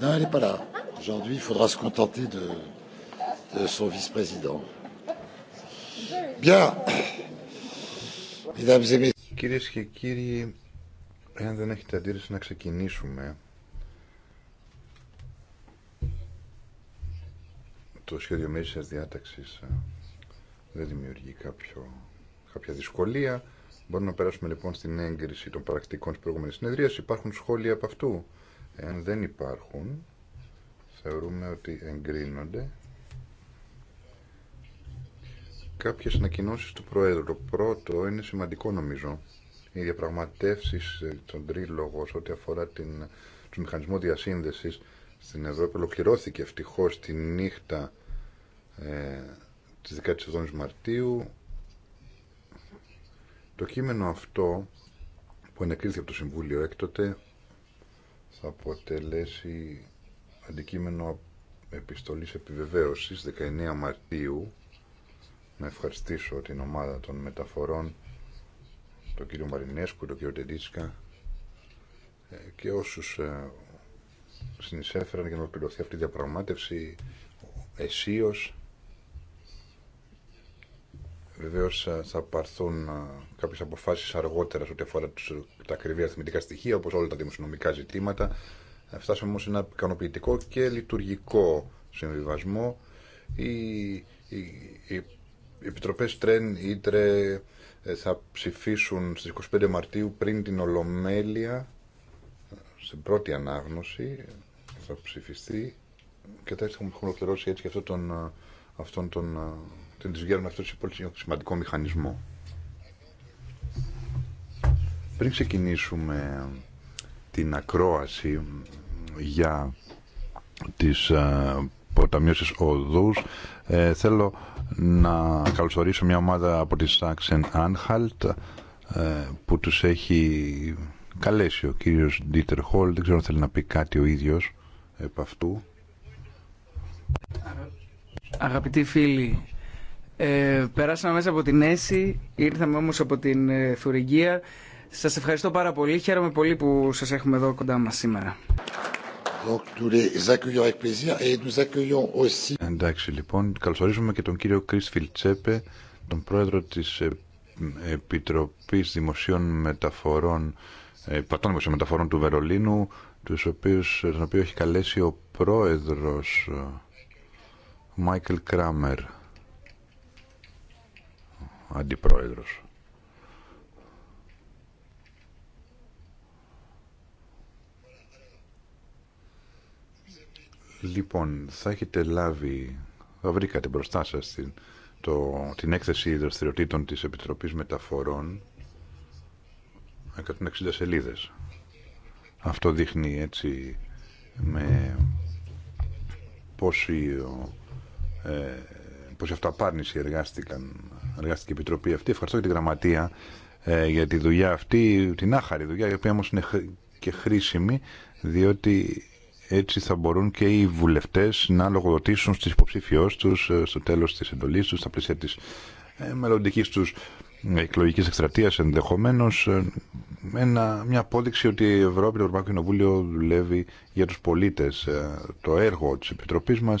Non, elle n'est pas là. Aujourd'hui, il faudra se contenter de, de son vice-président. Bien. Κυρίε και κύριοι, εάν δεν έχετε αντίρρηση να ξεκινήσουμε το σχέδιο μέσης διάταξης ε, δεν δημιουργεί κάποιο, κάποια δυσκολία. Μπορούμε να περάσουμε λοιπόν στην έγκριση των πρακτικών τη προηγούμενη συνεδρία. Υπάρχουν σχόλια από αυτού. Εάν δεν υπάρχουν, θεωρούμε ότι εγκρίνονται. Κάποιες ανακοινώσει του Προέδρου. Το πρώτο είναι σημαντικό νομίζω. Οι διαπραγματεύσει ε, τον τρίλογο ό,τι αφορά την, τον μηχανισμό διασύνδεση στην Ευρώπη ολοκληρώθηκε ευτυχώ τη νύχτα ε, τη 17η Μαρτίου το κείμενο αυτό που ανακρίθηκε από το Συμβούλιο έκτοτε θα αποτελέσει αντικείμενο επιστολής επιβεβαίωσης 19 Μαρτίου να ευχαριστήσω την ομάδα των μεταφορών τον κύριο Μαρινέσκου, τον κύριο Τεντίτσκα ε, και όσους ε, συνεισέφεραν για να ολοκληρωθεί αυτή η διαπραγμάτευση εσίως Βεβαίω θα πάρθουν κάποιε αποφάσεις αργότερα σε ό,τι αφορά τα ακριβή αριθμητικά στοιχεία, όπως όλα τα δημοσιονομικά ζητήματα. Φτάσαμε όμω σε ένα ικανοποιητικό και λειτουργικό συμβιβασμό. Οι, οι, οι επιτροπές Τρέν, Ήτρε ε, θα ψηφίσουν στι 25 Μαρτίου πριν την Ολομέλεια, στην πρώτη ανάγνωση, θα ψηφιστεί και θα έχουμε ολοκληρώσει έτσι και τον, αυτόν τον την τις βγαίνουν αυτό σε πολύ σημαντικό μηχανισμό. Πριν ξεκινήσουμε την ακρόαση για τις ε, ποταμιώσεις οδούς, ε, θέλω να καλωσορίσω μια ομάδα από τη Σάξεν Άνχαλτ ε, που τους έχει καλέσει ο κύριος Ντίτερ Χολ. Δεν ξέρω αν θέλει να πει κάτι ο ίδιος επ' αυτού. Αγαπητοί φίλοι, ε, περάσαμε μέσα από την Έση, ήρθαμε όμως από την ε, Σας ευχαριστώ πάρα πολύ. Χαίρομαι πολύ που σας έχουμε εδώ κοντά μας σήμερα. Εντάξει λοιπόν, καλωσορίζουμε και τον κύριο Κρίς Φιλτσέπε, τον πρόεδρο της ε, Επιτροπής Δημοσίων Μεταφορών, ε, Πατών Δημοσίων Μεταφορών του Βερολίνου, τους οποίους, τον οποίο έχει καλέσει ο πρόεδρος ε, Μάικλ Κράμερ. Αντιπρόεδρος. Λοιπόν, θα έχετε λάβει, θα βρήκατε μπροστά σας την, το, την έκθεση δραστηριοτήτων της Επιτροπής Μεταφορών 160 σελίδες. Αυτό δείχνει έτσι με πόση, ε, πόση αυτοαπάρνηση εργάστηκαν Εργαστική Επιτροπή αυτή. Ευχαριστώ και την Γραμματεία ε, για τη δουλειά αυτή, την άχαρη δουλειά, η οποία όμω είναι και χρήσιμη, διότι έτσι θα μπορούν και οι βουλευτέ να λογοδοτήσουν στι υποψήφιό του ε, στο τέλο τη εντολή του, στα πλαίσια τη ε, μελλοντική του ε, εκλογική εκστρατεία ενδεχομένω. Μια απόδειξη ότι η Ευρώπη, το Ευρωπαϊκό Κοινοβούλιο δουλεύει για του πολίτε. Το έργο τη Επιτροπή μα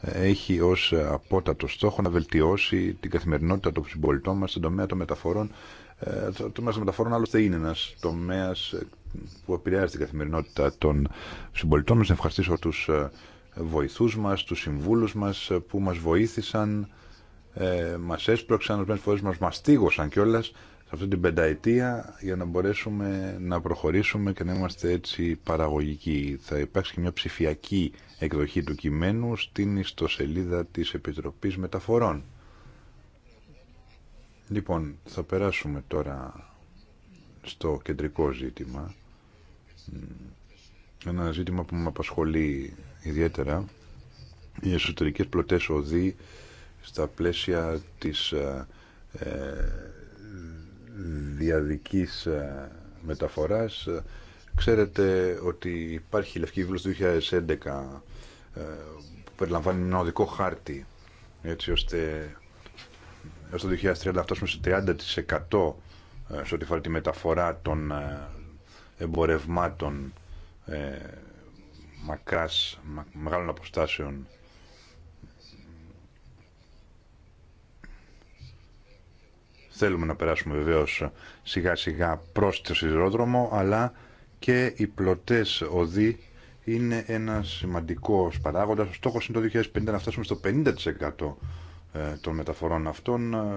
έχει ω απότατο στόχο να βελτιώσει την καθημερινότητα των συμπολιτών μας στον τομέα των μεταφορών. Ε, το τομέα των μεταφορών άλλωστε είναι ένα τομέα ε, που επηρεάζει την καθημερινότητα των συμπολιτών μας. Να ευχαριστήσω τους ε, βοηθούς μας, τους συμβούλους μας που μας βοήθησαν, μας έσπρωξαν, ορισμένε φορέ μα μαστίγωσαν κιόλα σε αυτή την πενταετία για να μπορέσουμε να προχωρήσουμε και να είμαστε έτσι παραγωγικοί. Θα υπάρξει και μια ψηφιακή εκδοχή του κειμένου στην ιστοσελίδα της Επιτροπής Μεταφορών. Λοιπόν, θα περάσουμε τώρα στο κεντρικό ζήτημα. Ένα ζήτημα που με απασχολεί ιδιαίτερα. Οι εσωτερικές πλωτές οδοί στα πλαίσια της ε, ε, διαδικής ε, μεταφοράς. Ε, ξέρετε ότι υπάρχει η Λευκή Βίβλος του 2011 ε, που περιλαμβάνει ένα οδικό χάρτη έτσι ώστε έως το 2030 να φτάσουμε σε 30% σε ό,τι φορά τη μεταφορά των εμπορευμάτων ε, μακράς, μεγάλων αποστάσεων Θέλουμε να περάσουμε βεβαίως σιγά σιγά προς το σιδηρόδρομο, αλλά και οι πλωτές οδοί είναι ένα σημαντικό παράγοντα. Ο στόχο είναι το 2050 να φτάσουμε στο 50% ε, των μεταφορών αυτών. Ε,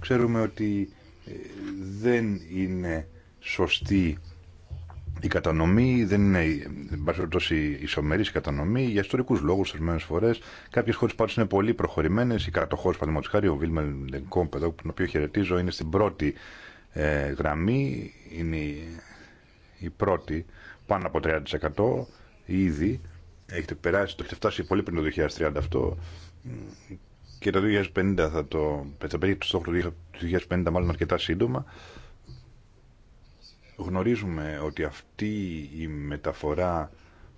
ξέρουμε ότι ε, δεν είναι σωστή η κατανομή δεν είναι, τόσο ισομερή η κατανομή για ιστορικού λόγου ορισμένε φορέ. Κάποιε χώρε πάντω είναι πολύ προχωρημένε. Η κατοχώρη, παραδείγματο χάρη, ο Βίλμερ Λενκόμπ, εδώ, τον οποίο χαιρετίζω, είναι στην πρώτη ε, γραμμή. Είναι η, πρώτη, πάνω από 30% ήδη. Έχετε περάσει, το έχετε φτάσει πολύ πριν το 2030 αυτό. Και το 2050 θα το. Θα το στόχο του 2050 μάλλον αρκετά σύντομα. Γνωρίζουμε ότι αυτή η μεταφορά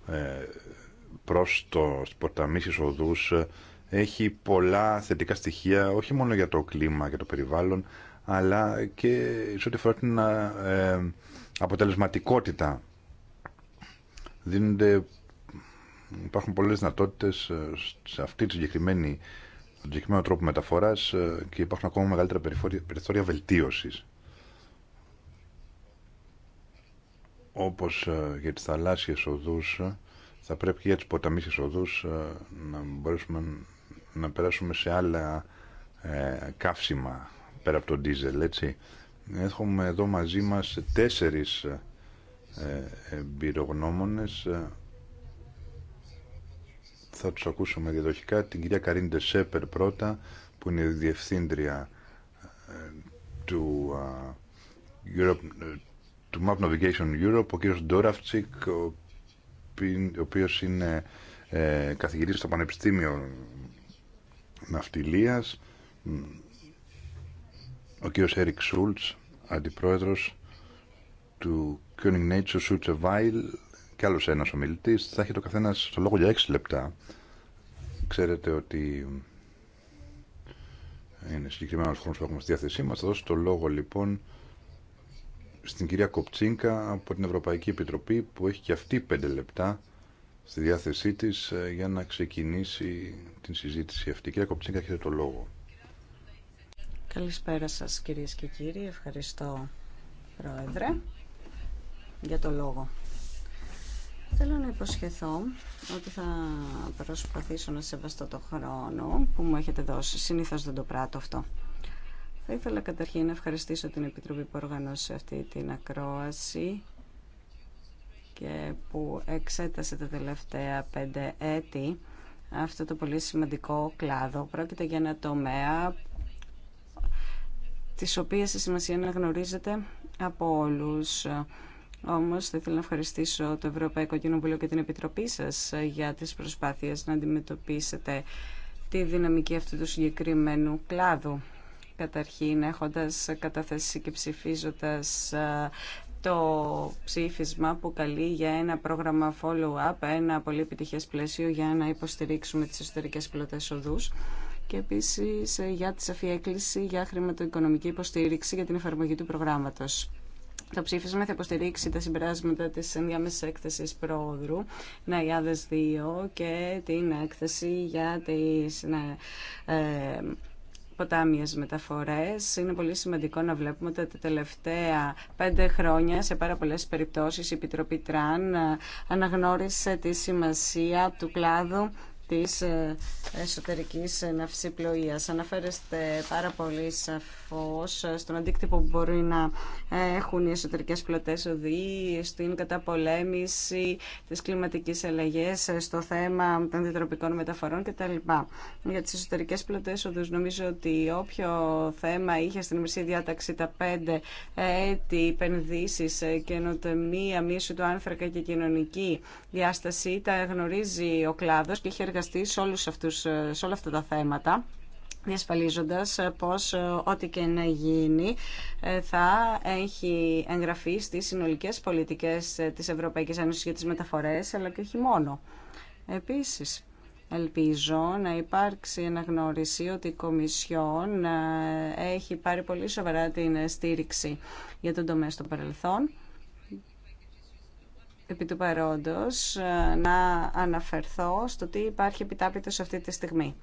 ε, προς το ποταμί εισοδούς ε, έχει πολλά θετικά στοιχεία όχι μόνο για το κλίμα και το περιβάλλον αλλά και σε ό,τι αφορά την ε, αποτελεσματικότητα. Δίνονται, υπάρχουν πολλές δυνατότητε σε αυτή τη συγκεκριμένη τον τρόπο μεταφοράς και υπάρχουν ακόμα μεγαλύτερα περιθώρια βελτίωσης. όπως ε, για τις θαλάσσιες οδούς ε, θα πρέπει και για τις ποταμίσιες οδούς ε, να μπορέσουμε να περάσουμε σε άλλα καύσιμα πέρα από τον ντίζελ, έτσι. Έχουμε εδώ μαζί μας τέσσερις εμπειρογνώμονες. Θα τους ακούσουμε διαδοχικά. Την κυρία Καρίνη Σέπερ πρώτα, που είναι η διευθύντρια του Europe του Map Navigation Europe, ο κύριος Ντόραφτσικ, ο οποίος είναι ε, καθηγητής στο Πανεπιστήμιο Ναυτιλίας, ο κύριος Έρικ Σούλτς, αντιπρόεδρος του König Nature Weil και άλλος ένας ομιλητής. Θα έχει το καθένας το λόγο για 6 λεπτά. Ξέρετε ότι είναι συγκεκριμένο χρόνο που έχουμε στη διάθεσή μα. Θα δώσω το λόγο λοιπόν στην κυρία Κοπτσίνκα από την Ευρωπαϊκή Επιτροπή που έχει και αυτή πέντε λεπτά στη διάθεσή της ε, για να ξεκινήσει την συζήτηση αυτή. Κυρία Κοπτσίνκα, έχετε το λόγο. Καλησπέρα σας κυρίες και κύριοι. Ευχαριστώ Πρόεδρε για το λόγο. Θέλω να υποσχεθώ ότι θα προσπαθήσω να σεβαστώ το χρόνο που μου έχετε δώσει. Συνήθως δεν το πράττω αυτό. Θα ήθελα καταρχήν να ευχαριστήσω την Επιτροπή που οργανώσε αυτή την ακρόαση και που εξέτασε τα τελευταία πέντε έτη αυτό το πολύ σημαντικό κλάδο. Πρόκειται για ένα τομέα της οποίας η σημασία να γνωρίζεται από όλους. Όμως θα ήθελα να ευχαριστήσω το Ευρωπαϊκό Κοινοβούλιο και την Επιτροπή σας για τις προσπάθειες να αντιμετωπίσετε τη δυναμική αυτού του συγκεκριμένου κλάδου. Καταρχήν, έχοντας καταθέσει και ψηφίζοντας ε, το ψήφισμα που καλεί για ένα πρόγραμμα follow-up, ένα πολύ επιτυχές πλαίσιο για να υποστηρίξουμε τις εσωτερικές πλωτές οδούς και επίσης ε, για τη σαφή έκκληση για χρηματοοικονομική υποστήριξη για την εφαρμογή του προγράμματος. Το ψήφισμα θα υποστηρίξει τα συμπεράσματα τη ενδιάμεση έκθεση πρόοδρου ΝΑΙΑΔΕΣ 2 και την έκθεση για τι ε, ποτάμιες μεταφορές. Είναι πολύ σημαντικό να βλέπουμε ότι τα τελευταία πέντε χρόνια σε πάρα πολλές περιπτώσεις η Επιτροπή Τραν ε, αναγνώρισε τη σημασία του κλάδου της ε, εσωτερικής ναυσιπλοείας. Αναφέρεστε πάρα πολύ σε φως στον αντίκτυπο που μπορεί να έχουν οι εσωτερικές πλωτές οδοί, στην καταπολέμηση της κλιματικής αλλαγής, στο θέμα των διατροπικών μεταφορών κτλ. Για τις εσωτερικές πλωτές οδούς νομίζω ότι όποιο θέμα είχε στην μισή διάταξη τα πέντε έτη επενδύσεις, καινοτομία, μίσου του άνθρακα και κοινωνική διάσταση τα γνωρίζει ο κλάδος και έχει εργαστεί όλους σε όλα αυτά τα θέματα διασφαλίζοντας ε, πως ε, ό,τι και να γίνει ε, θα έχει εγγραφεί στις συνολικές πολιτικές της Ευρωπαϊκής Ένωσης για τις μεταφορές, αλλά και όχι μόνο. Επίσης, Ελπίζω να υπάρξει αναγνώριση ότι η Κομισιόν έχει πάρει πολύ σοβαρά την στήριξη για τον τομέα στο παρελθόν. Επί του παρόντος, να αναφερθώ στο τι υπάρχει επιτάπητο σε αυτή τη στιγμή.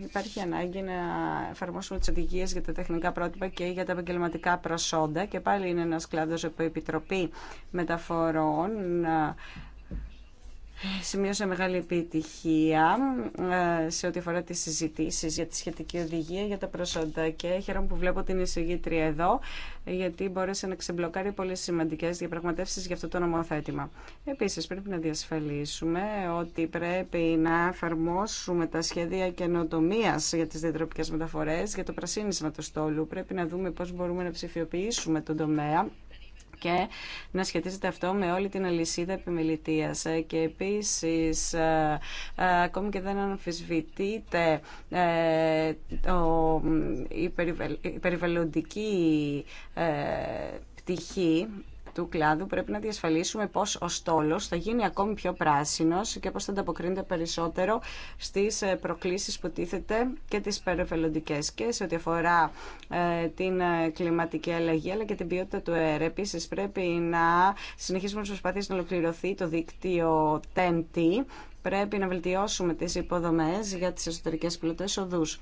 Υπάρχει ανάγκη να εφαρμόσουμε τι οδηγίε για τα τεχνικά πρότυπα και για τα επαγγελματικά προσόντα. Και πάλι είναι ένα κλάδο που Επιτροπή Μεταφορών Σημείωσα μεγάλη επιτυχία ε, σε ό,τι αφορά τις συζητήσει για τη σχετική οδηγία για τα προσόντα και χαίρομαι που βλέπω την εισηγήτρια εδώ γιατί μπόρεσε να ξεμπλοκάρει πολύ σημαντικές διαπραγματεύσεις για αυτό το νομοθέτημα. Επίσης πρέπει να διασφαλίσουμε ότι πρέπει να εφαρμόσουμε τα σχέδια καινοτομία για τις διατροπικές μεταφορές, για το πρασίνισμα του στόλου. Πρέπει να δούμε πώς μπορούμε να ψηφιοποιήσουμε τον τομέα και να σχετίζεται αυτό με όλη την αλυσίδα επιμελητίας. Ε, και επίσης, ε, ε, ακόμη και δεν αμφισβητείται η περιβαλλοντική πτυχή του κλάδου πρέπει να διασφαλίσουμε πώς ο στόλος θα γίνει ακόμη πιο πράσινος και πώς θα ανταποκρίνεται περισσότερο στις ε, προκλήσεις που τίθεται και τις περιβαλλοντικές και σε ό,τι αφορά ε, την ε, κλιματική αλλαγή αλλά και την ποιότητα του αέρα. Επίσης πρέπει να συνεχίσουμε να προσπάθειες να ολοκληρωθεί το δίκτυο TEN-T πρέπει να βελτιώσουμε τις υποδομές για τις εσωτερικές πλωτές οδούς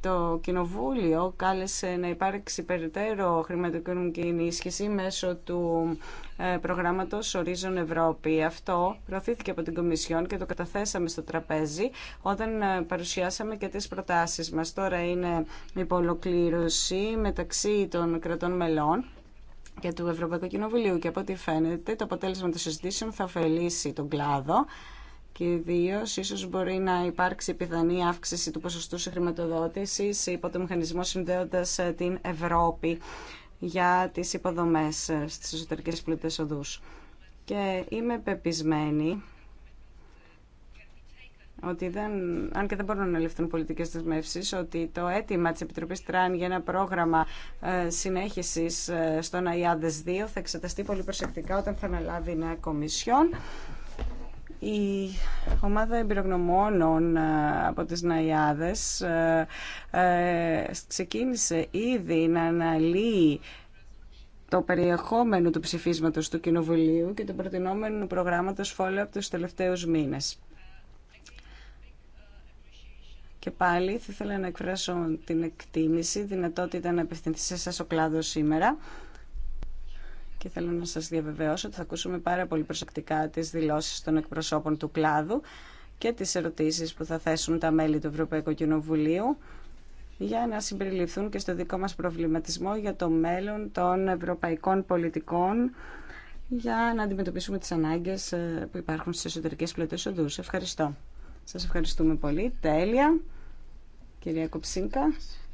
το Κοινοβούλιο κάλεσε να υπάρξει περιττέρω χρηματοοικονομική ενίσχυση μέσω του ε, προγράμματος Horizon Ευρώπη. Αυτό προωθήθηκε από την Κομισιόν και το καταθέσαμε στο τραπέζι όταν ε, παρουσιάσαμε και τις προτάσεις μας. Τώρα είναι υπολοκλήρωση μεταξύ των κρατών μελών και του Ευρωπαϊκού Κοινοβουλίου και από ό,τι φαίνεται το αποτέλεσμα των συζητήσεων θα ωφελήσει τον κλάδο και ιδίω ίσως μπορεί να υπάρξει πιθανή αύξηση του ποσοστού χρηματοδότησης υπό το μηχανισμό συνδέοντας ε, την Ευρώπη για τις υποδομές ε, στις εσωτερικές πλούτε οδούς. Και είμαι πεπισμένη ότι δεν, αν και δεν μπορούν να ληφθούν πολιτικέ δεσμεύσει, ότι το αίτημα τη Επιτροπή Τραν για ένα πρόγραμμα ε, συνέχιση ε, στον ΑΙΑΔΕΣ 2 θα εξεταστεί πολύ προσεκτικά όταν θα αναλάβει η νέα Κομισιόν η ομάδα εμπειρογνωμόνων ε, από τις Ναϊάδες ε, ε, ξεκίνησε ήδη να αναλύει το περιεχόμενο του ψηφίσματος του Κοινοβουλίου και του προτινόμενου φόλου από τους τελευταίους μήνες. Και πάλι θα ήθελα να εκφράσω την εκτίμηση, δυνατότητα να απευθυνθεί σε εσάς ο κλάδος σήμερα και θέλω να σας διαβεβαιώσω ότι θα ακούσουμε πάρα πολύ προσεκτικά τις δηλώσεις των εκπροσώπων του κλάδου και τις ερωτήσεις που θα θέσουν τα μέλη του Ευρωπαϊκού Κοινοβουλίου για να συμπεριληφθούν και στο δικό μας προβληματισμό για το μέλλον των ευρωπαϊκών πολιτικών για να αντιμετωπίσουμε τις ανάγκες ε, που υπάρχουν στις εσωτερικές οδούς. Ευχαριστώ. Σας ευχαριστούμε πολύ. Τέλεια. Κυρία Κοψίνκα,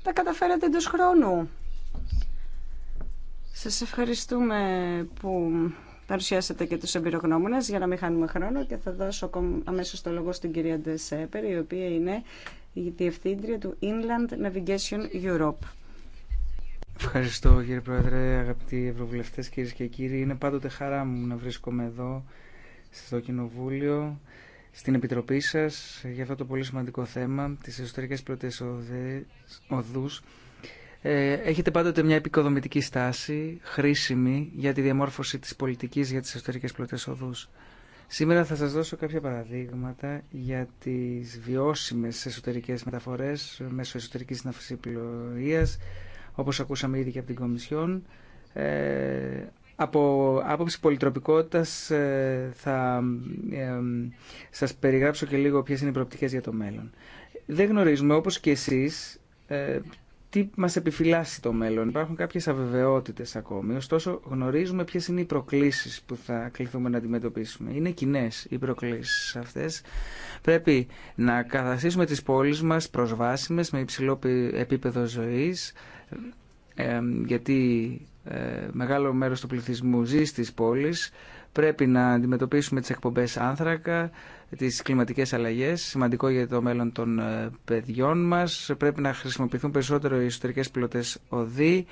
τα καταφέρατε εντός χρόνου. Σας ευχαριστούμε που παρουσιάσατε και τους εμπειρογνώμονες για να μην χάνουμε χρόνο και θα δώσω αμέσως το λόγο στην κυρία Ντεσέπερ η οποία είναι η διευθύντρια του Inland Navigation Europe. Ευχαριστώ κύριε Πρόεδρε, αγαπητοί ευρωβουλευτές κυρίες και κύριοι. Είναι πάντοτε χαρά μου να βρίσκομαι εδώ στο Κοινοβούλιο, στην Επιτροπή σας για αυτό το πολύ σημαντικό θέμα, τις εσωτερικές πρώτες οδούς ε, έχετε πάντοτε μια επικοδομητική στάση, χρήσιμη για τη διαμόρφωση της πολιτικής για τις εσωτερικές πλωτές οδούς. Σήμερα θα σας δώσω κάποια παραδείγματα για τις βιώσιμες εσωτερικές μεταφορές μέσω εσωτερικής ναυσιπλοΐας, όπως ακούσαμε ήδη και από την Κομισιόν. Ε, από άποψη πολυτροπικότητας ε, θα ε, σας περιγράψω και λίγο ποιες είναι οι προοπτικές για το μέλλον. Δεν γνωρίζουμε, όπως και εσείς, ε, τι μα επιφυλάσσει το μέλλον. Υπάρχουν κάποιε αβεβαιότητες ακόμη, ωστόσο γνωρίζουμε ποιε είναι οι προκλήσει που θα κληθούμε να αντιμετωπίσουμε. Είναι κοινέ οι προκλήσει αυτέ. Πρέπει να καθασίσουμε τι πόλει μα προσβάσιμες με υψηλό επίπεδο ζωής, ε, γιατί ε, μεγάλο μέρος του πληθυσμού ζει στις πόλεις. Πρέπει να αντιμετωπίσουμε τις εκπομπές άνθρακα, τι κλιματικές αλλαγές, σημαντικό για το μέλλον των ε, παιδιών μας. Πρέπει να χρησιμοποιηθούν περισσότερο οι εσωτερικές πλωτέ οδοί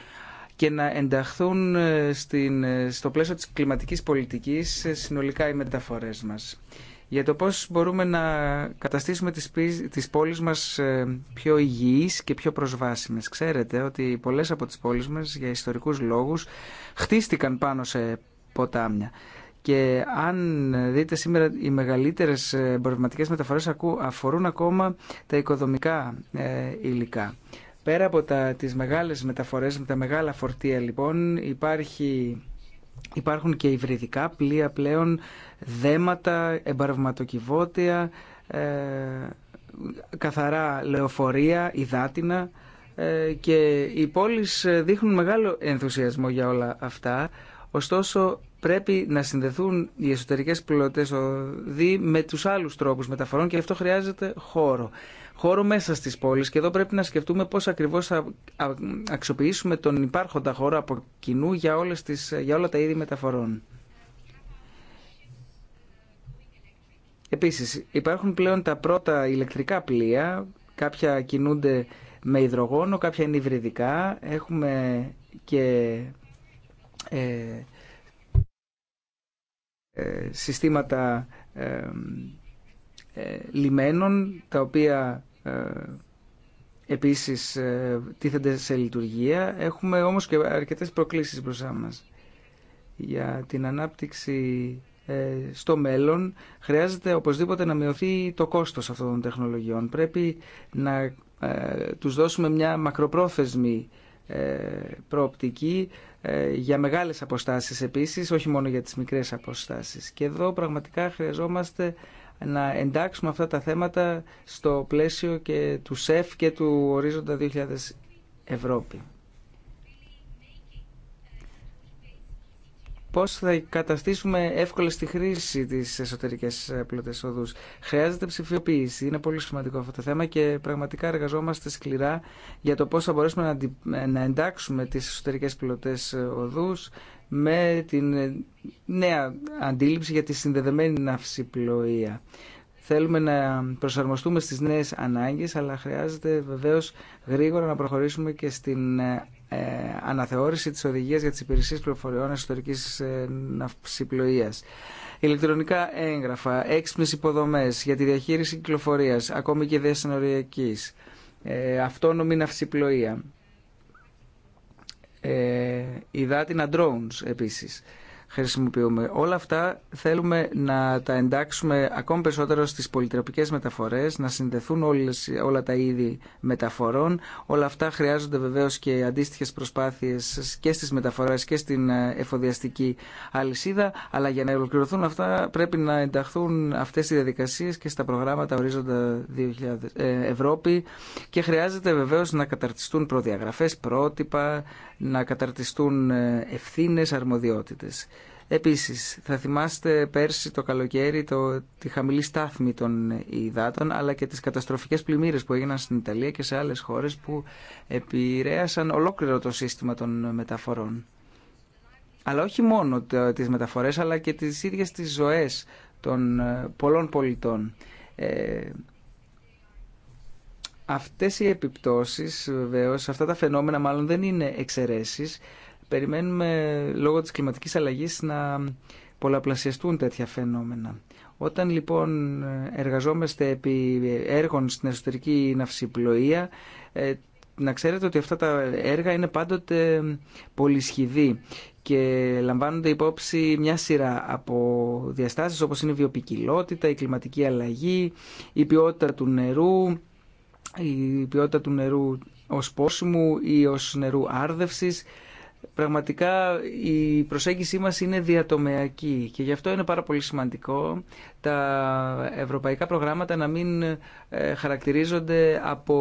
και να ενταχθούν ε, στην, ε, στο πλαίσιο της κλιματικής πολιτικής συνολικά οι μεταφορές μας. Για το πώς μπορούμε να καταστήσουμε τις, τις πόλεις μας πιο υγιείς και πιο προσβάσιμες. Ξέρετε ότι πολλές από τις πόλεις μας για ιστορικούς λόγους χτίστηκαν πάνω σε ποτάμια. Και αν δείτε σήμερα οι μεγαλύτερες εμπορευματικές μεταφορές αφορούν ακόμα τα οικοδομικά ε, υλικά. Πέρα από τα, τις μεγάλες μεταφορές με τα μεγάλα φορτία λοιπόν υπάρχει, υπάρχουν και υβριδικά πλοία πλέον, δέματα, εμπαρευματοκιβώτια, ε, καθαρά λεωφορεία, υδάτινα ε, και οι πόλεις δείχνουν μεγάλο ενθουσιασμό για όλα αυτά Ωστόσο, πρέπει να συνδεθούν οι εσωτερικέ πλωτέ με του άλλου τρόπου μεταφορών και αυτό χρειάζεται χώρο. Χώρο μέσα στι πόλει και εδώ πρέπει να σκεφτούμε πώ ακριβώ θα αξιοποιήσουμε τον υπάρχοντα χώρο από κοινού για, όλες τις, για όλα τα είδη μεταφορών. Επίσης, υπάρχουν πλέον τα πρώτα ηλεκτρικά πλοία, κάποια κινούνται με υδρογόνο, κάποια είναι υβριδικά, έχουμε και ε, ε, συστήματα ε, λιμένων τα οποία επίσης τίθενται σε λειτουργία. Έχουμε όμως και αρκετές προκλήσεις μπροστά μας. Για την ανάπτυξη στο μέλλον χρειάζεται οπωσδήποτε να μειωθεί το κόστος αυτών των τεχνολογιών. Πρέπει να τους δώσουμε μια μακροπρόθεσμη προοπτική ε, για μεγάλες αποστάσεις επίσης, όχι μόνο για τις μικρές αποστάσεις. Και εδώ πραγματικά χρειαζόμαστε να εντάξουμε αυτά τα θέματα στο πλαίσιο και του ΣΕΦ και του Ορίζοντα 2000 Ευρώπη. πώς θα καταστήσουμε εύκολα στη χρήση τις εσωτερικές ε, πλωτές οδούς. Χρειάζεται ψηφιοποίηση. Είναι πολύ σημαντικό αυτό το θέμα και πραγματικά εργαζόμαστε σκληρά για το πώς θα μπορέσουμε να ε, εντάξουμε τις εσωτερικές πλωτές ε, οδούς με την νέα αντίληψη για τη συνδεδεμένη ναυσιπλοεία. Θέλουμε να προσαρμοστούμε στις νέες ανάγκες, αλλά χρειάζεται βεβαίως γρήγορα να προχωρήσουμε και στην ε, αναθεώρηση της οδηγίας για τις υπηρεσίες πληροφοριών εσωτερικής ε, ναυσιπλοείας. Ηλεκτρονικά έγγραφα, έξυπνες υποδομές για τη διαχείριση κυκλοφορίας, ακόμη και διασυνοριακής, ε, αυτόνομη ναυσιπλοεία, ε, υδάτινα drones επίσης χρησιμοποιούμε. Όλα αυτά θέλουμε να τα εντάξουμε ακόμη περισσότερο στις πολυτροπικές μεταφορές, να συνδεθούν όλες, όλα τα είδη μεταφορών. Όλα αυτά χρειάζονται βεβαίως και αντίστοιχες προσπάθειες και στις μεταφορές και στην ε, εφοδιαστική αλυσίδα, αλλά για να ολοκληρωθούν αυτά πρέπει να ενταχθούν αυτές οι διαδικασίες και στα προγράμματα ορίζοντα 2000, ε, Ευρώπη και χρειάζεται βεβαίως να καταρτιστούν προδιαγραφές, πρότυπα, να καταρτιστούν ε, ευθύνες, αρμοδιότητες. Επίσης, θα θυμάστε πέρσι το καλοκαίρι το, τη χαμηλή στάθμη των υδάτων αλλά και τις καταστροφικές πλημμύρες που έγιναν στην Ιταλία και σε άλλες χώρες που επηρέασαν ολόκληρο το σύστημα των μεταφορών. Αλλά όχι μόνο τις μεταφορές αλλά και τις ίδιες τις ζωές των ε, πολλών πολιτών. Ε, αυτές οι επιπτώσεις βεβαίως, αυτά τα φαινόμενα μάλλον δεν είναι εξαιρέσεις περιμένουμε λόγω της κλιματικής αλλαγής να πολλαπλασιαστούν τέτοια φαινόμενα. Όταν λοιπόν εργαζόμαστε επί έργων στην εσωτερική ναυσιπλοεία, ε, να ξέρετε ότι αυτά τα έργα είναι πάντοτε πολυσχηδή και λαμβάνονται υπόψη μια σειρά από διαστάσεις όπως είναι η βιοπικιλότητα, η κλιματική αλλαγή, η ποιότητα του νερού, η ποιότητα του νερού ως πόσιμου ή ως νερού άρδευσης Πραγματικά η προσέγγιση μας είναι διατομεακή και γι' αυτό είναι πάρα πολύ σημαντικό τα ευρωπαϊκά προγράμματα να μην ε, χαρακτηρίζονται από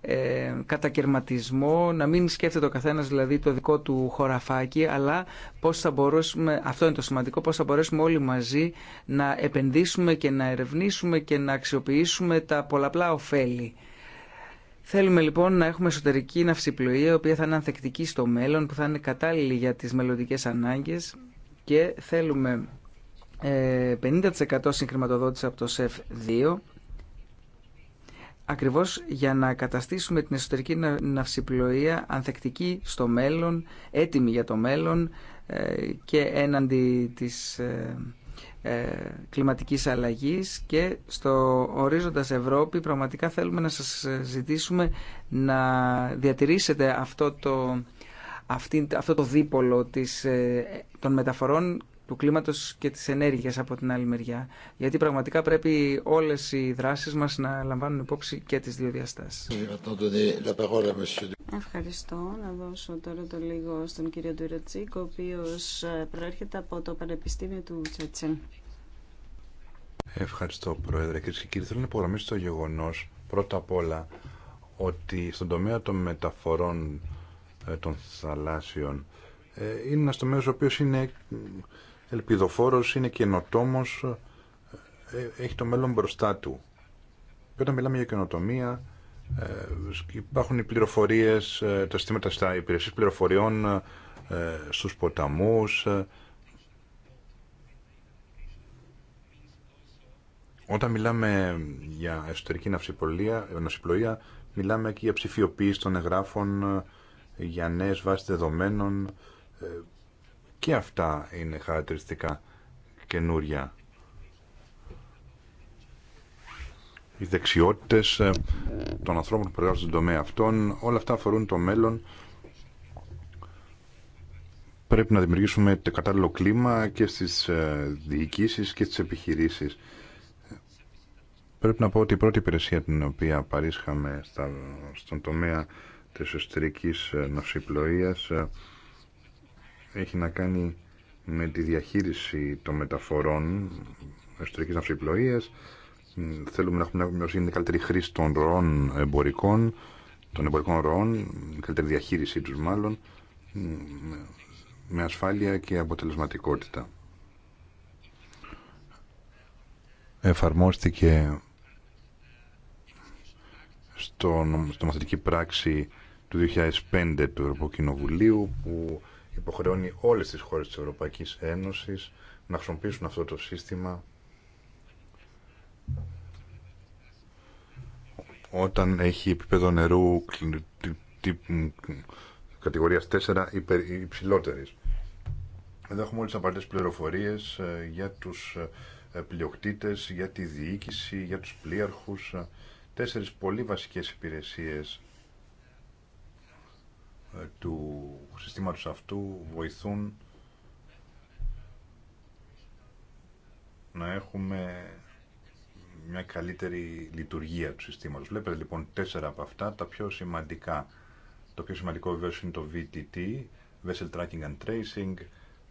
ε, κατακαιρματισμό, να μην σκέφτεται ο καθένας δηλαδή το δικό του χωραφάκι, αλλά πώς θα αυτό είναι το σημαντικό, πώς θα μπορέσουμε όλοι μαζί να επενδύσουμε και να ερευνήσουμε και να αξιοποιήσουμε τα πολλαπλά ωφέλη Θέλουμε λοιπόν να έχουμε εσωτερική ναυσιπλοεία, η οποία θα είναι ανθεκτική στο μέλλον, που θα είναι κατάλληλη για τις μελλοντικέ ανάγκες και θέλουμε 50% ε, συγχρηματοδότηση από το ΣΕΦ 2, ακριβώς για να καταστήσουμε την εσωτερική ναυσιπλοεία ανθεκτική στο μέλλον, έτοιμη για το μέλλον ε, και έναντι της ε, ε, κλιματικής αλλαγής και στο ορίζοντας Ευρώπη πραγματικά θέλουμε να σας ζητήσουμε να διατηρήσετε αυτό το, αυτό το δίπολο της, ε, των μεταφορών του κλίματος και της ενέργειας από την άλλη μεριά. Γιατί πραγματικά πρέπει όλες οι δράσεις μας να λαμβάνουν υπόψη και τις δύο διαστάσεις. Ε, Ευχαριστώ. Να δώσω τώρα το λίγο στον κύριο Ντουρατσίκ, ο οποίος ε, προέρχεται από το Πανεπιστήμιο του Τσέτσεν. Ευχαριστώ, Πρόεδρε. Κυρίε και κύριοι, θέλω να υπογραμμίσω το γεγονό πρώτα απ' όλα ότι στον τομέα των μεταφορών ε, των θαλάσσιων είναι ένα τομέα ο οποίο είναι ελπιδοφόρος, είναι καινοτόμος, ε, έχει το μέλλον μπροστά του. Και όταν μιλάμε για καινοτομία, ε, υπάρχουν οι πληροφορίες, ε, τα συστήματα στα υπηρεσίες πληροφοριών, στους ποταμούς. Όταν μιλάμε για εσωτερική ναυσιπλοεία, μιλάμε και για ψηφιοποίηση των εγγράφων, για νέες βάσεις δεδομένων. Και αυτά είναι χαρακτηριστικά καινούρια. Οι δεξιότητες ε, των ανθρώπων που προέρχονται στον τομέα αυτών, όλα αυτά αφορούν το μέλλον. Πρέπει να δημιουργήσουμε το κατάλληλο κλίμα και στις ε, διοικήσεις και στις επιχειρήσεις. Πρέπει να πω ότι η πρώτη υπηρεσία την οποία παρήσχαμε στον τομέα της εσωτερικής ε, νοσηπλοείας έχει να κάνει με τη διαχείριση των μεταφορών εσωτερικής ναυσιπλοείας. Θέλουμε να έχουμε μια είναι καλύτερη χρήση των ροών εμπορικών, των εμπορικών ροών, καλύτερη διαχείρισή τους μάλλον, με ασφάλεια και αποτελεσματικότητα. Εφαρμόστηκε στο νομοθετική πράξη του 2005 του Ευρωπαϊκού Κοινοβουλίου που υποχρεώνει όλες τις χώρες της Ευρωπαϊκής Ένωσης να χρησιμοποιήσουν αυτό το σύστημα όταν έχει επίπεδο νερού κατηγορίας 4 υψηλότερης. Εδώ έχουμε όλες τις απαραίτητες πληροφορίες ε, για τους ε, πλειοκτήτες, για τη διοίκηση, για τους πλοίαρχους. Ε, τέσσερις πολύ βασικές υπηρεσίες ε, του συστήματος αυτού βοηθούν να έχουμε μια καλύτερη λειτουργία του συστήματος. Βλέπετε λοιπόν τέσσερα από αυτά, τα πιο σημαντικά. Το πιο σημαντικό βεβαίως είναι το VTT, Vessel Tracking and Tracing,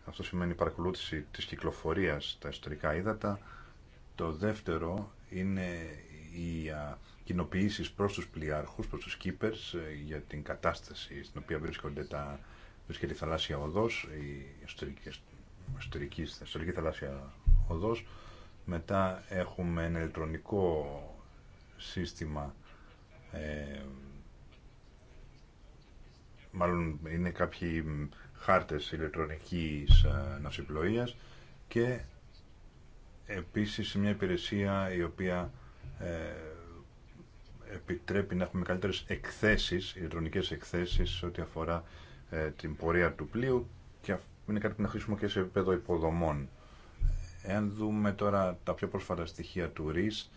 αυτό σημαίνει παρακολούθηση της κυκλοφορίας στα εσωτερικά ύδατα. Το δεύτερο είναι η Προ προς τους πλοιάρχους, προς τους ε, για την κατάσταση στην οποία βρίσκονται τα, βρίσκεται η θαλάσσια οδός, η εσωτερική, θαλάσσια οδός. Μετά έχουμε ένα ηλεκτρονικό σύστημα ε, μάλλον είναι κάποιοι χάρτες ηλεκτρονικής ε, ναυσιπλοείας και επίσης μια υπηρεσία η οποία ε, επιτρέπει να έχουμε καλύτερες εκθέσεις, ηλεκτρονικές εκθέσεις ό,τι αφορά ε, την πορεία του πλοίου και είναι κάτι που να χρήσουμε και σε επίπεδο υποδομών. Εάν δούμε τώρα τα πιο πρόσφατα στοιχεία του ΡΙΣ,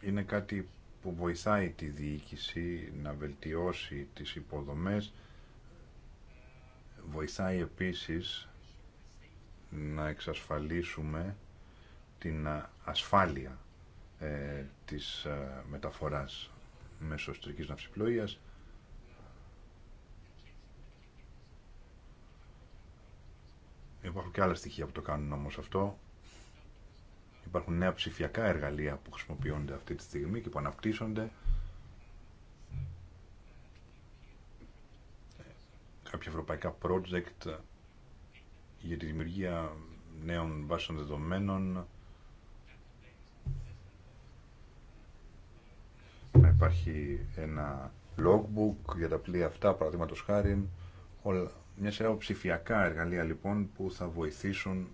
είναι κάτι που βοηθάει τη διοίκηση να βελτιώσει τις υποδομές, βοηθάει επίσης να εξασφαλίσουμε την ασφάλεια ε, της ε, μεταφοράς μέσω εσωτερικής ναυσιπλοείας. Υπάρχουν και άλλα στοιχεία που το κάνουν όμως αυτό. Υπάρχουν νέα ψηφιακά εργαλεία που χρησιμοποιούνται αυτή τη στιγμή και που αναπτύσσονται. Κάποια ευρωπαϊκά project για τη δημιουργία νέων βάσεων δεδομένων να υπάρχει ένα logbook για τα πλοία αυτά, παραδείγματο χάρη, μια σειρά ψηφιακά εργαλεία λοιπόν που θα βοηθήσουν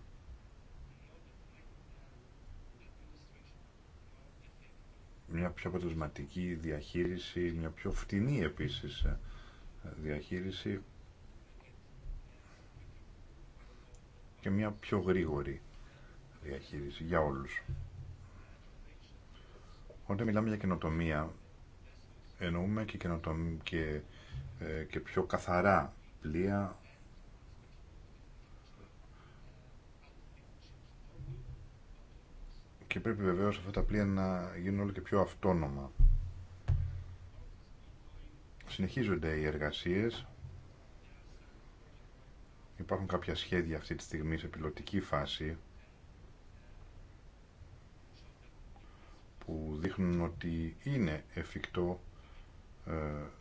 μια πιο αποτελεσματική διαχείριση, μια πιο φτηνή επίσης ε, διαχείριση και μια πιο γρήγορη διαχείριση για όλους. Όταν μιλάμε για καινοτομία, εννοούμε και, και, ε, και πιο καθαρά πλοία. Και πρέπει βεβαίω αυτά τα πλοία να γίνουν όλο και πιο αυτόνομα. Συνεχίζονται οι εργασίες. Υπάρχουν κάποια σχέδια αυτή τη στιγμή σε πιλωτική φάση που δείχνουν ότι είναι εφικτό ε,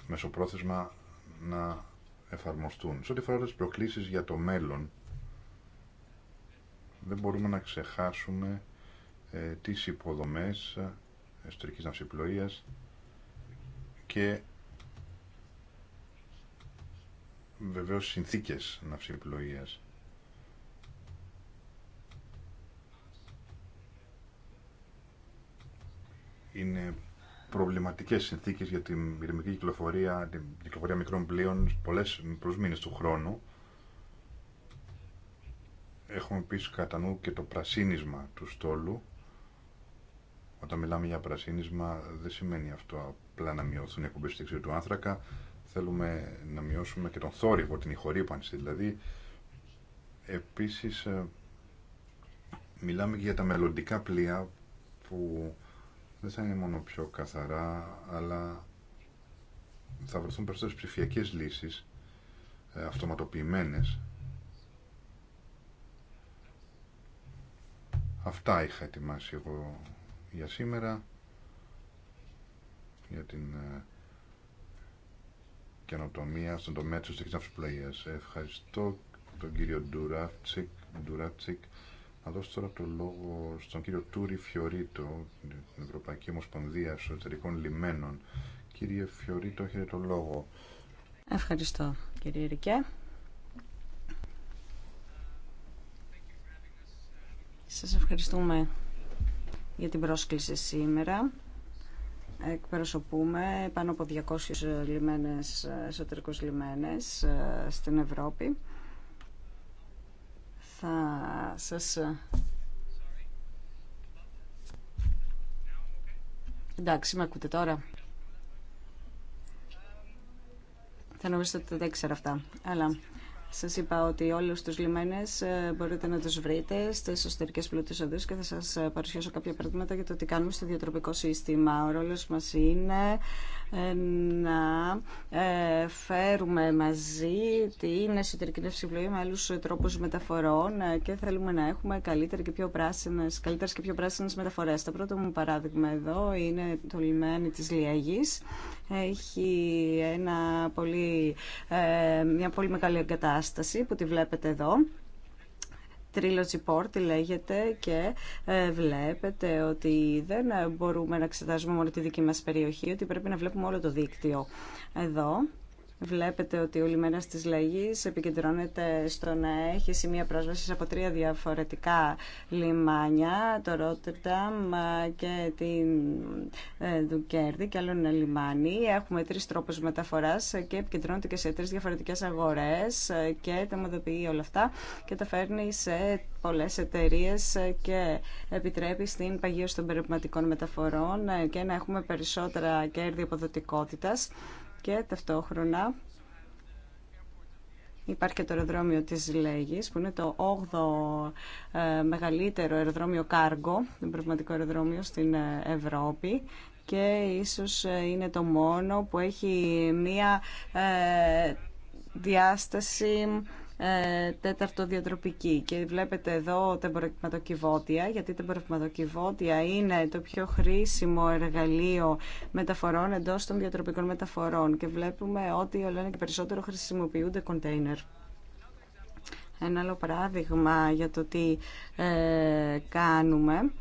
μεσοπρόθεσμα να εφαρμοστούν. Σε ό,τι αφορά τις προκλήσεις για το μέλλον, δεν μπορούμε να ξεχάσουμε ε, τις υποδομές εσωτερικής ναυσιπλοείας και βεβαίως συνθήκες ναυσιπλοείας. είναι προβληματικές συνθήκες για την ηρεμική κυκλοφορία, την κυκλοφορία μικρών πλοίων πολλές προς μήνες του χρόνου. Έχουμε επίσης κατά νου και το πρασίνισμα του στόλου. Όταν μιλάμε για πρασίνισμα δεν σημαίνει αυτό απλά να μειωθούν οι εκπομπές του άνθρακα. Θέλουμε να μειώσουμε και τον θόρυβο, την ηχορύπανση δηλαδή. Επίσης ε, μιλάμε και για τα μελλοντικά πλοία που δεν θα είναι μόνο πιο καθαρά, αλλά θα βρεθούν περισσότερες ψηφιακές λύσεις, ε, αυτοματοποιημένες. Αυτά είχα ετοιμάσει εγώ για σήμερα, για την ε, καινοτομία στον τομέα της τεχνικής Ευχαριστώ τον κύριο Ντουράτσικ, Ντουράτσικ θα δώσω τώρα το λόγο στον κύριο Τούρι Φιωρίτο, την Ευρωπαϊκή Ομοσπονδία Εσωτερικών Λιμένων. Κύριε Φιωρίτο, έχετε το λόγο. Ευχαριστώ, κύριε Ρικέ. Σας ευχαριστούμε για την πρόσκληση σήμερα. Εκπροσωπούμε πάνω από 200 λιμένες, εσωτερικούς λιμένες ε, στην Ευρώπη σας... Ε, εντάξει, με ακούτε τώρα. Θα νομίζετε ότι δεν ξέρω αυτά. Αλλά Σα είπα ότι όλου του λιμένε ε, μπορείτε να του βρείτε στι εσωτερικέ πλούτε οδού και θα σα ε, παρουσιάσω κάποια παραδείγματα για το τι κάνουμε στο διατροπικό σύστημα. Ο ρόλο μα είναι ε, να φέρουμε μαζί την εσωτερική νευσιβλοή με άλλου τρόπου μεταφορών και θέλουμε να έχουμε καλύτερε και πιο πράσινε μεταφορέ. πράσινες Το πρώτο μου παράδειγμα εδώ είναι το λιμάνι τη Λιαγής έχει ένα πολύ, ε, μια πολύ μεγάλη εγκατάσταση που τη βλέπετε εδώ. Trilogy Port λέγεται και ε, βλέπετε ότι δεν μπορούμε να εξετάζουμε μόνο τη δική μας περιοχή, ότι πρέπει να βλέπουμε όλο το δίκτυο εδώ. Βλέπετε ότι όλη μέρα της επικεντρώνεται στο να έχει σημεία πρόσβαση από τρία διαφορετικά λιμάνια, το Ρότερνταμ και την Δουκέρδη ε, και άλλο ένα λιμάνι. Έχουμε τρεις τρόπους μεταφοράς και επικεντρώνεται και σε τρεις διαφορετικές αγορές και τα μοδοποιεί όλα αυτά και τα φέρνει σε πολλές εταιρείε και επιτρέπει στην παγίωση των περιπτωματικών μεταφορών και να έχουμε περισσότερα κέρδη αποδοτικότητας και ταυτόχρονα Υπάρχει και το αεροδρόμιο της Λέγης, που είναι το 8ο ε, μεγαλύτερο αεροδρόμιο κάργο, το πραγματικό αεροδρόμιο στην ε, Ευρώπη και ίσως ε, είναι το μόνο που έχει μία διάσταση ε, τέταρτο διατροπική. Και βλέπετε εδώ τα εμπορευματοκιβώτια, γιατί τα εμπορευματοκιβώτια είναι το πιο χρήσιμο εργαλείο μεταφορών εντός των διατροπικών μεταφορών. Και βλέπουμε ότι όλα είναι και περισσότερο χρησιμοποιούνται κοντέινερ. Ένα άλλο παράδειγμα για το τι ε, κάνουμε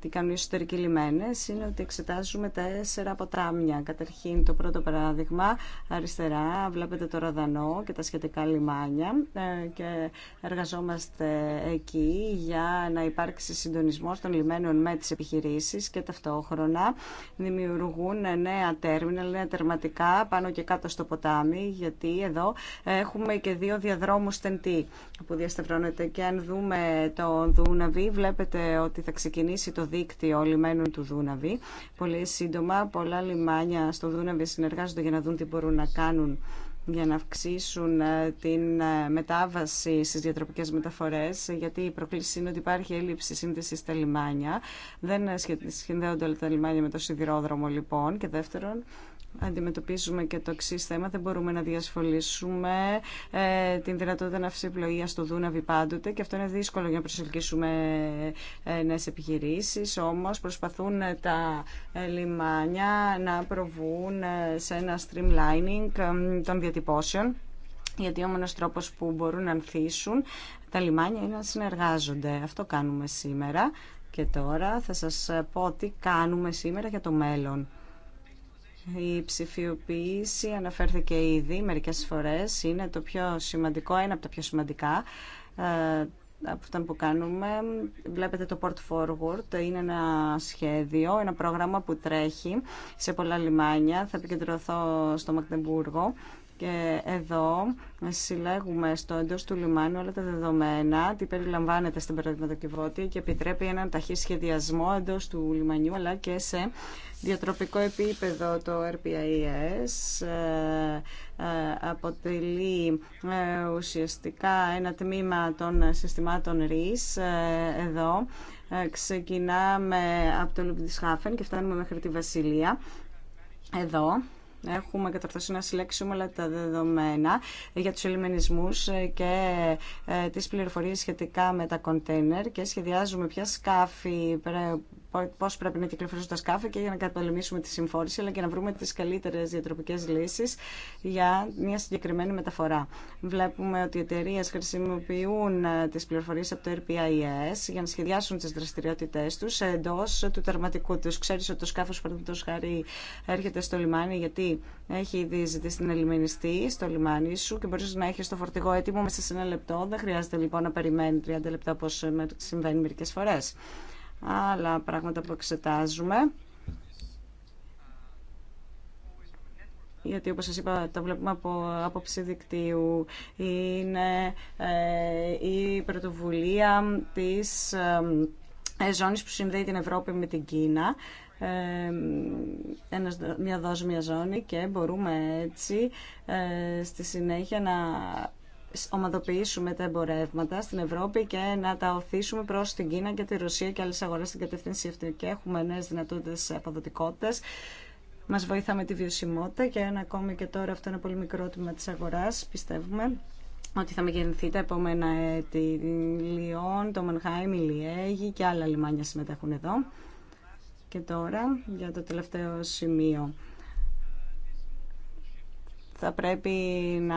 τι κάνουν οι εσωτερικοί λιμένες είναι ότι εξετάζουμε τέσσερα ποτάμια. Καταρχήν το πρώτο παράδειγμα αριστερά βλέπετε το Ροδανό και τα σχετικά λιμάνια ε, και εργαζόμαστε εκεί για να υπάρξει συντονισμό των λιμένων με τις επιχειρήσεις και ταυτόχρονα δημιουργούν νέα τέρμινα, νέα τερματικά πάνω και κάτω στο ποτάμι γιατί εδώ έχουμε και δύο διαδρόμου στεντή που διασταυρώνεται και αν δούμε το Δούναβι βλέπετε ότι θα ξεκινήσει το δίκτυο λιμένων του Δούναβη. Πολύ σύντομα πολλά λιμάνια στο Δούναβη συνεργάζονται για να δουν τι μπορούν να κάνουν για να αυξήσουν ε, την ε, μετάβαση στις διατροπικές μεταφορές, γιατί η προκλήση είναι ότι υπάρχει έλλειψη σύνδεση στα λιμάνια. Δεν ε, συνδέονται όλα τα λιμάνια με το σιδηρόδρομο, λοιπόν. Και δεύτερον, αντιμετωπίζουμε και το εξή θέμα. Δεν μπορούμε να διασφαλίσουμε ε, την δυνατότητα ναυσιπλοεία στο Δούναβι πάντοτε και αυτό είναι δύσκολο για να προσελκύσουμε ε, νέε επιχειρήσει. Όμω προσπαθούν ε, τα ε, λιμάνια να προβούν σε ένα streamlining των διατυπώσεων γιατί ο μόνος τρόπος που μπορούν να ανθίσουν τα λιμάνια είναι να συνεργάζονται. Αυτό κάνουμε σήμερα και τώρα θα σας πω τι κάνουμε σήμερα για το μέλλον. Η ψηφιοποίηση αναφέρθηκε ήδη μερικές φορές, είναι το πιο σημαντικό, ένα από τα πιο σημαντικά ε, από αυτά που κάνουμε. Βλέπετε το Port Forward, είναι ένα σχέδιο, ένα πρόγραμμα που τρέχει σε πολλά λιμάνια. Θα επικεντρωθώ στο Μακτεμπούργο και εδώ συλλέγουμε στο εντός του λιμάνου όλα τα δεδομένα, τι περιλαμβάνεται στην παραδειγματοκιβώτη και επιτρέπει έναν ταχύ σχεδιασμό εντός του λιμανιού αλλά και σε διατροπικό επίπεδο το RPIS ε, ε, αποτελεί ε, ουσιαστικά ένα τμήμα των συστημάτων RIS εδώ. Ξεκινάμε από το Λουμπιντισχάφεν και φτάνουμε μέχρι τη Βασιλεία. Εδώ έχουμε καταρθώσει να συλλέξουμε όλα τα δεδομένα για τους ελιμενισμούς και τις πληροφορίες σχετικά με τα κοντέινερ και σχεδιάζουμε ποια σκάφη Πώ πρέπει να κυκλοφορήσουν τα σκάφη και για να καταπολεμήσουμε τη συμφόρηση, αλλά και να βρούμε τι καλύτερε διατροπικέ λύσει για μια συγκεκριμένη μεταφορά. Βλέπουμε ότι οι εταιρείε χρησιμοποιούν ε, τι πληροφορίε από το RPIS για να σχεδιάσουν τι δραστηριότητε του εντό του τερματικού Του ξέρει ότι το σκάφο παραδείγματο χάρη, έρχεται στο λιμάνι γιατί έχει ήδη ζητήσει την ελιμινιστή στο λιμάνι σου και μπορεί να έχει το φορτηγό έτοιμο μέσα σε ένα λεπτό. Δεν χρειάζεται λοιπόν να περιμένει 30 λεπτά όπω ε, συμβαίνει μερικέ φορέ άλλα πράγματα που εξετάζουμε. γιατί όπως σας είπα τα βλέπουμε από άποψη δικτύου, είναι ε, η πρωτοβουλία της ε, ζώνης που συνδέει την Ευρώπη με την Κίνα. Ε, ένας, μια δόση, μια ζώνη και μπορούμε έτσι ε, στη συνέχεια να ομαδοποιήσουμε τα εμπορεύματα στην Ευρώπη και να τα οθήσουμε προς την Κίνα και τη Ρωσία και άλλε αγορέ στην κατεύθυνση αυτή και έχουμε νέες δυνατότητες αποδοτικότητας. Μας βοηθάμε τη βιωσιμότητα και ένα ακόμη και τώρα αυτό είναι πολύ μικρό τμήμα τη αγοράς, πιστεύουμε ότι θα μεγενθεί τα επόμενα έτη. Λιόν, το Μανχάιμ, η Λιέγη και άλλα λιμάνια συμμετέχουν εδώ. Και τώρα για το τελευταίο σημείο θα πρέπει να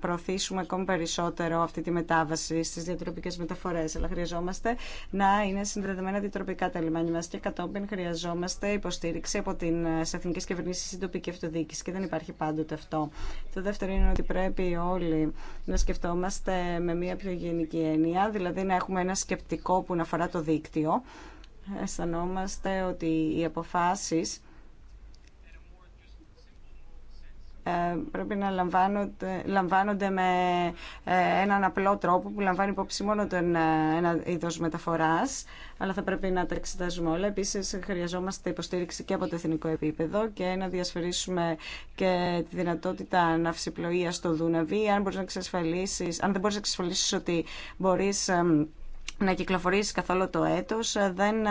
προωθήσουμε ακόμη περισσότερο αυτή τη μετάβαση στις διατροπικές μεταφορές. Αλλά χρειαζόμαστε να είναι συνδεδεμένα διατροπικά τα λιμάνια μας και κατόπιν χρειαζόμαστε υποστήριξη από την εθνικέ κυβερνήσει στην τοπική αυτοδιοίκηση και δεν υπάρχει πάντοτε αυτό. Το δεύτερο είναι ότι πρέπει όλοι να σκεφτόμαστε με μια πιο γενική έννοια, δηλαδή να έχουμε ένα σκεπτικό που να αφορά το δίκτυο. Αισθανόμαστε ότι οι αποφάσεις Ε, πρέπει να λαμβάνονται, με ε, έναν απλό τρόπο που λαμβάνει υπόψη μόνο το ε, ένα, ένα είδο μεταφορά, αλλά θα πρέπει να τα εξετάζουμε όλα. Επίση, χρειαζόμαστε υποστήριξη και από το εθνικό επίπεδο και να διασφαλίσουμε και τη δυνατότητα ναυσιπλοεία στο Δούναβι. Αν, μπορείς να αν δεν μπορεί να εξασφαλίσει ότι μπορεί να κυκλοφορήσει καθόλου το έτος, ε, δεν ε,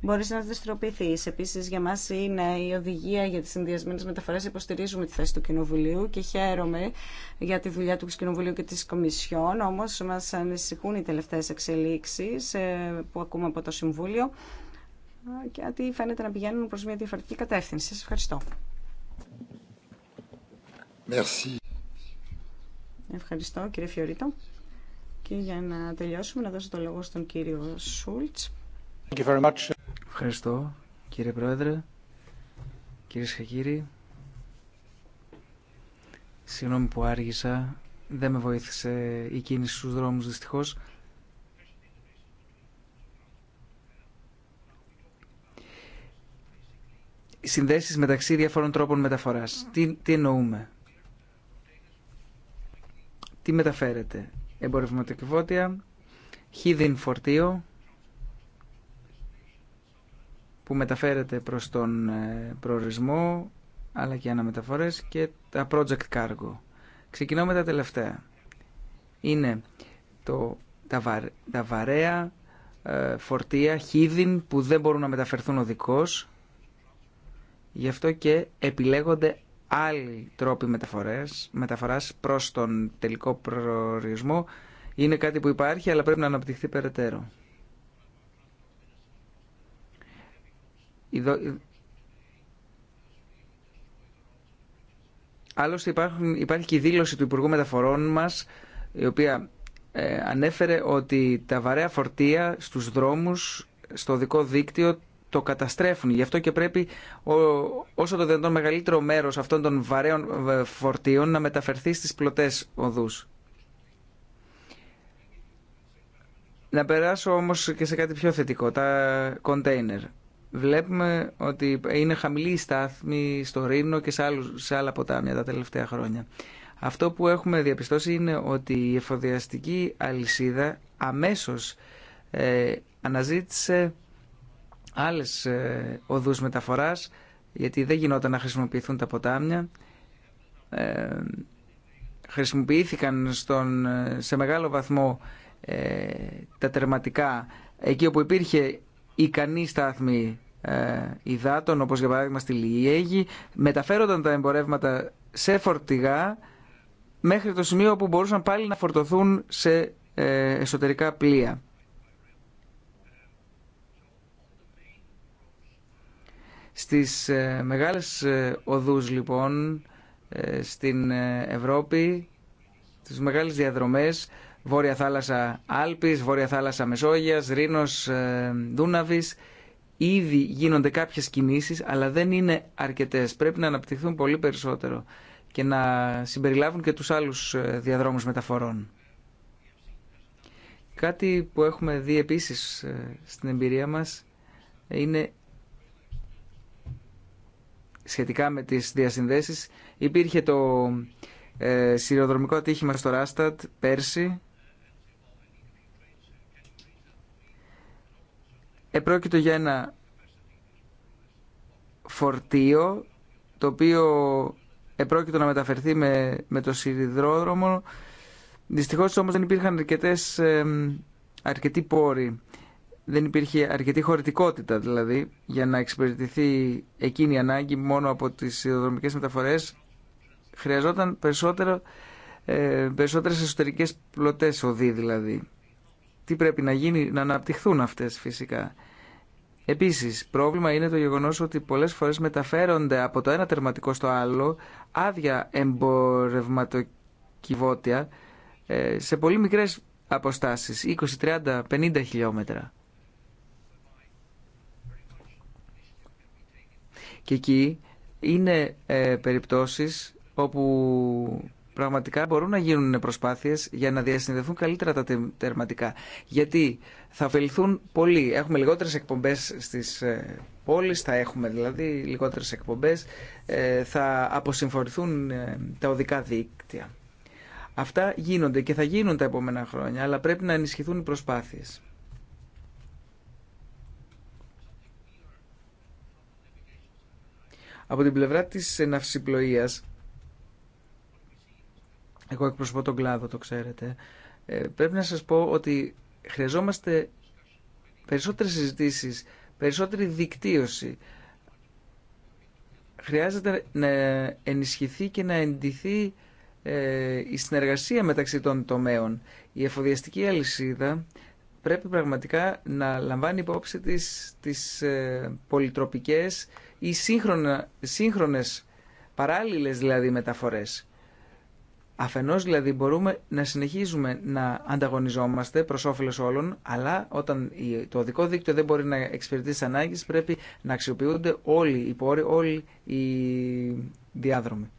μπορείς να δεστροποιηθείς. Επίσης για μας είναι η οδηγία για τι συνδυασμένε μεταφορέ Υποστηρίζουμε τη θέση του Κοινοβουλίου και χαίρομαι για τη δουλειά του Κοινοβουλίου και της Κομισιόν. Όμως μας ανησυχούν οι τελευταίες εξελίξεις ε, που ακούμε από το Συμβούλιο γιατί φαίνεται να πηγαίνουν προ μια διαφορετική κατεύθυνση. Σα ευχαριστώ. Merci. Ευχαριστώ κύριε Φιωρίτο. Και για να τελειώσουμε να δώσω το λόγο στον κύριο Σούλτς. Ευχαριστώ κύριε Πρόεδρε, κύριε και κύριοι. Συγγνώμη που άργησα, δεν με βοήθησε η κίνηση στους δρόμους δυστυχώς. Συνδέσεις μεταξύ διαφόρων τρόπων μεταφοράς. Τι, τι εννοούμε. Τι μεταφέρεται εμπορευματοκιβώτια, χίδιν φορτίο που μεταφέρεται προς τον ε, προορισμό αλλά και αναμεταφορές και τα project cargo. Ξεκινώ με τα τελευταία. Είναι το, τα, βαρέα ε, φορτία χίδιν που δεν μπορούν να μεταφερθούν οδικώς γι' αυτό και επιλέγονται άλλοι τρόποι μεταφοράς, μεταφοράς προς τον τελικό προορισμό είναι κάτι που υπάρχει αλλά πρέπει να αναπτυχθεί περαιτέρω. Άλλωστε υπάρχει και η δήλωση του Υπουργού Μεταφορών μας η οποία ε, ανέφερε ότι τα βαρέα φορτία στους δρόμους, στο δικό δίκτυο το καταστρέφουν. Γι' αυτό και πρέπει όσο το δυνατόν μεγαλύτερο μέρος αυτών των βαρέων ε, φορτίων να μεταφερθεί στις πλωτές οδούς. Να περάσω όμως και σε κάτι πιο θετικό, τα κοντέινερ. Βλέπουμε ότι είναι χαμηλή η στάθμη στο Ρήνο και σε, άλλους, σε άλλα ποτάμια τα τελευταία χρόνια. Αυτό που έχουμε διαπιστώσει είναι ότι η εφοδιαστική αλυσίδα αμέσως ε, αναζήτησε άλλες ε, οδούς μεταφοράς, γιατί δεν γινόταν να χρησιμοποιηθούν τα ποτάμια. Ε, χρησιμοποιήθηκαν στον, ε, σε μεγάλο βαθμό τα τερματικά εκεί όπου υπήρχε ικανή στάθμη υδάτων, όπως για παράδειγμα στη Λιέγη, μεταφέρονταν τα εμπορεύματα σε φορτηγά μέχρι το σημείο όπου μπορούσαν πάλι να φορτωθούν σε εσωτερικά πλοία. Στις ε, μεγάλες ε, οδούς λοιπόν ε, στην Ευρώπη, στις μεγάλες διαδρομές, Βόρεια Θάλασσα Άλπης, Βόρεια Θάλασσα Μεσόγειας, Ρήνος, Δούναβης, ήδη γίνονται κάποιες κινήσεις, αλλά δεν είναι αρκετές. Πρέπει να αναπτυχθούν πολύ περισσότερο και να συμπεριλάβουν και τους άλλους διαδρόμους μεταφορών. Κάτι που έχουμε δει επίσης στην εμπειρία μας είναι σχετικά με τις διασυνδέσεις υπήρχε το ε, σειροδρομικό ατύχημα στο Ράστατ πέρσι επρόκειτο για ένα φορτίο το οποίο επρόκειτο να μεταφερθεί με, το σιδηρόδρομο δυστυχώς όμως δεν υπήρχαν αρκετές, ε, αρκετοί πόροι δεν υπήρχε αρκετή χωρητικότητα δηλαδή για να εξυπηρετηθεί εκείνη η ανάγκη μόνο από τις ιδεοδρομικές μεταφορές χρειαζόταν περισσότερο, ε, περισσότερες εσωτερικές πλωτές οδοί δηλαδή. Τι πρέπει να γίνει, να αναπτυχθούν αυτές φυσικά. Επίσης, πρόβλημα είναι το γεγονός ότι πολλές φορές μεταφέρονται από το ένα τερματικό στο άλλο άδεια εμπορευματοκιβώτια ε, σε πολύ μικρές αποστάσεις, 20, 30, 50 χιλιόμετρα. Και εκεί είναι ε, περιπτώσεις όπου πραγματικά μπορούν να γίνουν προσπάθειες για να διασυνδεθούν καλύτερα τα τερματικά. Γιατί θα ωφεληθούν πολύ. Έχουμε λιγότερες εκπομπές στις ε, πόλεις, θα έχουμε δηλαδή λιγότερες εκπομπές, ε, θα αποσυμφορηθούν ε, τα οδικά δίκτυα. Αυτά γίνονται και θα γίνουν τα επόμενα χρόνια, αλλά πρέπει να ενισχυθούν οι προσπάθειες. Από την πλευρά της ε, ναυσιπλοείας, εγώ εκπροσωπώ τον κλάδο, το ξέρετε, ε, πρέπει να σας πω ότι χρειαζόμαστε περισσότερες συζητήσεις, περισσότερη δικτύωση. Χρειάζεται να ενισχυθεί και να εντυθεί ε, η συνεργασία μεταξύ των τομέων. Η εφοδιαστική αλυσίδα πρέπει πραγματικά να λαμβάνει υπόψη τις, τις πολυτροπικές ή σύγχρονα, σύγχρονες παράλληλες δηλαδή μεταφορές. Αφενός δηλαδή μπορούμε να συνεχίζουμε να ανταγωνιζόμαστε προς όφελος όλων, αλλά όταν το οδικό δίκτυο δεν μπορεί να εξυπηρετεί τις ανάγκες πρέπει να αξιοποιούνται όλοι οι πόροι, όλοι οι διάδρομοι.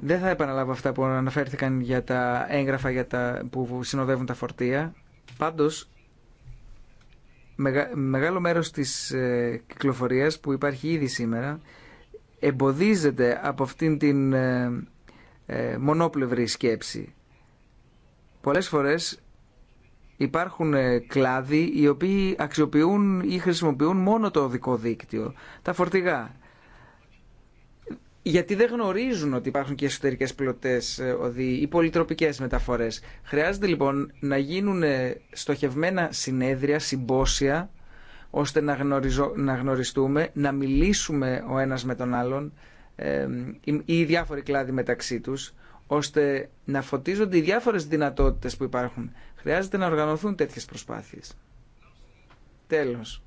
Δεν θα επαναλάβω αυτά που αναφέρθηκαν για τα έγγραφα που συνοδεύουν τα φορτία. Πάντως μεγάλο μέρος της ε, κυκλοφορίας που υπάρχει ήδη σήμερα εμποδίζεται από αυτήν την ε, ε, μονόπλευρη σκέψη. Πολλές φορές υπάρχουν κλάδοι οι οποίοι αξιοποιούν ή χρησιμοποιούν μόνο το οδικό δίκτυο. Τα φορτηγά, γιατί δεν γνωρίζουν ότι υπάρχουν και εσωτερικές πλωτές ε, οδοί ή πολυτροπικές μεταφορές. Χρειάζεται λοιπόν να γίνουν ε, στοχευμένα συνέδρια, συμπόσια, ώστε να, να γνωριστούμε, να μιλήσουμε ο ένας με τον άλλον ή ε, οι διάφοροι κλάδοι μεταξύ τους, ώστε να φωτίζονται οι διάφορες δυνατότητες που υπάρχουν. Χρειάζεται να οργανωθούν τέτοιες προσπάθειες. Τέλος.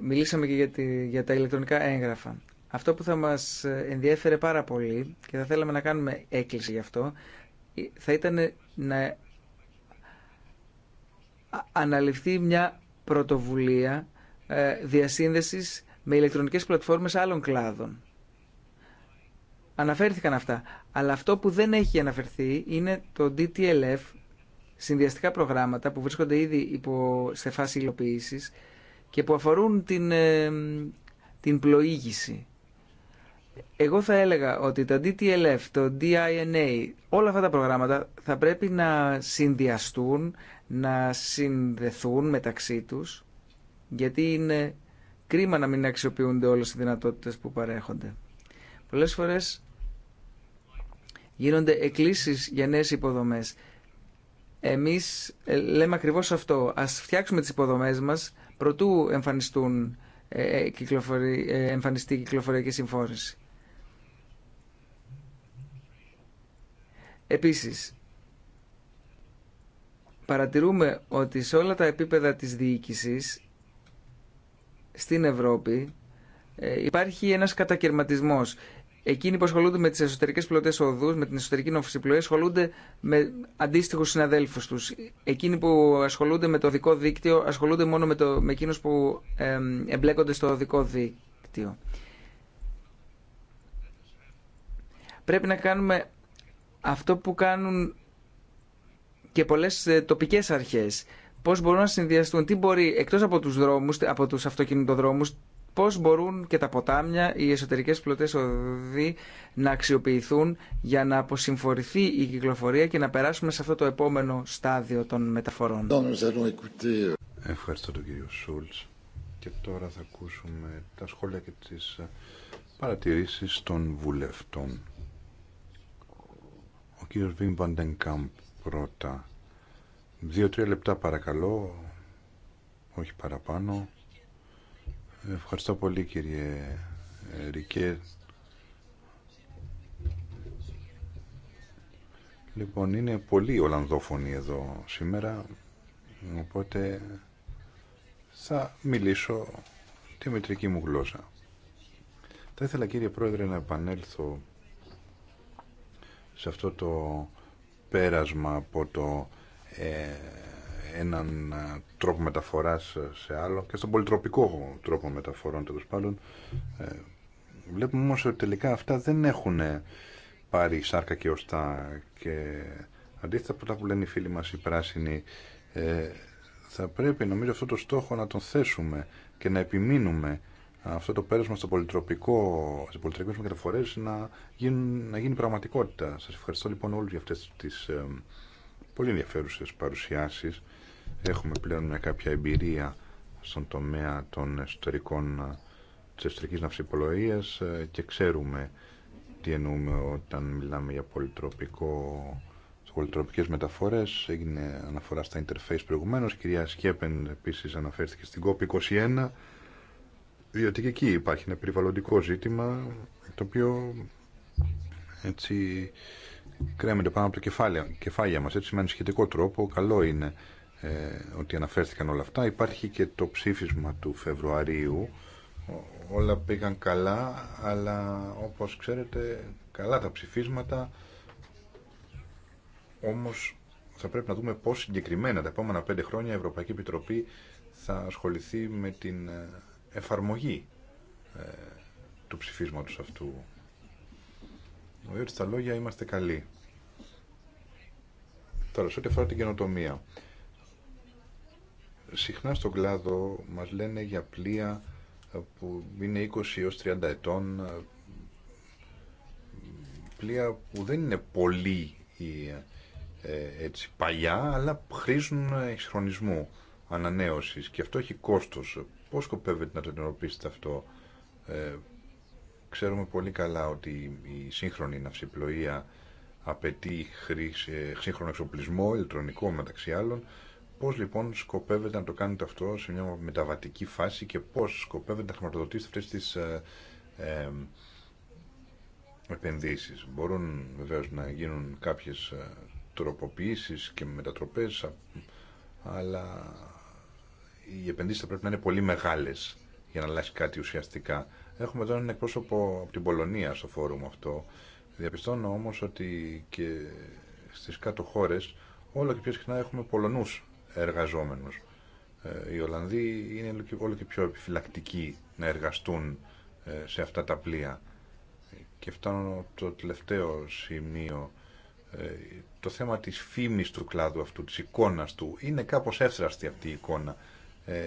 Μιλήσαμε και για, για τα ηλεκτρονικά έγγραφα. Αυτό που θα μας ενδιέφερε πάρα πολύ και θα θέλαμε να κάνουμε έκκληση γι' αυτό ε, θα ήταν να αναλυφθεί μια πρωτοβουλία ε, διασύνδεσης με ηλεκτρονικές πλατφόρμες άλλων κλάδων. Αναφέρθηκαν αυτά. Αλλά αυτό που δεν έχει αναφερθεί είναι το DTLF, συνδυαστικά προγράμματα που βρίσκονται ήδη υπό, σε φάση υλοποίησης, και που αφορούν ε, την, πλοήγηση. Εγώ θα έλεγα ότι τα DTLF, το DINA, όλα αυτά τα προγράμματα θα πρέπει να συνδυαστούν, να συνδεθούν μεταξύ τους, γιατί είναι κρίμα να μην αξιοποιούνται όλες οι δυνατότητες που παρέχονται. Πολλές φορές γίνονται εκκλήσεις για νέες υποδομές. Εμείς ε, λέμε ακριβώς αυτό, ας φτιάξουμε τις υποδομές μας προτού εμφανιστούν, ε, ε, ε, εμφανιστεί η κυκλοφοριακή συμφόρηση. Επίσης, παρατηρούμε ότι σε όλα τα επίπεδα της διοίκησης στην Ευρώπη υπάρχει ένας κατακαιρματισμός. Εκείνοι που ασχολούνται με τι εσωτερικέ πλωτέ οδού, με την εσωτερική πλοία, ασχολούνται με αντίστοιχου συναδέλφου του. Εκείνοι που ασχολούνται με το δικό δίκτυο, ασχολούνται μόνο με, το, με εκείνου που εμπλέκονται στο δικό δίκτυο. Πρέπει να κάνουμε αυτό που κάνουν και πολλές ε, τοπικές αρχές. Πώς μπορούν να συνδυαστούν, τι μπορεί εκτός από τους δρόμους, από τους αυτοκινητοδρόμους, πώς μπορούν και τα ποτάμια, οι εσωτερικές πλωτές οδοί να αξιοποιηθούν για να αποσυμφορηθεί η κυκλοφορία και να περάσουμε σε αυτό το επόμενο στάδιο των μεταφορών. Euh, Ευχαριστώ τον κύριο Σούλτς και τώρα θα ακούσουμε τα σχόλια και τις ε, παρατηρήσεις των βουλευτών. Ο κύριος Βιμ Παντενκάμπ πρώτα. Δύο-τρία λεπτά παρακαλώ, όχι παραπάνω. Ευχαριστώ πολύ κύριε Ρικέ. Λοιπόν, είναι πολύ Ολλανδόφωνοι εδώ σήμερα, οπότε θα μιλήσω τη μετρική μου γλώσσα. Θα ήθελα κύριε Πρόεδρε να επανέλθω σε αυτό το πέρασμα από το ε, έναν τρόπο μεταφοράς σε άλλο και στον πολυτροπικό τρόπο μεταφορών τέλο πάντων ε, βλέπουμε όμως ότι τελικά αυτά δεν έχουν πάρει σάρκα και οστά και αντίθετα από τα που λένε οι φίλοι μας οι πράσινοι ε, θα πρέπει νομίζω αυτό το στόχο να τον θέσουμε και να επιμείνουμε αυτό το πέρασμα στο πολυτροπικό, στις πολυτροπικές μεταφορές να, να γίνει πραγματικότητα. Σας ευχαριστώ λοιπόν όλους για αυτές τις ε, πολύ ενδιαφέρουσες παρουσιάσεις. Έχουμε πλέον μια κάποια εμπειρία στον τομέα των εσωτερικών ε, της εσωτερικής ναυσιπολογίας ε, και ξέρουμε τι εννοούμε όταν μιλάμε για πολυτροπικό πολυτροπικές μεταφορές έγινε αναφορά στα interface προηγουμένως κυρία Σκέπεν επίσης αναφέρθηκε στην COP21 διότι και εκεί υπάρχει ένα περιβαλλοντικό ζήτημα το οποίο έτσι κρέμεται πάνω από το κεφάλαιο κεφάλια μας έτσι με σχετικό τρόπο καλό είναι ε, ότι αναφέρθηκαν όλα αυτά. Υπάρχει και το ψήφισμα του Φεβρουαρίου. Όλα πήγαν καλά, αλλά όπως ξέρετε καλά τα ψηφίσματα, όμως θα πρέπει να δούμε πώς συγκεκριμένα τα επόμενα πέντε χρόνια η Ευρωπαϊκή Επιτροπή θα ασχοληθεί με την ε, εφαρμογή ε, του ψηφίσματος αυτού. διότι ότι στα λόγια είμαστε καλοί. Τώρα, σε ό,τι αφορά την καινοτομία, Συχνά στον κλάδο μας λένε για πλοία ε, που είναι 20 έως 30 ετών, ε, πλοία που δεν είναι πολύ ε, έτσι, παλιά, αλλά χρήζουν εξχρονισμού, ανανέωσης και αυτό έχει κόστος. Πώς σκοπεύετε να το ενεργοποιήσετε αυτό. Ε, ξέρουμε πολύ καλά ότι η σύγχρονη ναυσιπλοεία απαιτεί χρήση, σύγχρονο εξοπλισμό, ηλεκτρονικό μεταξύ άλλων, Πώς λοιπόν σκοπεύετε να το κάνετε αυτό σε μια μεταβατική φάση και πώς σκοπεύετε να χρηματοδοτήσετε αυτές τις ε, ε επενδύσεις. Μπορούν βεβαίως να γίνουν κάποιες ε, τροποποιήσεις και μετατροπές, αλλά οι επενδύσεις θα πρέπει να είναι πολύ μεγάλες για να αλλάξει κάτι ουσιαστικά. Έχουμε εδώ έναν εκπρόσωπο από την Πολωνία στο φόρουμ αυτό. Διαπιστώνω όμως ότι και στις κάτω χώρες όλο και πιο συχνά έχουμε Πολωνούς εργαζόμενους. Ε, οι Ολλανδοί είναι όλο και πιο επιφυλακτικοί να εργαστούν ε, σε αυτά τα πλοία. Και φτάνω το τελευταίο σημείο. Ε, το θέμα της φήμης του κλάδου αυτού, της εικόνας του, είναι κάπως εύθραστη αυτή η εικόνα.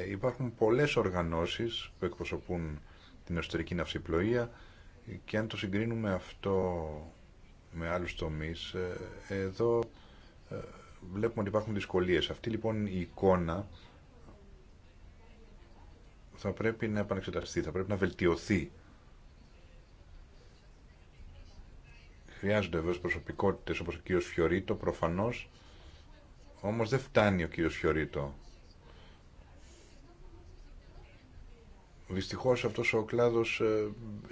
Υπάρχουν πολλές οργανώσεις που εκπροσωπούν την εσωτερική ναυσιπλοεία και αν το συγκρίνουμε αυτό με άλλους τομείς, εδώ βλέπουμε ότι υπάρχουν δυσκολίες. Αυτή λοιπόν η εικόνα θα πρέπει να επανεξεταστεί, θα πρέπει να βελτιωθεί. Χρειάζονται βέβαια προσωπικότητες όπως ο κύριος Φιωρίτο προφανώς, όμως δεν φτάνει ο κύριος Φιωρίτο. Δυστυχώς αυτός ο κλάδος ε,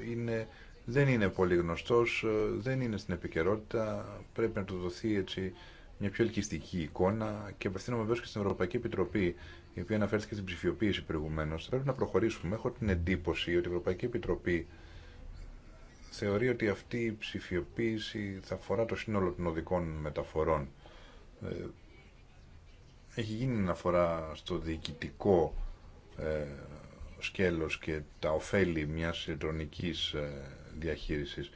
είναι, δεν είναι πολύ γνωστός, ε, δεν είναι στην επικαιρότητα, πρέπει να του δοθεί έτσι μια πιο ελκυστική εικόνα και απευθύνομαι βέβαια και στην Ευρωπαϊκή Επιτροπή, η οποία αναφέρθηκε στην ψηφιοποίηση προηγουμένω. Πρέπει να προχωρήσουμε. Έχω την εντύπωση ότι η Ευρωπαϊκή Επιτροπή θεωρεί ότι αυτή η ψηφιοποίηση θα αφορά το σύνολο των οδικών μεταφορών. Ε, έχει γίνει αναφορά στο διοικητικό ε, σκέλος και τα ωφέλη μιας ηλεκτρονικής ε, διαχείρισης.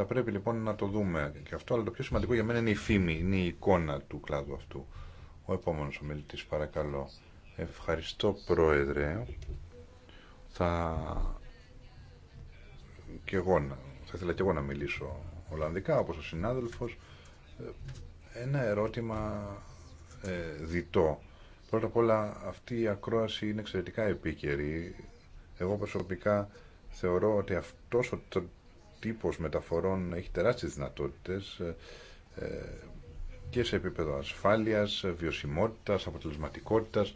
Θα πρέπει λοιπόν να το δούμε και αυτό, αλλά το πιο σημαντικό για μένα είναι η φήμη, είναι η εικόνα του κλάδου αυτού. Ο επόμενος ομιλητή, παρακαλώ. Ευχαριστώ, Πρόεδρε. Θα... Και εγώ, θα ήθελα και εγώ να μιλήσω Ολλανδικά, όπως ο συνάδελφος. Ένα ερώτημα ε, διτό. Πρώτα απ' όλα, αυτή η ακρόαση είναι εξαιρετικά επίκαιρη. Εγώ προσωπικά θεωρώ ότι αυτός ο τύπος μεταφορών έχει τεράστιες δυνατότητες ε, και σε επίπεδο ασφάλειας, βιωσιμότητας, αποτελεσματικότητας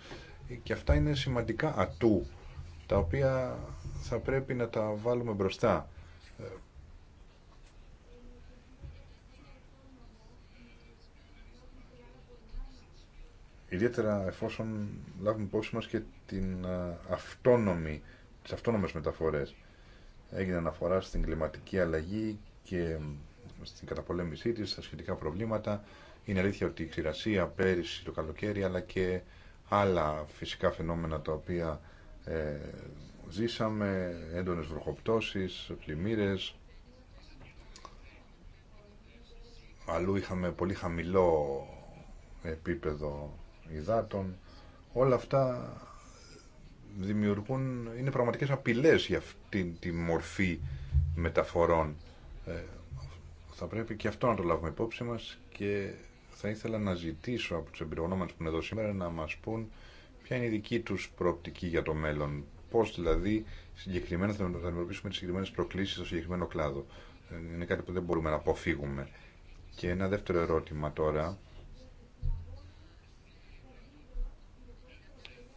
και αυτά είναι σημαντικά ατού τα οποία θα πρέπει να τα βάλουμε μπροστά. Ε, ιδιαίτερα εφόσον λάβουμε υπόψη μας και την ε, αυτόνομη, τις αυτόνομες μεταφορές έγινε αναφορά στην κλιματική αλλαγή και στην καταπολέμησή της, στα σχετικά προβλήματα. Είναι αλήθεια ότι η ξηρασία πέρυσι το καλοκαίρι αλλά και άλλα φυσικά φαινόμενα τα οποία ε, ζήσαμε, έντονες βροχοπτώσεις, πλημμύρες. Αλλού είχαμε πολύ χαμηλό επίπεδο υδάτων. Όλα αυτά δημιουργούν, είναι πραγματικές απειλές για αυτή τη μορφή μεταφορών. Ε, θα πρέπει και αυτό να το λάβουμε υπόψη μας και θα ήθελα να ζητήσω από τους εμπειρογνώμενους που είναι εδώ σήμερα να μας πούν ποια είναι η δική τους προοπτική για το μέλλον. Πώς δηλαδή συγκεκριμένα θα αντιμετωπίσουμε τις συγκεκριμένες προκλήσεις στο συγκεκριμένο κλάδο. Ε, είναι κάτι που δεν μπορούμε να αποφύγουμε. Και ένα δεύτερο ερώτημα τώρα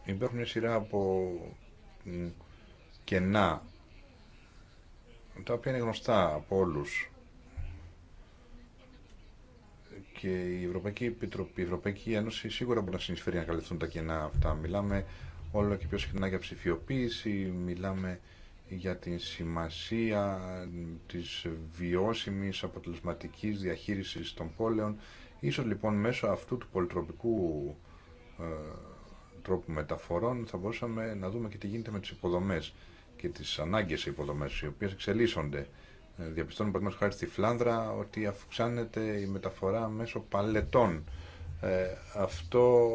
Υπάρχουν μια σειρά από κενά τα οποία είναι γνωστά από όλους και η Ευρωπαϊκή Επιτροπή, η Ευρωπαϊκή Ένωση σίγουρα μπορεί να συνεισφέρει να καλυφθούν τα κενά αυτά. Μιλάμε όλο και πιο συχνά για ψηφιοποίηση, μιλάμε για την σημασία της βιώσιμης αποτελεσματικής διαχείρισης των πόλεων. Ίσως λοιπόν μέσω αυτού του πολυτροπικού ε, τρόπου μεταφορών θα μπορούσαμε να δούμε και τι γίνεται με τι υποδομέ και τις ανάγκες σε οι οποίες εξελίσσονται. Ε, διαπιστώνουμε παραδείγματο χάρη στη Φλάνδρα ότι αυξάνεται η μεταφορά μέσω παλετών. Ε, αυτό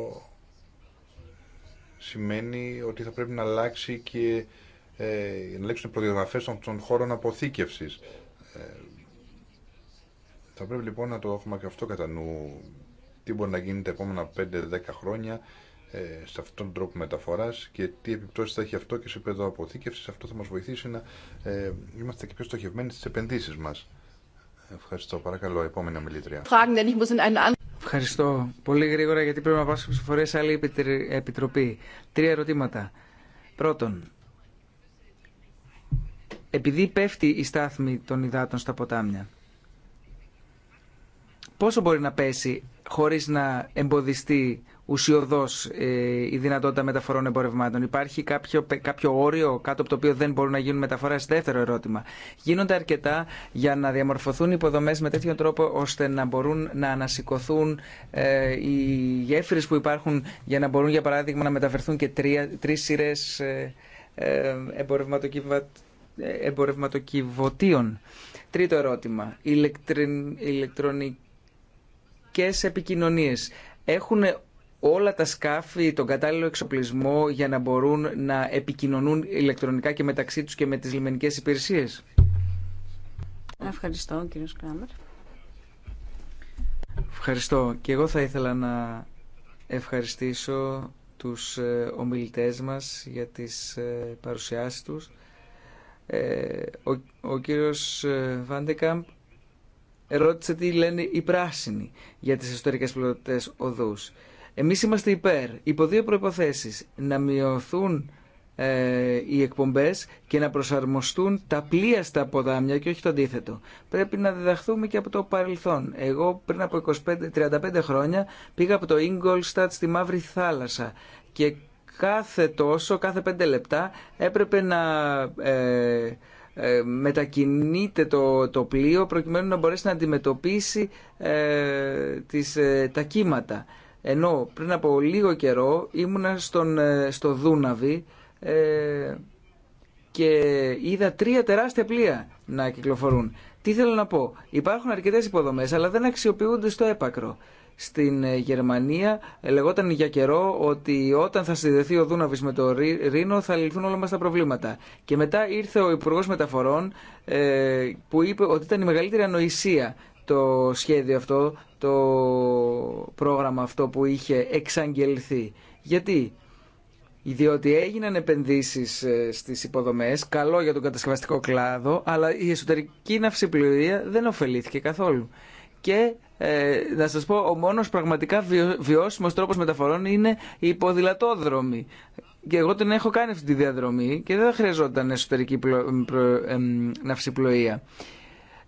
σημαίνει ότι θα πρέπει να αλλάξει και ε, να αλλάξουν οι προδιαγραφές των, των χώρων αποθήκευση. Ε, θα πρέπει λοιπόν να το έχουμε και αυτό κατά νου τι μπορεί να γίνει τα επόμενα 5-10 χρόνια ε, σε αυτόν τον τρόπο μεταφοράς και τι επιπτώσεις θα έχει αυτό και σε επίπεδο αποθήκευσης. Αυτό θα μας βοηθήσει να ε, είμαστε και πιο στοχευμένοι στις επενδύσεις μας. Ευχαριστώ. Παρακαλώ, επόμενη ομιλήτρια. Ευχαριστώ. Πολύ γρήγορα γιατί πρέπει να πάω σε φορές άλλη επιτροπή. Τρία ερωτήματα. Πρώτον, επειδή πέφτει η στάθμη των υδάτων στα ποτάμια, πόσο μπορεί να πέσει χωρίς να εμποδιστεί ουσιοδός ε, η δυνατότητα μεταφορών εμπορευμάτων. Υπάρχει κάποιο, κάποιο όριο κάτω από το οποίο δεν μπορούν να γίνουν μεταφορές. Δεύτερο ερώτημα. Γίνονται αρκετά για να διαμορφωθούν υποδομές με τέτοιο τρόπο ώστε να μπορούν να ανασηκωθούν ε, οι γέφυρες που υπάρχουν για να μπορούν για παράδειγμα να μεταφερθούν και τρει σειρέ ε, ε, εμπορευματοκιβωτίων. Τρίτο ερώτημα. Ηλεκτρι... ηλεκτρονικέ επικοινωνίες. Έχουν όλα τα σκάφη, τον κατάλληλο εξοπλισμό για να μπορούν να επικοινωνούν ηλεκτρονικά και μεταξύ τους και με τις λιμενικές υπηρεσίες. Ευχαριστώ κύριο Κράμερ. Ευχαριστώ. Και εγώ θα ήθελα να ευχαριστήσω τους ε, ομιλητές μας για τις ε, παρουσιάσεις τους. Ε, ο, ο κύριος Βάντεκαμπ ρώτησε τι λένε οι πράσινοι για τις ιστορικές πλωτές οδούς. Εμείς είμαστε υπέρ, υπό δύο προποθέσει να μειωθούν ε, οι εκπομπές και να προσαρμοστούν τα πλοία στα ποδάμια και όχι το αντίθετο. Πρέπει να διδαχθούμε και από το παρελθόν. Εγώ πριν από 25, 35 χρόνια πήγα από το Ingolstadt στη Μαύρη Θάλασσα και κάθε τόσο, κάθε 5 λεπτά έπρεπε να... Ε, ε, μετακινείται το, το πλοίο προκειμένου να μπορέσει να αντιμετωπίσει ε, τις, ε, τα κύματα. Ενώ πριν από λίγο καιρό ήμουνα στον, ε, στο Δούναβι ε, και είδα τρία τεράστια πλοία να κυκλοφορούν. Τι θέλω να πω, υπάρχουν αρκετές υποδομές αλλά δεν αξιοποιούνται στο έπακρο. Στην ε, Γερμανία ε, λεγόταν για καιρό ότι όταν θα συνδεθεί ο Δούναβη με το Ρήνο θα λυθούν όλα μα τα προβλήματα. Και μετά ήρθε ο Υπουργό Μεταφορών που είπε ότι ήταν η μεγαλύτερη ανοησία το σχέδιο αυτό, το πρόγραμμα αυτό που είχε εξαγγελθεί. Γιατί, διότι έγιναν επενδύσεις ε, στις υποδομές, καλό για τον κατασκευαστικό κλάδο, αλλά η εσωτερική ναυσιπλοεία δεν ωφελήθηκε καθόλου. Και ε, να σας πω, ο μόνος πραγματικά βιώσιμος τρόπος μεταφορών είναι η ποδηλατόδρομη. Και εγώ την έχω κάνει αυτή τη διαδρομή και δεν χρειαζόταν εσωτερική ναυσιπλοεία.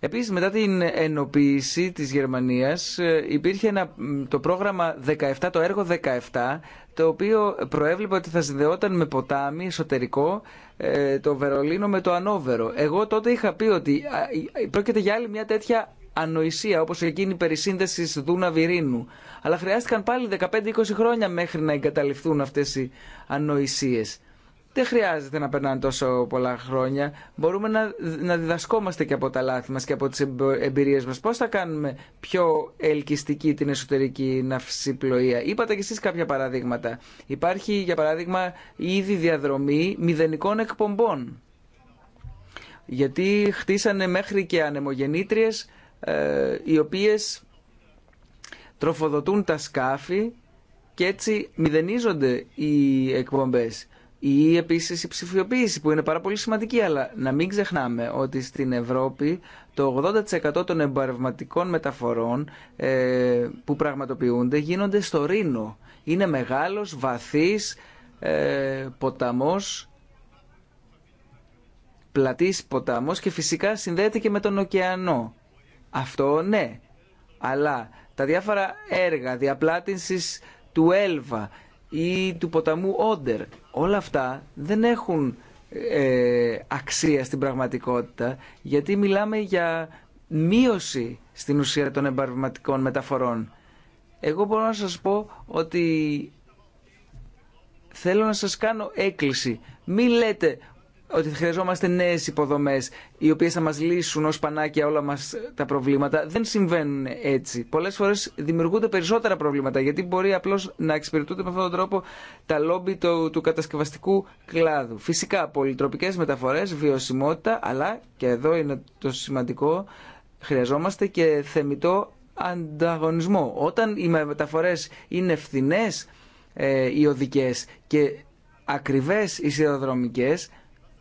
Επίσης μετά την ενοποίηση της Γερμανίας ε, υπήρχε ένα, το πρόγραμμα 17, το έργο 17, το οποίο προέβλεπε ότι θα συνδεόταν με ποτάμι εσωτερικό ε, το Βερολίνο με το Ανόβερο. Εγώ τότε είχα πει ότι πρόκειται για άλλη μια τέτοια ανοησία, όπως η περισυνδεση σύνδεσης Δούνα Βυρίνου. Αλλά χρειάστηκαν πάλι 15-20 χρόνια μέχρι να εγκαταλειφθούν αυτές οι ανοησίες δεν χρειάζεται να περνάνε τόσο πολλά χρόνια. Μπορούμε να, να διδασκόμαστε και από τα λάθη μας και από τις εμπειρίες μας. Πώς θα κάνουμε πιο ελκυστική την εσωτερική ναυσιπλοεία. Είπατε κι εσείς κάποια παραδείγματα. Υπάρχει για παράδειγμα ήδη διαδρομή μηδενικών εκπομπών. Γιατί χτίσανε μέχρι και ανεμογεννήτριες ε, οι οποίες τροφοδοτούν τα σκάφη και έτσι μηδενίζονται οι εκπομπές ή επίσης η ψηφιοποίηση που είναι πάρα πολύ σημαντική αλλά να μην ξεχνάμε ότι στην Ευρώπη το 80% των εμπαρευματικών μεταφορών ε, που πραγματοποιούνται γίνονται στο Ρήνο. Είναι μεγάλος, βαθύς ε, ποταμός, πλατής ποταμός και φυσικά συνδέεται και με τον ωκεανό. Αυτό ναι, αλλά τα διάφορα έργα διαπλάτησης του Έλβα ή του ποταμού Όντερ. Όλα αυτά δεν έχουν ε, αξία στην πραγματικότητα γιατί μιλάμε για μείωση στην ουσία των εμπαρβηματικών μεταφορών. Εγώ μπορώ να σας πω ότι θέλω να σας κάνω έκκληση. Μην λέτε ότι χρειαζόμαστε νέε υποδομέ, οι οποίε θα μα λύσουν ω πανάκια όλα μα τα προβλήματα. Δεν συμβαίνουν έτσι. Πολλέ φορέ δημιουργούνται περισσότερα προβλήματα, γιατί μπορεί απλώ να εξυπηρετούνται με αυτόν τον τρόπο τα λόμπι του, του κατασκευαστικού κλάδου. Φυσικά, πολυτροπικέ μεταφορέ, βιωσιμότητα, αλλά και εδώ είναι το σημαντικό, χρειαζόμαστε και θεμητό ανταγωνισμό. Όταν οι μεταφορέ είναι φθηνέ, ε, οι οδικέ και ακριβές οι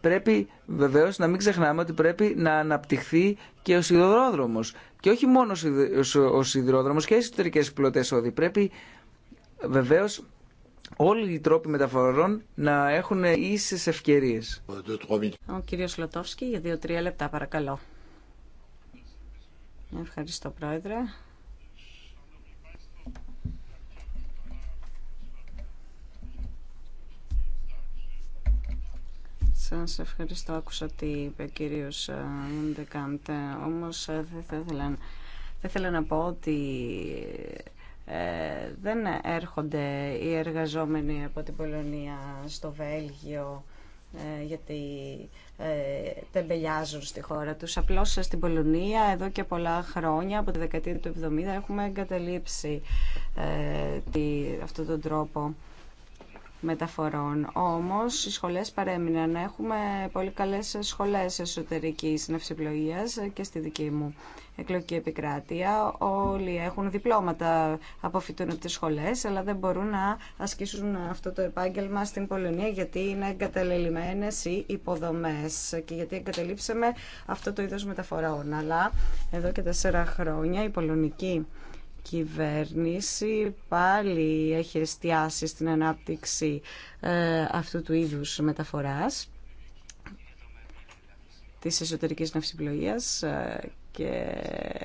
πρέπει βεβαίω να μην ξεχνάμε ότι πρέπει να αναπτυχθεί και ο σιδηρόδρομο. Και όχι μόνο ο σιδηροδρόμος και οι εσωτερικέ πλωτέ όδη. Πρέπει βεβαίω όλοι οι τρόποι μεταφορών να έχουν ίσε ευκαιρίε. Ο κύριο Λοτόφσκι για δύο-τρία λεπτά, παρακαλώ. Ευχαριστώ, Πρόεδρε. Σας ευχαριστώ. Άκουσα τι είπε ο κύριος ε, Ντεκάντε. Όμως δεν θα ήθελα, να πω ότι ε, δεν έρχονται οι εργαζόμενοι από την Πολωνία στο Βέλγιο ε, γιατί ε, τεμπελιάζουν στη χώρα τους. Απλώς στην Πολωνία εδώ και πολλά χρόνια, από τη δεκαετία του 70, έχουμε εγκαταλείψει τη, αυτόν τον τρόπο μεταφορών. Όμως οι σχολές παρέμειναν. Έχουμε πολύ καλές σχολές εσωτερικής νευσιπλογίας και στη δική μου εκλογική επικράτεια. Όλοι έχουν διπλώματα, αποφυτούν από τις σχολές, αλλά δεν μπορούν να ασκήσουν αυτό το επάγγελμα στην Πολωνία γιατί είναι εγκαταλελειμμένες οι υποδομές και γιατί εγκαταλείψαμε αυτό το είδος μεταφορών. Αλλά εδώ και τέσσερα χρόνια η πολωνική κυβέρνηση πάλι έχει εστιάσει στην ανάπτυξη ε, αυτού του είδους μεταφοράς της εσωτερικής ναυσιπλοείας ε, και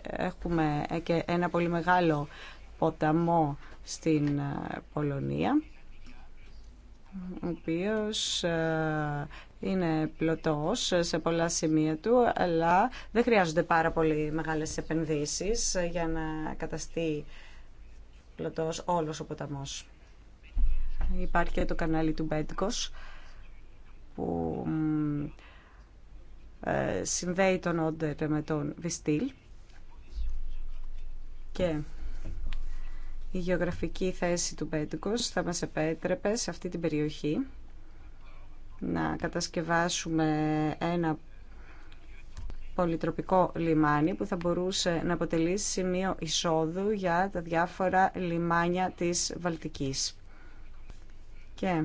έχουμε ε, και ένα πολύ μεγάλο ποταμό στην Πολωνία ο οποίος είναι πλωτός σε πολλά σημεία του, αλλά δεν χρειάζονται πάρα πολύ μεγάλες επενδύσεις για να καταστεί πλωτός όλος ο ποταμός. Υπάρχει και το κανάλι του Μπέντικος που ε, συνδέει τον Όντερ με τον Βιστήλ και η γεωγραφική θέση του Μπέντικος θα μας επέτρεπε σε αυτή την περιοχή να κατασκευάσουμε ένα πολυτροπικό λιμάνι που θα μπορούσε να αποτελεί σημείο εισόδου για τα διάφορα λιμάνια της Βαλτικής. Και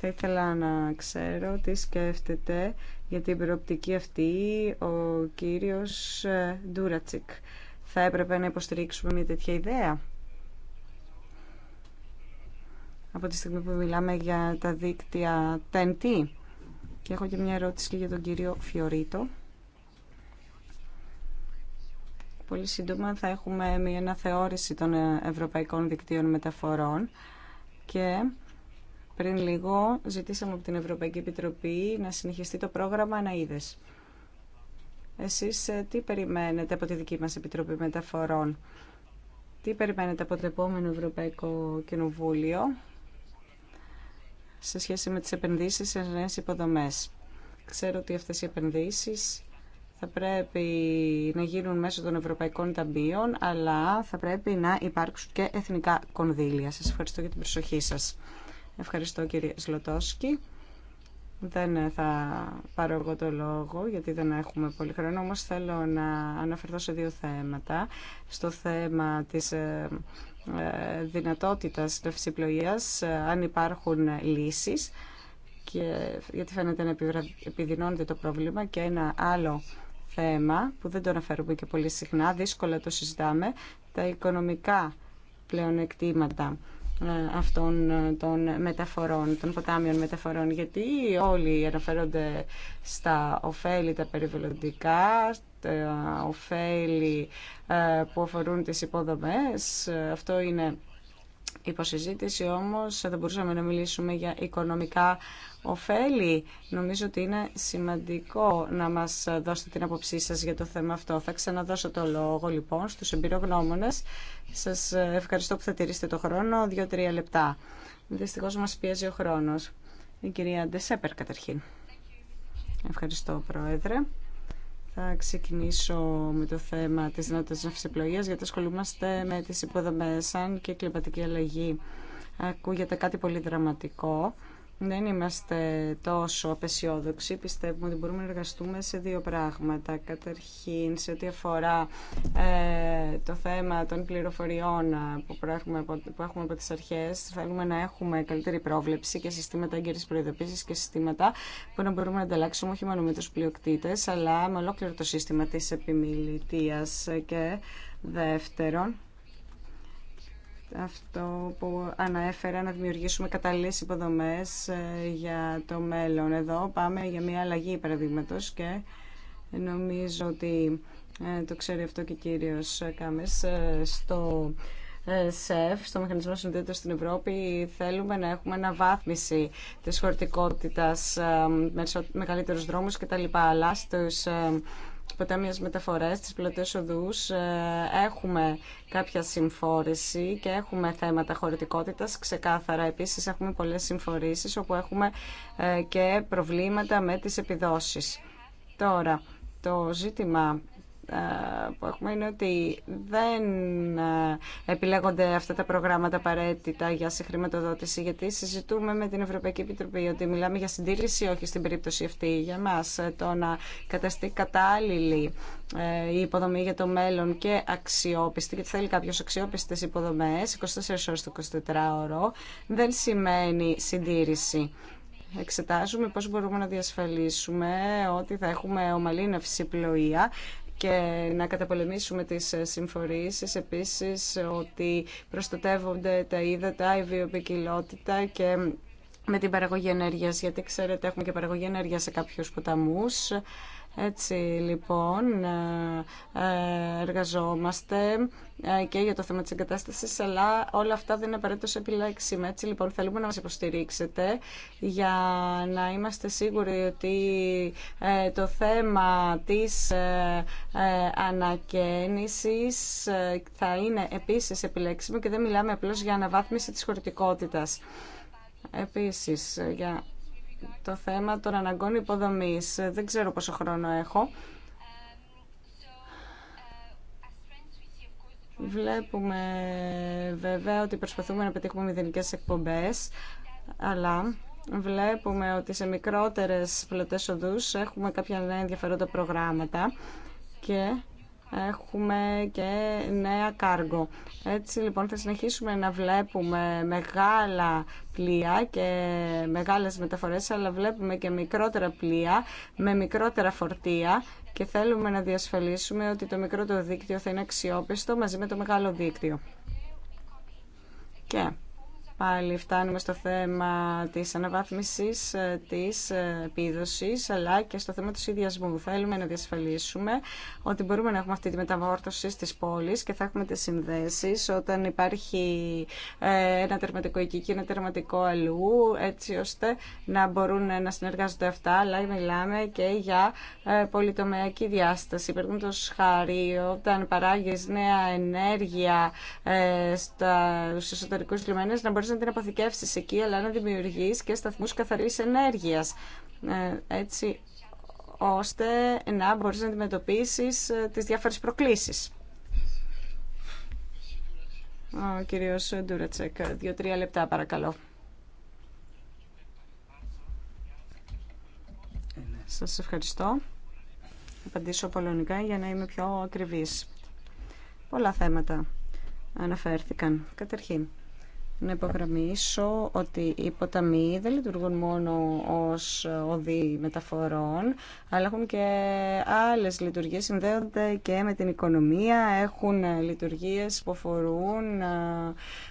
θα ήθελα να ξέρω τι σκέφτεται για την προοπτική αυτή ο κύριος Ντούρατσικ. Θα έπρεπε να υποστηρίξουμε μια τέτοια ιδέα. από τη στιγμή που μιλάμε για τα δίκτυα TNT. Και έχω και μια ερώτηση και για τον κύριο Φιωρίτο. Πολύ σύντομα θα έχουμε μια αναθεώρηση των ευρωπαϊκών δικτύων μεταφορών και πριν λίγο ζητήσαμε από την Ευρωπαϊκή Επιτροπή να συνεχιστεί το πρόγραμμα αναείδες Εσείς ε, τι περιμένετε από τη δική μας Επιτροπή Μεταφορών, τι περιμένετε από το επόμενο Ευρωπαϊκό Κοινοβούλιο σε σχέση με τις επενδύσεις σε νέες υποδομές. Ξέρω ότι αυτές οι επενδύσεις θα πρέπει να γίνουν μέσω των Ευρωπαϊκών ταμπίων, αλλά θα πρέπει να υπάρξουν και εθνικά κονδύλια. Σας ευχαριστώ για την προσοχή σας. Ευχαριστώ κύριε Σλοτόσκι. Δεν θα πάρω εγώ το λόγο γιατί δεν έχουμε πολύ χρόνο, όμως θέλω να αναφερθώ σε δύο θέματα. Στο θέμα της ε, δυνατότητας πλευσιπλοείας ε, αν υπάρχουν λύσεις και γιατί φαίνεται να επιδεινώνεται το πρόβλημα και ένα άλλο θέμα που δεν το αναφέρουμε και πολύ συχνά, δύσκολα το συζητάμε, τα οικονομικά πλεονεκτήματα ε, αυτών ε, των μεταφορών, των ποτάμιων μεταφορών, γιατί όλοι αναφέρονται στα ωφέλη τα περιβαλλοντικά, τα ωφέλη ε, που αφορούν τις υποδομές. Αυτό είναι υποσυζήτηση, όμως θα μπορούσαμε να μιλήσουμε για οικονομικά ωφέλη. Νομίζω ότι είναι σημαντικό να μας δώσετε την αποψή σας για το θέμα αυτό. Θα ξαναδώσω το λόγο λοιπόν στους εμπειρογνώμονες. Σας ευχαριστώ που θα τηρήσετε το χρόνο, δύο-τρία λεπτά. Δυστυχώς μας πιέζει ο χρόνος. Η κυρία Ντεσέπερ καταρχήν. Ευχαριστώ Πρόεδρε. Θα ξεκινήσω με το θέμα της δυνατότητας ναυσιπλοείας, γιατί ασχολούμαστε με τις υποδομές σαν και κλιματική αλλαγή. Ακούγεται κάτι πολύ δραματικό, δεν είμαστε τόσο απεσιόδοξοι. Πιστεύουμε ότι μπορούμε να εργαστούμε σε δύο πράγματα. Καταρχήν, σε ό,τι αφορά ε, το θέμα των πληροφοριών ε, που, έχουμε από, που έχουμε από τις αρχές, θέλουμε να έχουμε καλύτερη πρόβλεψη και συστήματα έγκαιρης προειδοποίησης και συστήματα που να μπορούμε να ανταλλάξουμε όχι μόνο με τους πλειοκτήτες, αλλά με ολόκληρο το σύστημα της επιμηλητίας και δεύτερον αυτό που αναέφερα να δημιουργήσουμε καταλύσεις υποδομές ε, για το μέλλον. Εδώ πάμε για μια αλλαγή παραδείγματο και νομίζω ότι ε, το ξέρει αυτό και ο κύριος Κάμες ε, στο ΣΕΦ, στο Μηχανισμό Συνδέεται στην Ευρώπη, θέλουμε να έχουμε αναβάθμιση της με μεγαλύτερους δρόμους κτλ. Αλλά στους μια μεταφορές, της πλωτές οδούς, ε, έχουμε κάποια συμφόρηση και έχουμε θέματα χωρητικότητα Ξεκάθαρα, επίσης, έχουμε πολλές συμφορήσεις όπου έχουμε ε, και προβλήματα με τις επιδόσεις. Τώρα, το ζήτημα ε, που έχουμε είναι ότι δεν ε, επιλέγονται αυτά τα προγράμματα απαραίτητα για συγχρηματοδότηση, γιατί συζητούμε με την Ευρωπαϊκή Επιτροπή ότι μιλάμε για συντήρηση, όχι στην περίπτωση αυτή για μας, ε, το να καταστεί κατάλληλη η υποδομή για το μέλλον και αξιόπιστη, γιατί θέλει κάποιο αξιόπιστες υποδομές 24 ώρες το 24ωρο, δεν σημαίνει συντήρηση εξετάζουμε πώς μπορούμε να διασφαλίσουμε ότι θα έχουμε ομαλή ναυσιπλοεία και να καταπολεμήσουμε τις ε, συμφορήσεις. Επίσης ότι προστατεύονται τα ύδατα, η βιοπικιλότητα και με την παραγωγή ενέργειας, γιατί ξέρετε έχουμε και παραγωγή ενέργειας σε κάποιους ποταμούς. Έτσι λοιπόν ε, εργαζόμαστε ε, και για το θέμα της εγκατάστασης, αλλά όλα αυτά δεν είναι απαραίτητος επιλέξιμα. Έτσι λοιπόν θέλουμε να μας υποστηρίξετε για να είμαστε σίγουροι ότι ε, το θέμα της ανακαίνησης θα είναι επίσης επιλέξιμο και δεν μιλάμε απλώς για αναβάθμιση της χωρητικότητας. Επίσης, για το θέμα των αναγκών υποδομής. Δεν ξέρω πόσο χρόνο έχω. Βλέπουμε βέβαια ότι προσπαθούμε να πετύχουμε μηδενικές εκπομπές, αλλά βλέπουμε ότι σε μικρότερες πλωτές οδούς έχουμε κάποια νέα ενδιαφέροντα προγράμματα και έχουμε και νέα κάργο. Έτσι λοιπόν θα συνεχίσουμε να βλέπουμε μεγάλα πλοία και μεγάλες μεταφορές, αλλά βλέπουμε και μικρότερα πλοία με μικρότερα φορτία και θέλουμε να διασφαλίσουμε ότι το μικρό το δίκτυο θα είναι αξιόπιστο μαζί με το μεγάλο δίκτυο. Και Πάλι φτάνουμε στο θέμα της αναβάθμισης ε, της ε, επίδοσης αλλά και στο θέμα του ιδιασμού. Θέλουμε να διασφαλίσουμε ότι μπορούμε να έχουμε αυτή τη μεταβόρτωση στις πόλεις και θα έχουμε τις συνδέσεις όταν υπάρχει ε, ένα τερματικό εκεί και ένα τερματικό αλλού έτσι ώστε να μπορούν να συνεργάζονται αυτά αλλά μιλάμε και για πολυτομεακή διάσταση. το χάρη όταν παράγεις νέα ενέργεια στους εσωτερικούς λιμένες να να την αποθηκεύσεις εκεί, αλλά να δημιουργείς και σταθμούς καθαρής ενέργειας. Ε, έτσι, ώστε να μπορείς να αντιμετωπίσεις ε, τις διάφορες προκλήσεις. Ο κυριος Κύριος Ντούρετσεκ, δύο-τρία λεπτά παρακαλώ. Σας ευχαριστώ. Απαντήσω πολωνικά για να είμαι πιο ακριβής. Πολλά θέματα αναφέρθηκαν. Καταρχήν, να υπογραμμίσω ότι οι ποταμοί δεν λειτουργούν μόνο ως οδοί μεταφορών, αλλά έχουν και άλλες λειτουργίες, συνδέονται και με την οικονομία, έχουν λειτουργίες που αφορούν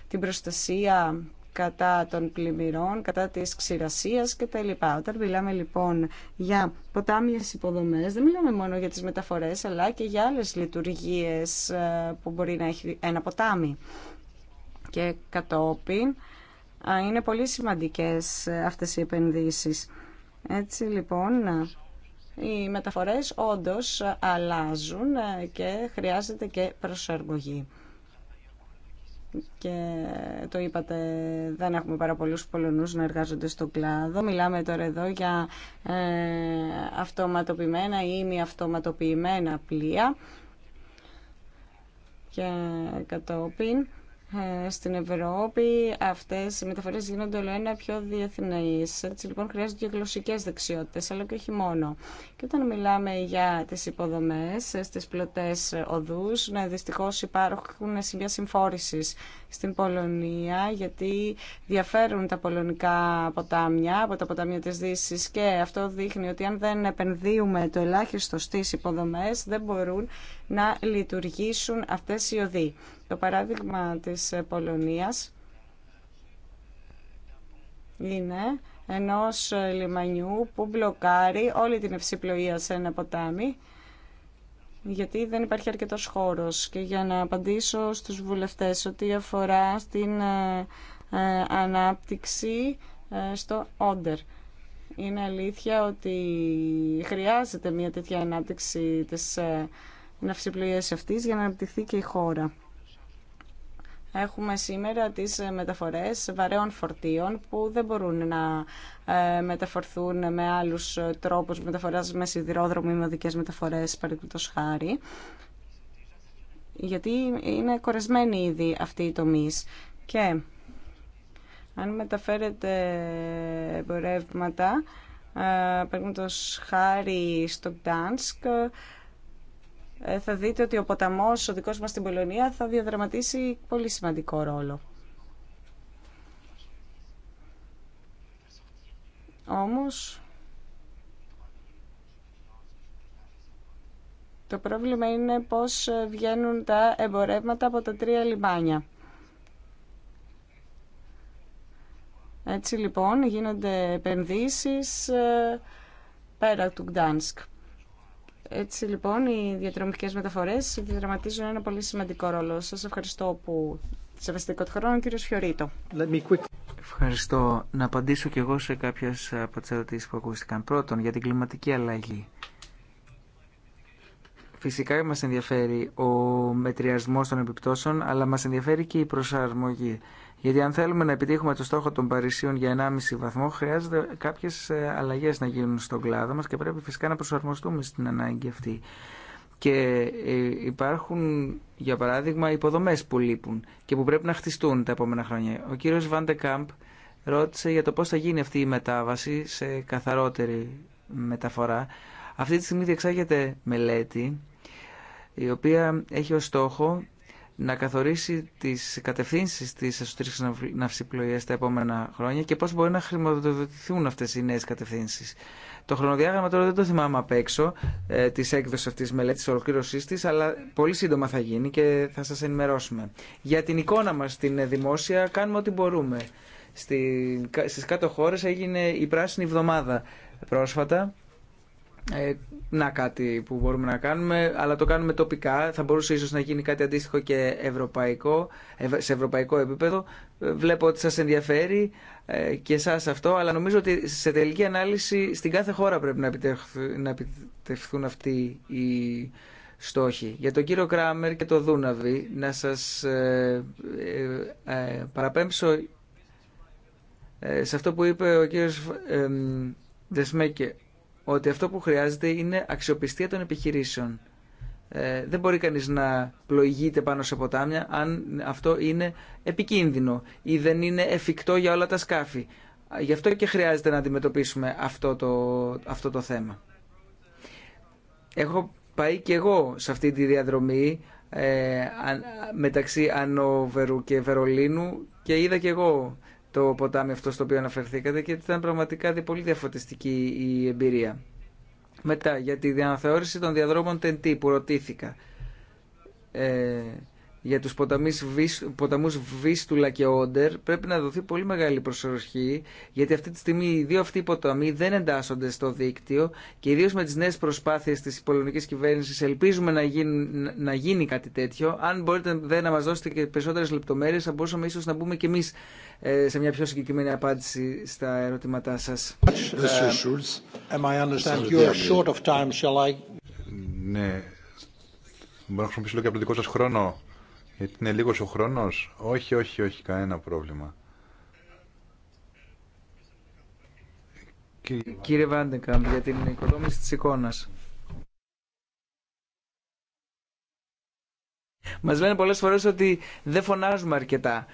την προστασία κατά των πλημμυρών, κατά της ξηρασίας κτλ. Όταν μιλάμε λοιπόν για ποτάμιες υποδομές, δεν μιλάμε μόνο για τις μεταφορές, αλλά και για άλλες λειτουργίες που μπορεί να έχει ένα ποτάμι και κατόπιν είναι πολύ σημαντικές ε, αυτές οι επενδύσεις. Έτσι λοιπόν οι μεταφορές όντως αλλάζουν ε, και χρειάζεται και προσαρμογή. Και το είπατε, δεν έχουμε πάρα πολλούς Πολωνούς να εργάζονται στον κλάδο. Μιλάμε τώρα εδώ για ε, αυτοματοποιημένα ή μη αυτοματοποιημένα πλοία. Και κατόπιν ε, στην Ευρώπη αυτές οι μεταφορές γίνονται όλο ένα πιο διεθνείς. Έτσι λοιπόν χρειάζονται και γλωσσικές δεξιότητες, αλλά και όχι μόνο. Και όταν μιλάμε για τις υποδομές στις πλωτές οδούς, ναι, δυστυχώς υπάρχουν σημεία συμφόρησης στην Πολωνία, γιατί διαφέρουν τα πολωνικά ποτάμια από τα ποτάμια της δύση, και αυτό δείχνει ότι αν δεν επενδύουμε το ελάχιστο στις υποδομές, δεν μπορούν να λειτουργήσουν αυτές οι οδοί. Το παράδειγμα της Πολωνίας είναι ενός λιμανιού που μπλοκάρει όλη την ευσυπλοεία σε ένα ποτάμι γιατί δεν υπάρχει αρκετός χώρος και για να απαντήσω στους βουλευτές ότι αφορά στην ε, ε, ανάπτυξη ε, στο όντερ. Είναι αλήθεια ότι χρειάζεται μια τέτοια ανάπτυξη της ναυσιπλοείας αυτής για να αναπτυχθεί και η χώρα. Έχουμε σήμερα τις ε, μεταφορές βαρέων φορτίων που δεν μπορούν να ε, μεταφορθούν με άλλους ε, τρόπους μεταφοράς με σιδηρόδρομο ή με οδικές μεταφορές, παραδείγματος χάρη. Γιατί είναι κορεσμένοι ήδη αυτή οι τομείς. Και αν μεταφέρετε εμπορεύματα, παραδείγματος χάρη στο Γκτάνσκ, ε, θα δείτε ότι ο ποταμός ο δικός μας στην Πολωνία θα διαδραματίσει πολύ σημαντικό ρόλο. Όμως, το πρόβλημα είναι πώς βγαίνουν τα εμπορεύματα από τα τρία λιμάνια. Έτσι λοιπόν γίνονται επενδύσεις ε, πέρα του Γκτάνσκ. Έτσι λοιπόν οι διαδρομικές μεταφορές διαδραματίζουν ένα πολύ σημαντικό ρόλο. Σας ευχαριστώ που σεβαστικό του χρόνου, κύριος Φιωρίτο. Ευχαριστώ. Να απαντήσω κι εγώ σε κάποιες από τις ερωτήσεις που ακούστηκαν. Πρώτον, για την κλιματική αλλαγή. Φυσικά μας ενδιαφέρει ο μετριασμός των επιπτώσεων, αλλά μας ενδιαφέρει και η προσαρμογή. Γιατί αν θέλουμε να επιτύχουμε το στόχο των Παρισίων για 1,5 βαθμό, χρειάζεται κάποιε αλλαγέ να γίνουν στον κλάδο μα και πρέπει φυσικά να προσαρμοστούμε στην ανάγκη αυτή. Και ε, υπάρχουν, για παράδειγμα, υποδομέ που λείπουν και που πρέπει να χτιστούν τα επόμενα χρόνια. Ο κύριο Βαντεκάμπ ρώτησε για το πώ θα γίνει αυτή η μετάβαση σε καθαρότερη μεταφορά. Αυτή τη στιγμή διεξάγεται μελέτη η οποία έχει ως στόχο να καθορίσει τις κατευθύνσεις της εσωτερική ναυσιπλοεία τα επόμενα χρόνια και πώς μπορεί να χρηματοδοτηθούν αυτές οι νέες κατευθύνσεις. Το χρονοδιάγραμμα τώρα δεν το θυμάμαι απ' έξω ε, της έκδοσης αυτής της μελέτης, τη, ολοκλήρωσής αλλά πολύ σύντομα θα γίνει και θα σας ενημερώσουμε. Για την εικόνα μα στην ε, δημόσια κάνουμε ό,τι μπορούμε. Στι κάτω χώρε έγινε η πράσινη εβδομάδα πρόσφατα ε, να κάτι που μπορούμε να κάνουμε, αλλά το κάνουμε τοπικά. Θα μπορούσε ίσως να γίνει κάτι αντίστοιχο και ευρωπαϊκό, σε ευρωπαϊκό επίπεδο. Ε, βλέπω ότι σας ενδιαφέρει ε, και εσά αυτό, αλλά νομίζω ότι σε τελική ανάλυση στην κάθε χώρα πρέπει να, επιτευχθούν αυτοί οι στόχοι. Για τον κύριο Κράμερ και το Δούναβι, να σας παραπέμψω σε αυτό που είπε ο κύριος Δεσμέκε ότι αυτό που χρειάζεται είναι αξιοπιστία των επιχειρήσεων. Ε, δεν μπορεί κανείς να πλοηγείται πάνω σε ποτάμια αν αυτό είναι επικίνδυνο ή δεν είναι εφικτό για όλα τα σκάφη. Γι' αυτό και χρειάζεται να αντιμετωπίσουμε αυτό το, αυτό το θέμα. Έχω πάει και εγώ σε αυτή τη διαδρομή ε, μεταξύ Ανόβερου και Βερολίνου και είδα και εγώ το ποτάμι αυτό στο οποίο αναφερθήκατε και ήταν πραγματικά πολύ διαφωτιστική η εμπειρία. Μετά, για τη διαναθεώρηση των διαδρόμων TNT που ρωτήθηκα. Ε, για τους ποταμούς Βίστουλα και Όντερ πρέπει να δοθεί πολύ μεγάλη προσοχή γιατί αυτή τη στιγμή οι δύο αυτοί ποταμοί δεν εντάσσονται στο δίκτυο και ιδίως με τις νέες προσπάθειες της πολωνικής κυβέρνησης ελπίζουμε να γίνει, να γίνει κάτι τέτοιο. Αν μπορείτε να μας δώσετε και περισσότερες λεπτομέρειες θα μπορούσαμε ίσως να μπούμε και εμείς ε, σε μια πιο συγκεκριμένη απάντηση στα ερωτήματά σας. Ναι, μπορώ να χρησιμοποιήσω και από τον δικό σας χρόνο γιατί είναι λίγο ο χρόνος. Όχι, όχι, όχι, κανένα πρόβλημα. Κύριε Βάντεκαμπ, για την οικοδόμηση της εικόνας. Μας λένε πολλές φορές ότι δεν φωνάζουμε αρκετά.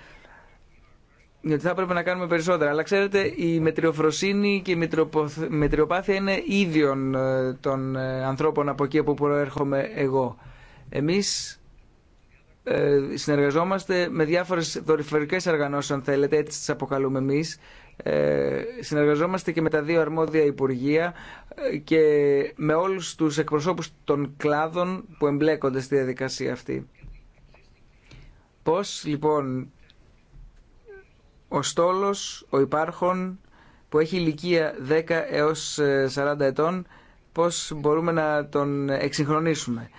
Γιατί θα έπρεπε να κάνουμε περισσότερα. Αλλά ξέρετε, η μετριοφροσύνη και η μετριοπάθεια είναι ίδιων ε, των ε, ανθρώπων από εκεί από που προέρχομαι εγώ. Εμείς ε, συνεργαζόμαστε με διάφορες δορυφορικές οργανώσεις αν θέλετε, έτσι τις αποκαλούμε εμείς ε, συνεργαζόμαστε και με τα δύο αρμόδια υπουργεία ε, και με όλους τους εκπροσώπους των κλάδων που εμπλέκονται στη διαδικασία αυτή. Πώς λοιπόν ο στόλος, ο υπάρχον που έχει ηλικία 10 έως 40 ετών πώς μπορούμε να τον εξυγχρονίσουμε.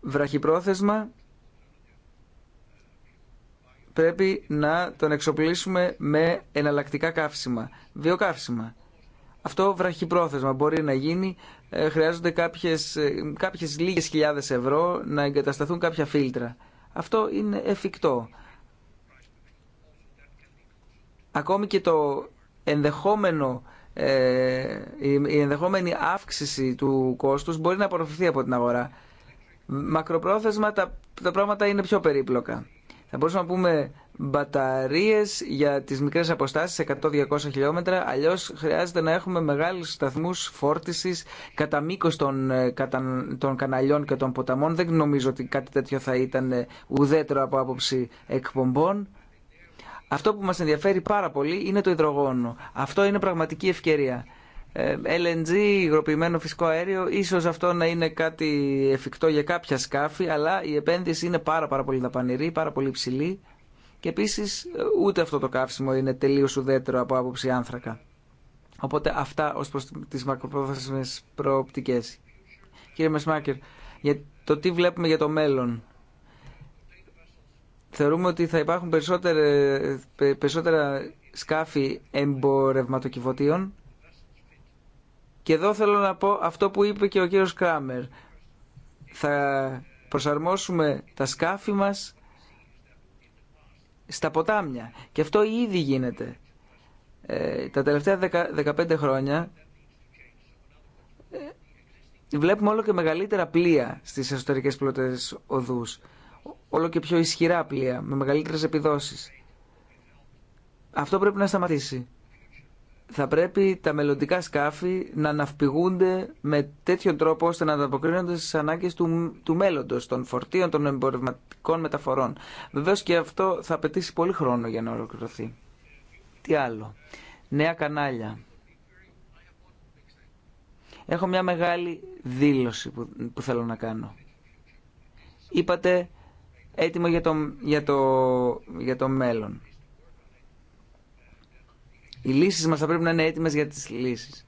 Βραχυπρόθεσμα πρέπει να τον εξοπλίσουμε με εναλλακτικά καύσιμα, βιοκαύσιμα. Αυτό βραχυπρόθεσμα μπορεί να γίνει, ε, χρειάζονται κάποιες, ε, κάποιες λίγες χιλιάδες ευρώ να εγκατασταθούν κάποια φίλτρα. Αυτό είναι εφικτό. Ακόμη και το ενδεχόμενο ε, η ενδεχόμενη αύξηση του κόστους μπορεί να απορροφηθεί από την αγορά. Μακροπρόθεσμα τα, τα πράγματα είναι πιο περίπλοκα. Θα μπορούσαμε να πούμε μπαταρίες για τις μικρές αποστάσεις 100-200 χιλιόμετρα αλλιώς χρειάζεται να έχουμε μεγάλου σταθμού φόρτισης κατά μήκο των, ε, των καναλιών και των ποταμών δεν νομίζω ότι κάτι τέτοιο θα ήταν ε, ουδέτερο από άποψη εκπομπών αυτό που μας ενδιαφέρει πάρα πολύ είναι το υδρογόνο αυτό είναι πραγματική ευκαιρία ε, LNG, υγροποιημένο φυσικό αέριο, ίσως αυτό να είναι κάτι εφικτό για κάποια σκάφη, αλλά η επένδυση είναι πάρα, πάρα πολύ δαπανηρή, πάρα πολύ ψηλή και επίσης ούτε αυτό το καύσιμο είναι τελείως ουδέτερο από άποψη άνθρακα. Οπότε αυτά ως προς τις μακροπρόθεσμες προοπτικές. Κύριε Μεσμάκερ, για το τι βλέπουμε για το μέλλον. Θεωρούμε ότι θα υπάρχουν περισσότερα σκάφη εμπορευματοκιβωτίων και εδώ θέλω να πω αυτό που είπε και ο κύριος Κράμερ. Θα προσαρμόσουμε τα σκάφη μας στα ποτάμια. Και αυτό ήδη γίνεται. Ε, τα τελευταία 15 χρόνια ε, βλέπουμε όλο και μεγαλύτερα πλοία στις εσωτερικές πλωτές οδούς. Όλο και πιο ισχυρά πλοία, με μεγαλύτερες επιδόσεις. Αυτό πρέπει να σταματήσει θα πρέπει τα μελλοντικά σκάφη να ναυπηγούνται με τέτοιο τρόπο ώστε να ανταποκρίνονται στι ανάγκε του, του μέλλοντο, των φορτίων, των εμπορευματικών μεταφορών. Βεβαίω και αυτό θα απαιτήσει πολύ χρόνο για να ολοκληρωθεί. Τι άλλο. Νέα κανάλια. Έχω μια μεγάλη δήλωση που, θέλω να κάνω. Είπατε έτοιμο για το, για το, για το μέλλον. Οι λύσεις μας θα πρέπει να είναι έτοιμες για τις λύσεις.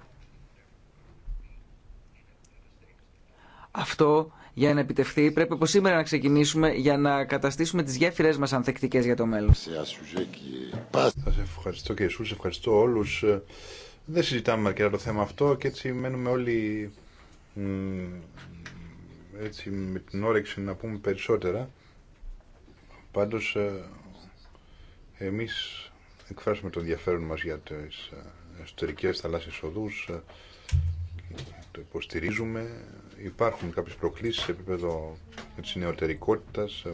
Αυτό για να επιτευχθεί πρέπει από σήμερα να ξεκινήσουμε για να καταστήσουμε τις γέφυρές μας ανθεκτικές για το μέλλον. Σας ευχαριστώ και εσούς, ευχαριστώ όλους. Δεν συζητάμε αρκετά το θέμα αυτό και έτσι μένουμε όλοι έτσι με την όρεξη να πούμε περισσότερα. Πάντως εμείς εκφράσουμε το ενδιαφέρον μας για τις ε, εσωτερικές θαλάσσιες οδούς, ε, το υποστηρίζουμε. Υπάρχουν κάποιες προκλήσεις σε επίπεδο ε, της νεωτερικότητας,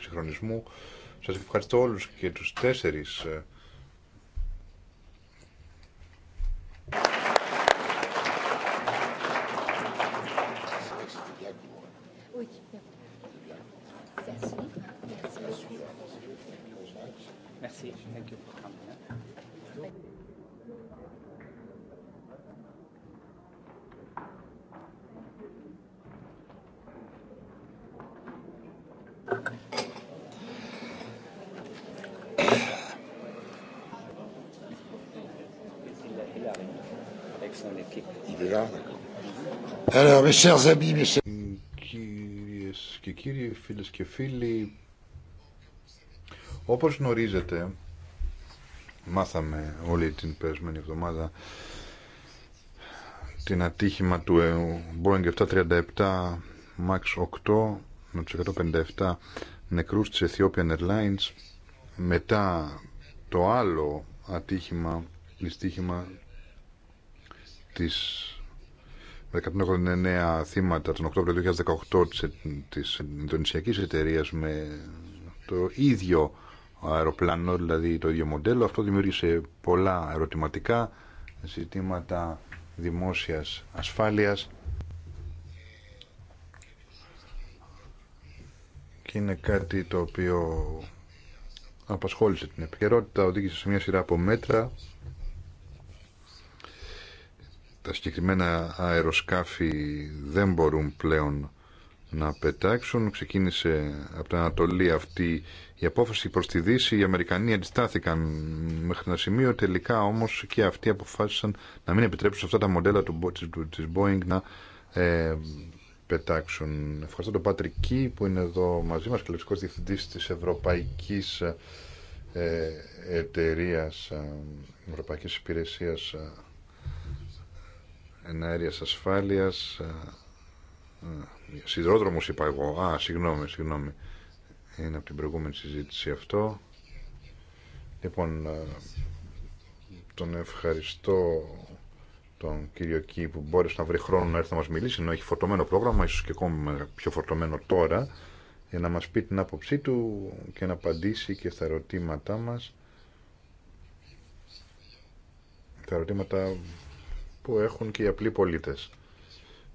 συγχρονισμού. Σας ευχαριστώ όλους και τους τέσσερις Κυρίες και κύριοι, φίλες και φίλοι, όπως γνωρίζετε, μάθαμε όλη την περασμένη εβδομάδα την ατύχημα του ε, Boeing 737 MAX 8 με του 157 νεκρούς της Ethiopian Airlines μετά το άλλο ατύχημα, δυστύχημα της 189 θύματα τον Οκτώβριο του 2018 ε, της, Ινδονησιακής εταιρείας με το ίδιο αεροπλάνο, δηλαδή το ίδιο μοντέλο. Αυτό δημιούργησε πολλά ερωτηματικά ζητήματα δημόσιας ασφάλειας και είναι κάτι το οποίο απασχόλησε την επικαιρότητα, οδήγησε σε μια σειρά από μέτρα τα συγκεκριμένα αεροσκάφη δεν μπορούν πλέον να πετάξουν. Ξεκίνησε από την Ανατολή αυτή η απόφαση προς τη Δύση. Οι Αμερικανοί αντιστάθηκαν μέχρι ένα σημείο. Τελικά όμως και αυτοί αποφάσισαν να μην επιτρέψουν αυτά τα μοντέλα του, της Boeing να ε, πετάξουν. Ευχαριστώ τον Πατρική που είναι εδώ μαζί μας και διευθύντη διευθυντής της Ευρωπαϊκής ε, Εταιρείας, ε, Ευρωπαϊκής ε, εναέρεια ασφάλειας ε, ε, σιδηρόδρομος είπα εγώ α συγγνώμη συγγνώμη είναι από την προηγούμενη συζήτηση αυτό λοιπόν ε, τον ευχαριστώ τον κύριο Κι που μπόρεσε να βρει χρόνο να έρθει να μα μιλήσει ενώ έχει φορτωμένο πρόγραμμα ίσω και ακόμα πιο φορτωμένο τώρα για να μας πει την άποψή του και να απαντήσει και στα ερωτήματά μα. τα ερωτήματα που έχουν και οι απλοί πολίτες.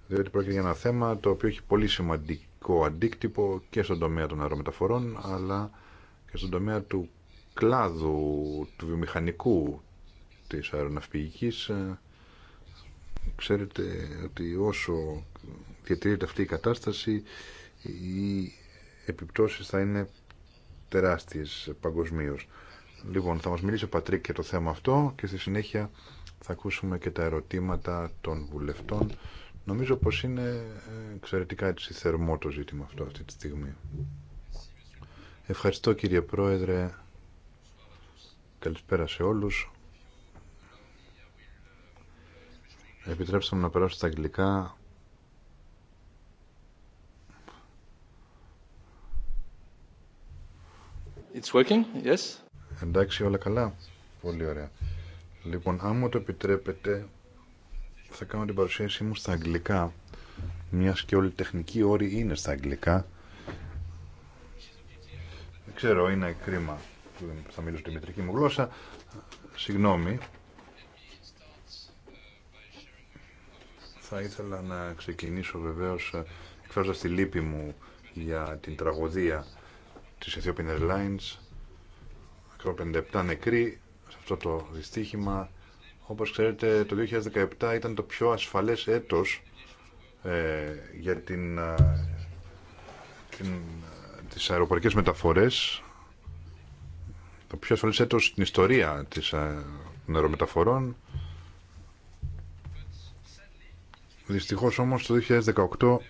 Διότι πρόκειται για ένα θέμα το οποίο έχει πολύ σημαντικό αντίκτυπο και στον τομέα των αερομεταφορών αλλά και στον τομέα του κλάδου, του βιομηχανικού της αεροναυπηγικής. Ξέρετε ότι όσο διατηρείται αυτή η κατάσταση οι επιπτώσεις θα είναι τεράστιες παγκοσμίω. Λοιπόν, θα μας μιλήσει ο Πατρίκ για το θέμα αυτό και στη συνέχεια θα ακούσουμε και τα ερωτήματα των βουλευτών. Νομίζω πως είναι ε, εξαιρετικά έτσι θερμό το ζήτημα αυτό αυτή τη στιγμή. Ευχαριστώ κύριε Πρόεδρε. Καλησπέρα σε όλους. Επιτρέψτε μου να περάσω στα αγγλικά. It's working, yes. Εντάξει, όλα καλά. Πολύ ωραία. Λοιπόν, αν μου το επιτρέπετε, θα κάνω την παρουσίασή μου στα αγγλικά, Μία και όλοι τεχνικοί όροι είναι στα αγγλικά. Δεν ξέρω, είναι κρίμα που θα μιλήσω τη μητρική μου γλώσσα. Συγγνώμη. Θα ήθελα να ξεκινήσω βεβαίως ε, εκφράζοντας τη λύπη μου για την τραγωδία της Ethiopian Airlines 57 νεκροί αυτό το δυστύχημα. Όπως ξέρετε το 2017 ήταν το πιο ασφαλές έτος ε, για την, ε, την, ε, τις μεταφορές. Το πιο ασφαλές έτος στην ιστορία της, ε, των αερομεταφορών. Δυστυχώς όμως το 2018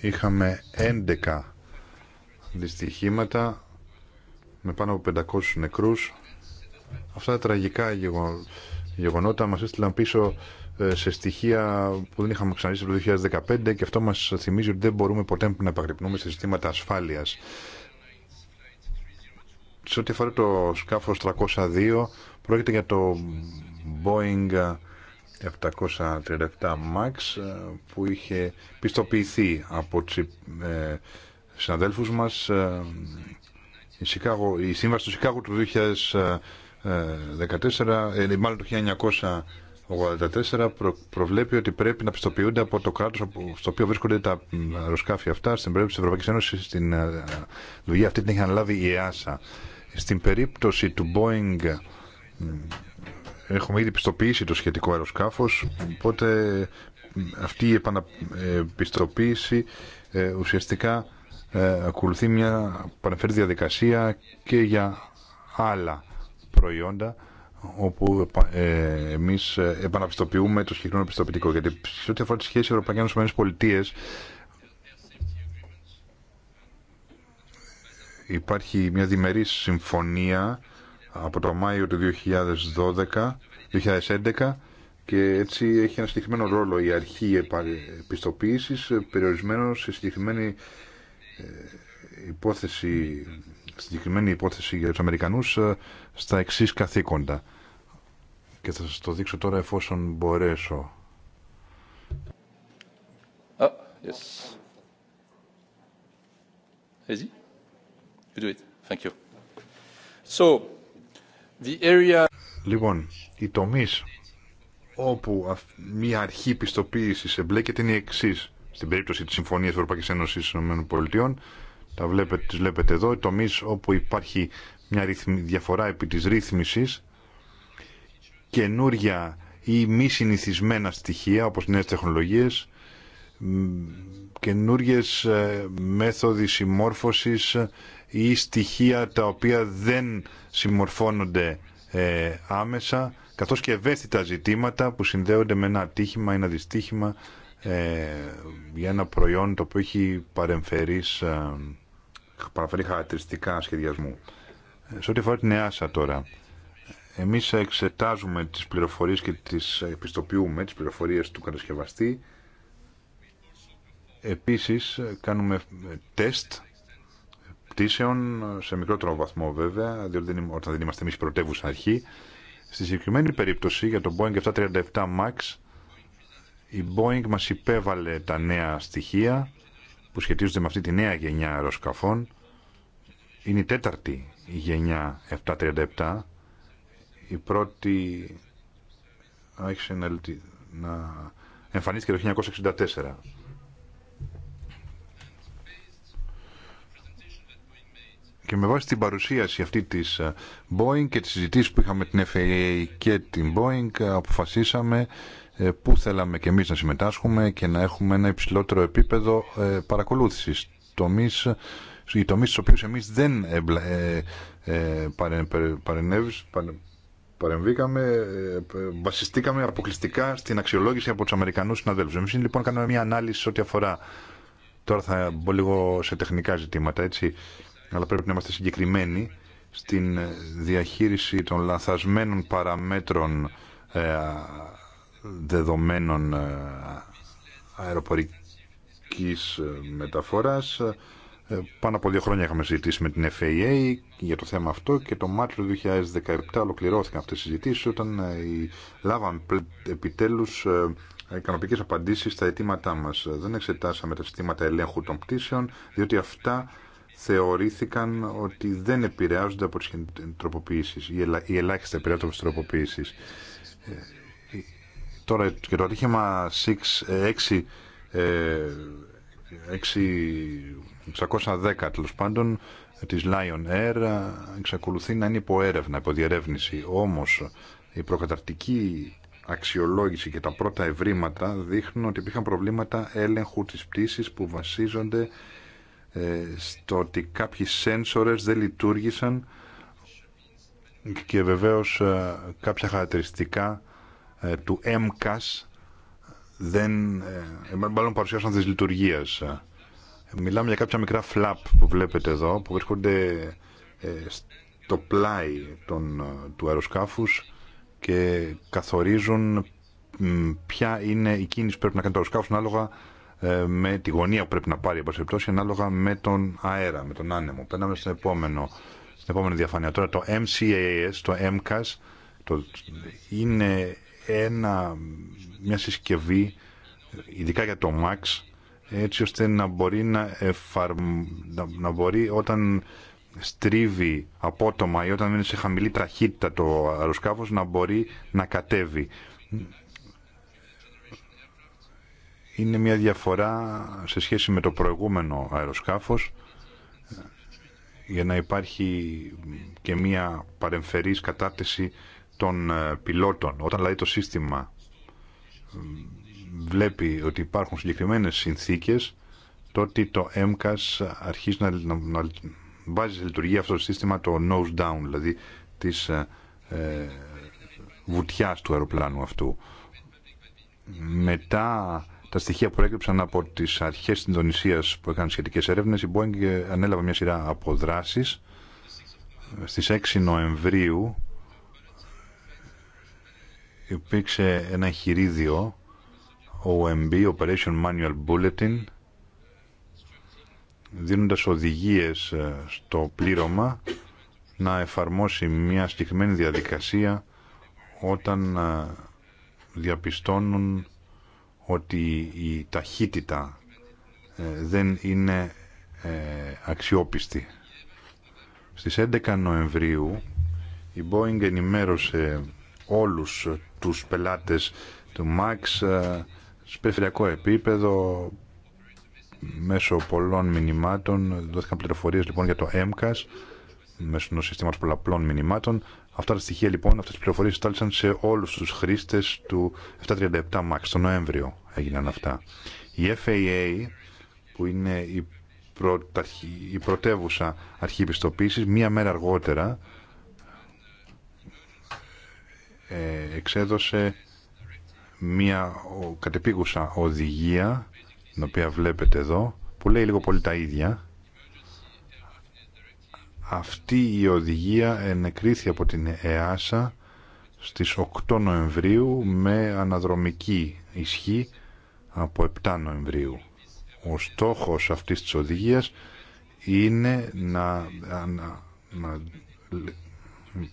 είχαμε 11 δυστυχήματα με πάνω από 500 νεκρούς Αυτά τα τραγικά γεγονότα μας έστειλαν πίσω ε, σε στοιχεία που δεν είχαμε ξαναζήσει το 2015 και αυτό μας θυμίζει ότι δεν μπορούμε ποτέ να επαγρυπνούμε σε συστήματα ασφάλειας. Σε ό,τι αφορά το σκάφος 302 πρόκειται για το Boeing 737 MAX ε, που είχε πιστοποιηθεί από τους ε, συναδέλφους μας η, Σικάγο, η σύμβαση του Σικάγου του 14, ε, μάλλον το 1984 προβλέπει ότι πρέπει να πιστοποιούνται από το κράτο στο οποίο βρίσκονται τα αεροσκάφια αυτά. Στην περίπτωση τη Ευρωπαϊκή Ένωση, στην ε, δουλειά αυτή την έχει αναλάβει η ΕΑΣΑ. Στην περίπτωση του Boeing, έχουμε ήδη πιστοποιήσει το σχετικό αεροσκάφο, οπότε αυτή η επαναπιστοποίηση ε, ουσιαστικά ακολουθεί μια παραφέρει διαδικασία και για άλλα προϊόντα όπου ε, εμεί ε, επαναπιστοποιούμε το συγκεκριμένο πιστοποιητικό. Γιατί σε ό,τι αφορά τη σχέση Ευρωπαϊκή Ένωση υπάρχει μια διμερή συμφωνία από το Μάιο του 2012, 2011 και έτσι έχει ένα συγκεκριμένο ρόλο η αρχή επιστοποίησης περιορισμένο σε συγκεκριμένη ε, υπόθεση συγκεκριμένη υπόθεση για του Αμερικανού ε, στα εξή καθήκοντα. Και θα σας το δείξω τώρα εφόσον μπορέσω. Oh, yes. Easy. You do it. Thank you. So, the area... Λοιπόν, οι τομής όπου μια αρχή πιστοποίηση εμπλέκεται είναι η εξή. Στην περίπτωση της Συμφωνίας Ευρωπαϊκής Ένωσης ΗΠΑ τα βλέπετε, τις βλέπετε εδώ, τομείς όπου υπάρχει μια διαφορά επί της ρύθμισης, καινούρια ή μη συνηθισμένα στοιχεία όπως νέες τεχνολογίες, καινούριε ε, μέθοδοι συμμόρφωσης ή στοιχεία τα οποία δεν συμμορφώνονται ε, άμεσα, καθώς και ευαίσθητα ζητήματα που συνδέονται με ένα ατύχημα ή ένα δυστύχημα ε, για ένα προϊόν το οποίο έχει παρεμφερείς παραφέρει χαρακτηριστικά σχεδιασμού. Ε, σε ό,τι αφορά την ΕΑΣΑ τώρα, εμείς εξετάζουμε τις πληροφορίες και τις επιστοποιούμε, τις πληροφορίες του κατασκευαστή. Επίσης κάνουμε τεστ πτήσεων, σε μικρότερο βαθμό βέβαια, διότι δεν, όταν δεν είμαστε εμείς πρωτεύουσα αρχή. Στη συγκεκριμένη περίπτωση για το Boeing 737 MAX, η Boeing μας υπέβαλε τα νέα στοιχεία που σχετίζονται με αυτή τη νέα γενιά αεροσκαφών. Είναι η τέταρτη γενιά 737. Η πρώτη άρχισε να, να εμφανίστηκε το 1964. Και με βάση την παρουσίαση αυτή της Boeing και τις συζητήσεις που είχαμε την FAA και την Boeing αποφασίσαμε ε, που θέλαμε και εμείς να συμμετάσχουμε και να έχουμε ένα υψηλότερο επίπεδο ε, παρακολούθησης. Τομείς, οι τομείς στους οποίους εμείς δεν ε, παρεμβήκαμε, βασιστήκαμε αποκλειστικά στην αξιολόγηση από τους Αμερικανούς συναδέλφους. Εμείς λοιπόν κάναμε μια ανάλυση ό,τι αφορά, τώρα θα μπω λίγο σε τεχνικά ζητήματα, έτσι, αλλά πρέπει να είμαστε συγκεκριμένοι στην διαχείριση των λαθασμένων παραμέτρων ε, δεδομένων ε, αεροπορικής ε, μεταφοράς. Ε, πάνω από δύο χρόνια είχαμε συζητήσει με την FAA για το θέμα αυτό και το Μάρτιο του 2017 ολοκληρώθηκαν αυτές οι συζητήσεις όταν λάβαμε επιτέλους ικανοποιητικές απαντήσεις στα αιτήματά μας. Δεν εξετάσαμε τα συστήματα ελέγχου των πτήσεων διότι αυτά θεωρήθηκαν ότι δεν επηρεάζονται από τις τροποποιήσεις ή ελάχιστα επηρεάζονται από τις τροποποιήσεις. Τώρα και το ατύχημα 610 ε, ε, τέλο πάντων της Lion Air εξακολουθεί να είναι υπό έρευνα, υπό διερεύνηση. Όμως η προκαταρτική αξιολόγηση και τα πρώτα ευρήματα δείχνουν ότι υπήρχαν προβλήματα έλεγχου της πτήσης που βασίζονται ε, στο ότι κάποιοι σένσορες δεν λειτουργήσαν και βεβαίως κάποια χαρακτηριστικά ε, του ΕΜΚΑΣ δεν, ε, ε μάλλον παρουσιάσαν της λειτουργίας. Ε, μιλάμε για κάποια μικρά φλαπ που βλέπετε εδώ, που βρίσκονται στο πλάι των, του αεροσκάφους και καθορίζουν ποια είναι η κίνηση που πρέπει να κάνει το αεροσκάφος ανάλογα με τη γωνία που πρέπει να πάρει, πτώση, ανάλογα με τον αέρα, με τον άνεμο. Περνάμε στην επόμενο, στην επόμενη διαφάνεια. Τώρα το MCAS, το MCAS, το, είναι ένα, μια συσκευή, ειδικά για το Max, έτσι ώστε να μπορεί, να, να, μπορεί όταν στρίβει απότομα ή όταν είναι σε χαμηλή τραχύτητα το αεροσκάφος να μπορεί να κατέβει. Είναι μια διαφορά σε σχέση με το προηγούμενο αεροσκάφος για να υπάρχει και μια παρεμφερής κατάρτιση των ε, πιλότων. Όταν δηλαδή το σύστημα βλέπει ότι υπάρχουν συγκεκριμένες συνθήκες, τότε το MCAS αρχίζει να, να, να βάζει σε λειτουργία αυτό το σύστημα το nose down, δηλαδή της ε, ε βουτιάς του αεροπλάνου αυτού. Μετά τα στοιχεία που έκρυψαν από τις αρχές της Ινδονησίας που είχαν σχετικές έρευνες, η Boeing ανέλαβε μια σειρά αποδράσεις Στις 6 Νοεμβρίου υπήρξε ένα χειρίδιο OMB, Operation Manual Bulletin, δίνοντας οδηγίες ε, στο πλήρωμα να εφαρμόσει μια συγκεκριμένη διαδικασία όταν ε, διαπιστώνουν ότι η ταχύτητα ε, δεν είναι αξιόπιστη. Στις 11 Νοεμβρίου η Boeing ενημέρωσε όλους τους πελάτες του Max ε, σε περιφερειακό επίπεδο μέσω πολλών μηνυμάτων δόθηκαν πληροφορίες λοιπόν για το ΕΜΚΑΣ μέσω ενός συστήματος πολλαπλών μηνυμάτων αυτά τα στοιχεία λοιπόν, αυτές τις πληροφορίες στάλησαν σε όλους τους χρήστες του 737 MAX το Νοέμβριο έγιναν αυτά η FAA που είναι η, η πρωτεύουσα αρχή επιστοποίησης μία μέρα αργότερα ε, εξέδωσε μία κατεπίγουσα οδηγία την οποία βλέπετε εδώ που λέει λίγο πολύ τα ίδια αυτή η οδηγία ενεκρίθη από την ΕΑΣΑ στις 8 Νοεμβρίου με αναδρομική ισχύ από 7 Νοεμβρίου. Ο στόχος αυτής της οδηγίας είναι να, να, να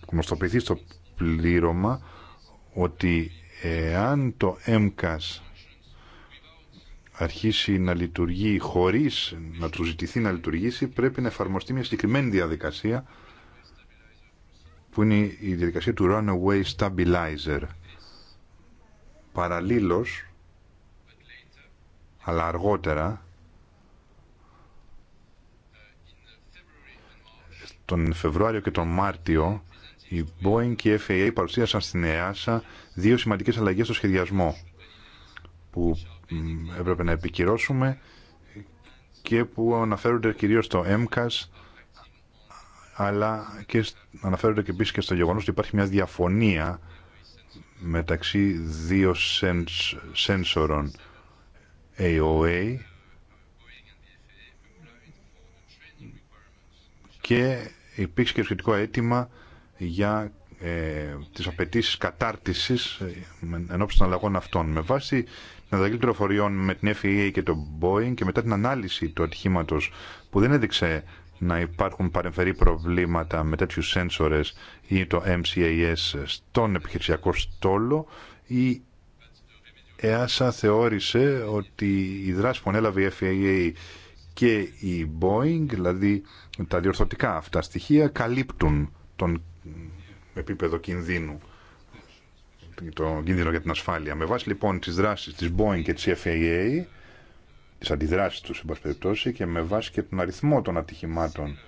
γνωστοποιηθεί στο πλήρωμα ότι εάν το ΕΜΚΑΣ αρχίσει να λειτουργεί χωρίς να του ζητηθεί να λειτουργήσει πρέπει να εφαρμοστεί μια συγκεκριμένη διαδικασία που είναι η διαδικασία του Runaway Stabilizer. Παραλλήλως, αλλά αργότερα, τον Φεβρουάριο και τον Μάρτιο η Boeing και η FAA παρουσίασαν στην ΕΑΣΑ δύο σημαντικές αλλαγές στο σχεδιασμό που έπρεπε να επικυρώσουμε και που αναφέρονται κυρίως στο MCAS αλλά και αναφέρονται και επίσης και στο γεγονός ότι υπάρχει μια διαφωνία μεταξύ δύο σένσορων AOA και υπήρξε και σχετικό αίτημα για ε, τις απαιτήσει κατάρτισης ε, ενώπιση των αλλαγών αυτών. Με βάση την ανταλλαγή πληροφοριών με την FAA και το Boeing και μετά την ανάλυση του ατυχήματο που δεν έδειξε να υπάρχουν παρεμφερή προβλήματα με τέτοιου σένσορες ή το MCAS στον επιχειρησιακό στόλο η ΕΑΣΑ θεώρησε ότι η δράση που ανέλαβε η FAA και η Boeing, δηλαδή τα διορθωτικά αυτά στοιχεία, καλύπτουν τον επίπεδο κινδύνου, το κίνδυνο για την ασφάλεια. Με βάση λοιπόν τις δράσεις της Boeing και της FAA, τις αντιδράσεις τους, περιπτώσει, και με βάση και τον αριθμό των ατυχημάτων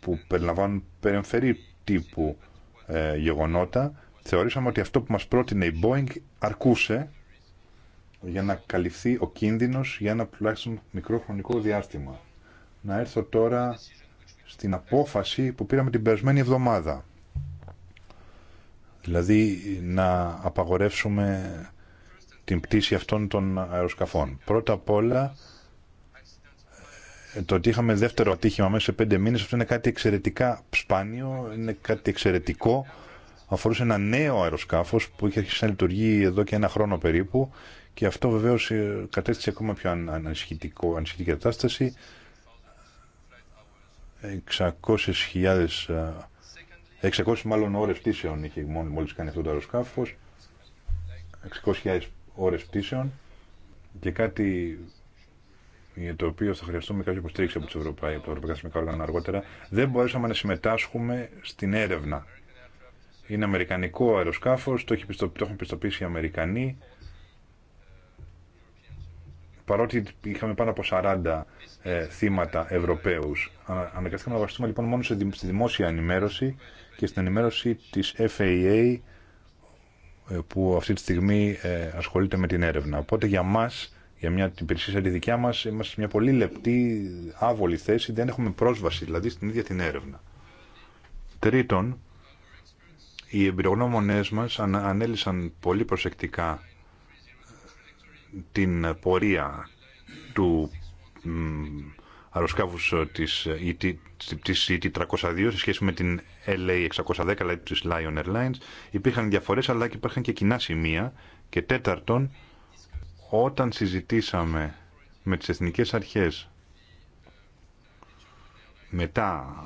που περιλαμβάνουν περιεμφερή τύπου ε, γεγονότα, θεωρήσαμε ότι αυτό που μας πρότεινε η Boeing αρκούσε για να καλυφθεί ο κίνδυνος για ένα τουλάχιστον μικρό χρονικό διάστημα. Να έρθω τώρα στην απόφαση που πήραμε την περασμένη εβδομάδα. Δηλαδή να απαγορεύσουμε την πτήση αυτών των αεροσκαφών. Πρώτα απ' όλα, το ότι είχαμε δεύτερο ατύχημα μέσα σε πέντε μήνες, αυτό είναι κάτι εξαιρετικά σπάνιο, είναι κάτι εξαιρετικό. Αφορούσε ένα νέο αεροσκάφος που είχε αρχίσει να λειτουργεί εδώ και ένα χρόνο περίπου και αυτό βεβαίως ε, κατέστησε ακόμα πιο ανησυχητικό, ανησυχητική κατάσταση. 600.000 600 μάλλον ώρες πτήσεων είχε μόλις κάνει αυτό το αεροσκάφος 600.000 ώρες πτήσεων και κάτι για το οποίο θα χρειαστούμε κάποια υποστήριξη από, Ευρωπαϊ, από τα Ευρωπαϊκά Θεσμικά Όργανα αργότερα, δεν μπορέσαμε να συμμετάσχουμε στην έρευνα. Είναι αμερικανικό αεροσκάφο, το, το έχουν πιστοποιήσει οι Αμερικανοί παρότι είχαμε πάνω από 40 ε, θύματα Ευρωπαίους. Αναγκαστήκαμε να βασιστούμε λοιπόν μόνο στη δημόσια ενημέρωση και στην ενημέρωση της FAA ε, που αυτή τη στιγμή ε, ασχολείται με την έρευνα. Οπότε για μας, για μια υπηρεσία σαν τη δικιά μας, είμαστε σε μια πολύ λεπτή, άβολη θέση, δεν έχουμε πρόσβαση δηλαδή στην ίδια την έρευνα. Τρίτον, οι εμπειρογνώμονές μας ανέλησαν πολύ προσεκτικά την πορεία του αεροσκάφου της ET302 e σε σχέση με την LA610, δηλαδή της Lion Airlines, υπήρχαν διαφορές αλλά και υπήρχαν και κοινά σημεία. Και τέταρτον, όταν συζητήσαμε με τις εθνικές αρχές μετά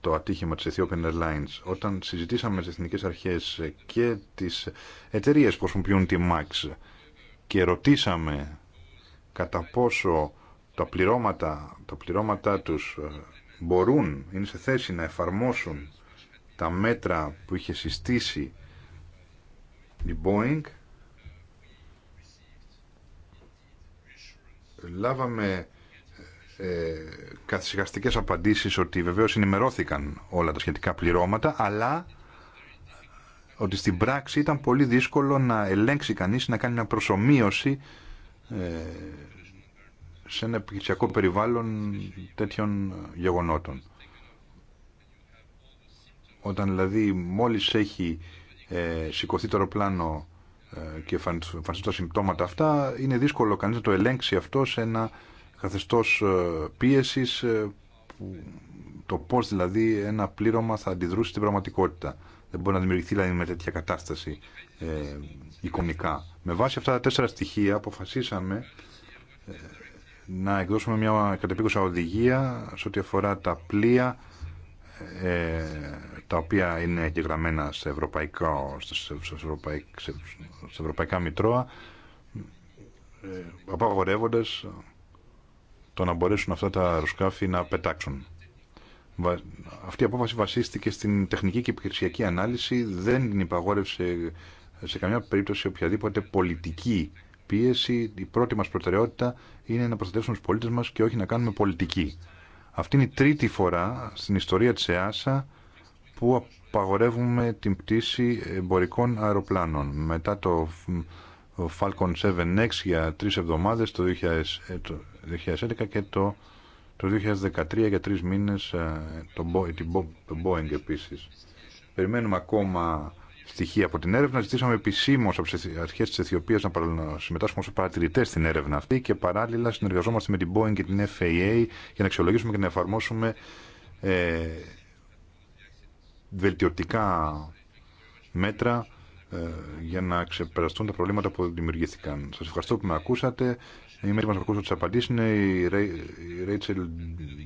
το ατύχημα της Ethiopian Airlines, όταν συζητήσαμε με τις εθνικές αρχές και τις εταιρείες που χρησιμοποιούν τη MAX και ρωτήσαμε κατά πόσο τα πληρώματα, τα πληρώματα τους ε, μπορούν, είναι σε θέση να εφαρμόσουν τα μέτρα που είχε συστήσει η Boeing λάβαμε ε, καθυσυχαστικές απαντήσεις ότι βεβαίως ενημερώθηκαν όλα τα σχετικά πληρώματα αλλά ότι στην πράξη ήταν πολύ δύσκολο να ελέγξει κανείς, να κάνει μια προσωμείωση ε, σε ένα επιχειρησιακό περιβάλλον τέτοιων γεγονότων. Όταν δηλαδή μόλις έχει ε, σηκωθεί το αεροπλάνο ε, και εμφανιστούν τα συμπτώματα αυτά, είναι δύσκολο κανείς να το ελέγξει αυτό σε ένα καθεστώς ε, πίεσης, ε, το πώς δηλαδή ένα πλήρωμα θα αντιδρούσει στην πραγματικότητα δεν μπορεί να δημιουργηθεί δηλαδή, με τέτοια κατάσταση ε, εικονικά. Με βάση αυτά τα τέσσερα στοιχεία αποφασίσαμε ε, να εκδώσουμε μια κατεπίκουσα οδηγία σε ό,τι αφορά τα πλοία ε, τα οποία είναι εγγεγραμμένα σε, σε, σε, σε ευρωπαϊκά μητρώα ε, απαγορεύοντας το να μπορέσουν αυτά τα αεροσκάφη να πετάξουν. Αυτή η απόφαση βασίστηκε στην τεχνική και επιχειρησιακή ανάλυση, δεν την υπαγόρευσε σε καμιά περίπτωση οποιαδήποτε πολιτική πίεση. Η πρώτη μα προτεραιότητα είναι να προστατεύσουμε του πολίτε μα και όχι να κάνουμε πολιτική. Αυτή είναι η τρίτη φορά στην ιστορία τη ΕΑΣΑ που απαγορεύουμε την πτήση εμπορικών αεροπλάνων. Μετά το Falcon 7X για τρει εβδομάδε το 2011 ε, και το το 2013 για τρεις μήνες ε, το Boeing επίσης. Περιμένουμε ακόμα στοιχεία από την έρευνα. Ζητήσαμε επισήμω από τι αρχέ τη Αιθιοπία να συμμετάσχουμε ω παρατηρητέ στην έρευνα αυτή και παράλληλα συνεργαζόμαστε με την Boeing και την FAA για να αξιολογήσουμε και να εφαρμόσουμε ε, βελτιωτικά μέτρα ε, για να ξεπεραστούν τα προβλήματα που δημιουργήθηκαν. Σα ευχαριστώ που με ακούσατε. Η μέρες μας ακούσαν τις απαντήσεις είναι η, Ρέιτσελ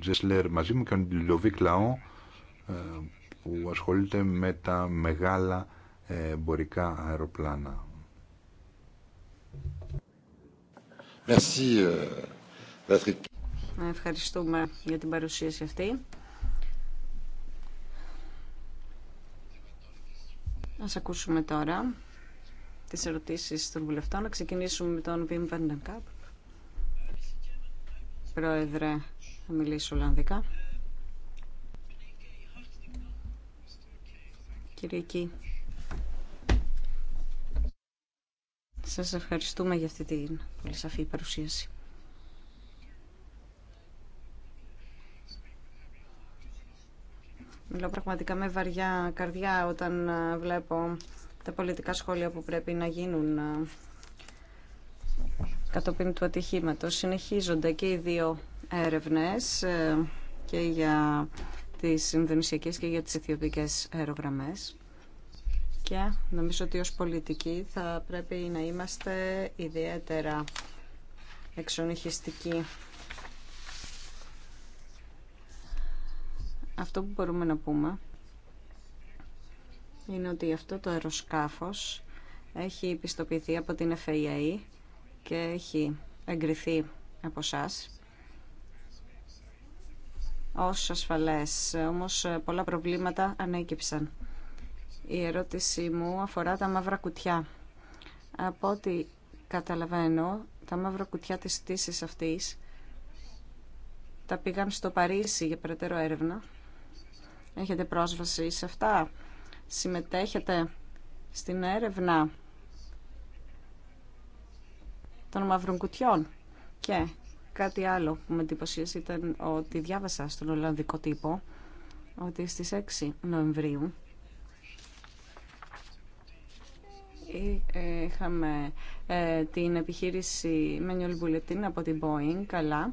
Τζεσλέρ μαζί μου και ο Λοβίκ Λαό ε, που ασχολείται με τα μεγάλα ε, εμπορικά αεροπλάνα. Ε, Ευχαριστούμε για την παρουσίαση αυτή. Ας ακούσουμε τώρα τις ερωτήσεις των βουλευτών. Να ξεκινήσουμε με τον Βιμ Βαντεγκάπ. Πρόεδρε. Θα μιλήσω Ολλανδικά. Κυριακή. Σας ευχαριστούμε για αυτή την πολύ σαφή παρουσίαση. Μιλώ πραγματικά με βαριά καρδιά όταν ε, βλέπω τα πολιτικά σχόλια που πρέπει να γίνουν ε, κατόπιν του ατυχήματος. Συνεχίζονται και οι δύο έρευνες ε, και για τις Ινδονησιακές και για τις Αιθιοπικές αερογραμμές. Και νομίζω ότι ως πολιτικοί θα πρέπει να είμαστε ιδιαίτερα εξονυχιστικοί. Αυτό που μπορούμε να πούμε είναι ότι αυτό το αεροσκάφος έχει πιστοποιηθεί από την FAA και έχει εγκριθεί από εσά Ω ασφαλέ, Όμως πολλά προβλήματα ανέκυψαν. Η ερώτησή μου αφορά τα μαύρα κουτιά. Από ό,τι καταλαβαίνω, τα μαύρα κουτιά της στήσης αυτής τα πήγαν στο Παρίσι για περαιτέρω έρευνα. Έχετε πρόσβαση σε αυτά. Συμμετέχετε στην έρευνα των μαύρων κουτιών. Και κάτι άλλο που με εντυπωσίασε ήταν ότι διάβασα στον Ολλανδικό τύπο ότι στις 6 Νοεμβρίου ε, είχαμε ε, την επιχείρηση Manual Bulletin από την Boeing, καλά.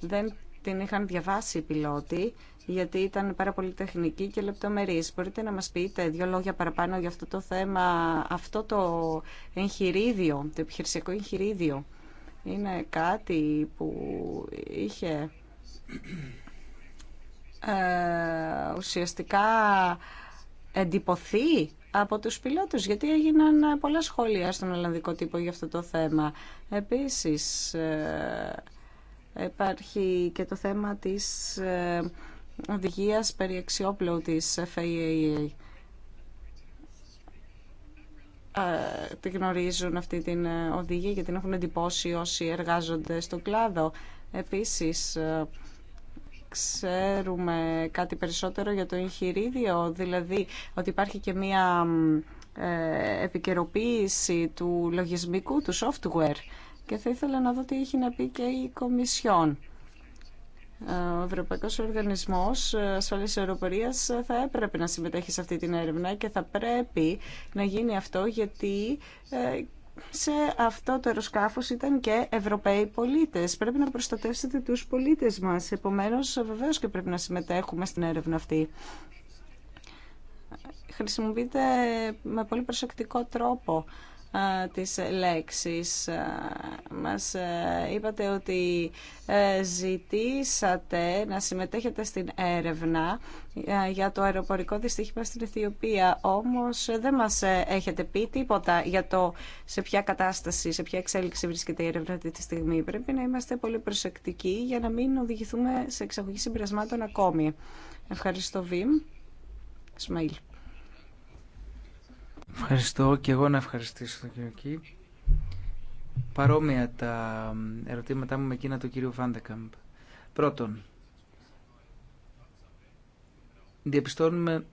Δεν την είχαν διαβάσει οι πιλότοι γιατί ήταν πάρα πολύ τεχνική και λεπτομερής. Μπορείτε να μας πείτε δύο λόγια παραπάνω για αυτό το θέμα, αυτό το εγχειρίδιο, το επιχειρησιακό εγχειρίδιο. Είναι κάτι που είχε ε, ουσιαστικά εντυπωθεί από τους πιλότους, γιατί έγιναν πολλά σχόλια στον Ολλανδικό τύπο για αυτό το θέμα. Επίσης, ε, υπάρχει και το θέμα της ε, οδηγίας περί αξιόπλου της FAA. τη γνωρίζουν αυτή την ε, οδηγία γιατί την έχουν εντυπώσει όσοι εργάζονται στον κλάδο. Επίσης, ε, ξέρουμε κάτι περισσότερο για το εγχειρίδιο, δηλαδή ότι υπάρχει και μία ε, επικαιροποίηση του λογισμικού, του software. Και θα ήθελα να δω τι έχει να πει και η Κομισιόν. Ε, ο Ευρωπαϊκός Οργανισμός Ασφαλής Αεροπορίας θα έπρεπε να συμμετέχει σε αυτή την έρευνα και θα πρέπει να γίνει αυτό γιατί ε, σε αυτό το αεροσκάφο ήταν και Ευρωπαίοι πολίτε. Πρέπει να προστατεύσετε τους πολίτε μα. Επομένω, βεβαίω και πρέπει να συμμετέχουμε στην έρευνα αυτή. Χρησιμοποιείται με πολύ προσεκτικό τρόπο Τη λέξεις. Μας ε, είπατε ότι ε, ζητήσατε να συμμετέχετε στην έρευνα ε, για το αεροπορικό δυστύχημα στην Αιθιοπία, όμως δεν μας έχετε πει τίποτα για το σε ποια κατάσταση, σε ποια εξέλιξη βρίσκεται η έρευνα αυτή τη στιγμή. Πρέπει να είμαστε πολύ προσεκτικοί για να μην οδηγηθούμε σε εξαγωγή συμπερασμάτων ακόμη. Ευχαριστώ, Βιμ. Ευχαριστώ και εγώ να ευχαριστήσω τον κύριο Κύπ. Παρόμοια τα ερωτήματά μου με εκείνα του κύριου Βάντεκαμπ. Πρώτον, διαπιστώνουμε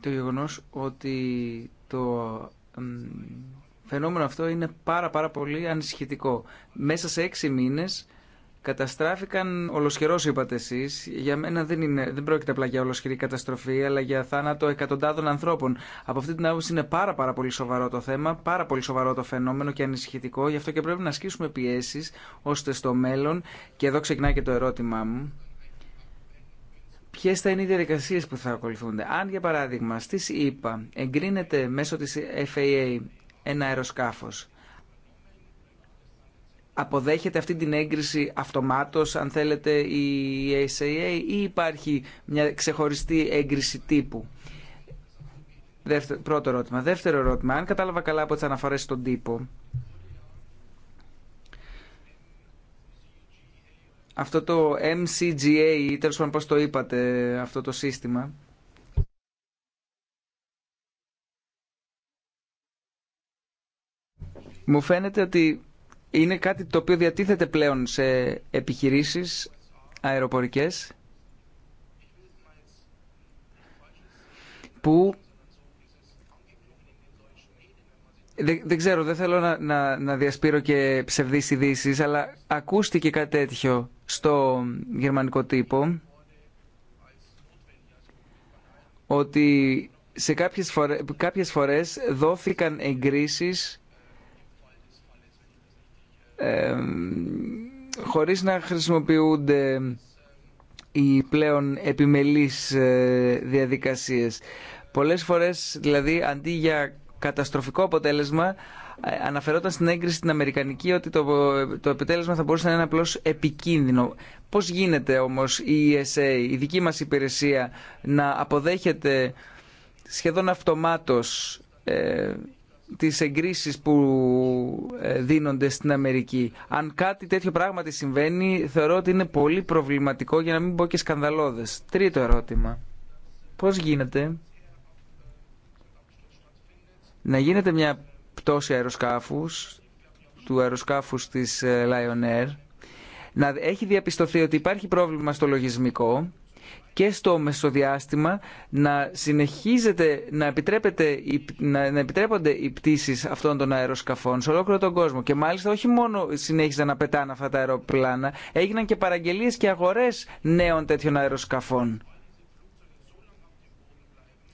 το γεγονός ότι το φαινόμενο αυτό είναι πάρα πάρα πολύ ανησυχητικό. Μέσα σε έξι μήνες Καταστράφηκαν ολοσχερό, είπατε εσεί. Για μένα δεν, είναι, δεν πρόκειται απλά για ολοσχερή καταστροφή, αλλά για θάνατο εκατοντάδων ανθρώπων. Από αυτή την άποψη είναι πάρα, πάρα πολύ σοβαρό το θέμα, πάρα πολύ σοβαρό το φαινόμενο και ανησυχητικό. Γι' αυτό και πρέπει να ασκήσουμε πιέσει, ώστε στο μέλλον, και εδώ ξεκινάει και το ερώτημά μου, ποιε θα είναι οι διαδικασίε που θα ακολουθούνται. Αν, για παράδειγμα, στι ΗΠΑ εγκρίνεται μέσω τη FAA ένα αεροσκάφο, Αποδέχεται αυτή την έγκριση αυτομάτως, αν θέλετε, η ASAA ή υπάρχει μια ξεχωριστή έγκριση τύπου. Δεύτερο, πρώτο ερώτημα. Δεύτερο ερώτημα. Αν κατάλαβα καλά από τις αναφορές στον τύπο, αυτό το MCGA, ή τέλος πάντων πώς το είπατε, αυτό το σύστημα, μου φαίνεται ότι είναι κάτι το οποίο διατίθεται πλέον σε επιχειρήσεις αεροπορικές που δεν, ξέρω, δεν θέλω να, να, να διασπείρω και ψευδείς ειδήσει, αλλά ακούστηκε κάτι τέτοιο στο γερμανικό τύπο ότι σε κάποιες, φορέ, κάποιες φορές δόθηκαν εγκρίσεις χωρίς να χρησιμοποιούνται οι πλέον επιμελείς ε, διαδικασίες. Πολλές φορές, δηλαδή, αντί για καταστροφικό αποτέλεσμα, ε, αναφερόταν στην έγκριση την Αμερικανική ότι το, το επιτέλεσμα θα μπορούσε να είναι απλώς επικίνδυνο. Πώς γίνεται όμως η ESA, η δική μας υπηρεσία, να αποδέχεται σχεδόν αυτομάτως ε, τις εγκρίσεις που ε, δίνονται στην Αμερική. Αν κάτι τέτοιο πράγματι συμβαίνει, θεωρώ ότι είναι πολύ προβληματικό για να μην πω και σκανδαλώδες. Τρίτο ερώτημα. Πώς γίνεται να γίνεται μια πτώση αεροσκάφους, του αεροσκάφους της ε, Lion Air, να έχει διαπιστωθεί ότι υπάρχει πρόβλημα στο λογισμικό και στο μεσοδιάστημα να συνεχίζεται να, επιτρέπεται, να, επιτρέπονται οι πτήσει αυτών των αεροσκαφών σε ολόκληρο τον κόσμο. Και μάλιστα όχι μόνο συνέχιζαν να πετάνε αυτά τα αεροπλάνα, έγιναν και παραγγελίε και αγορές νέων τέτοιων αεροσκαφών.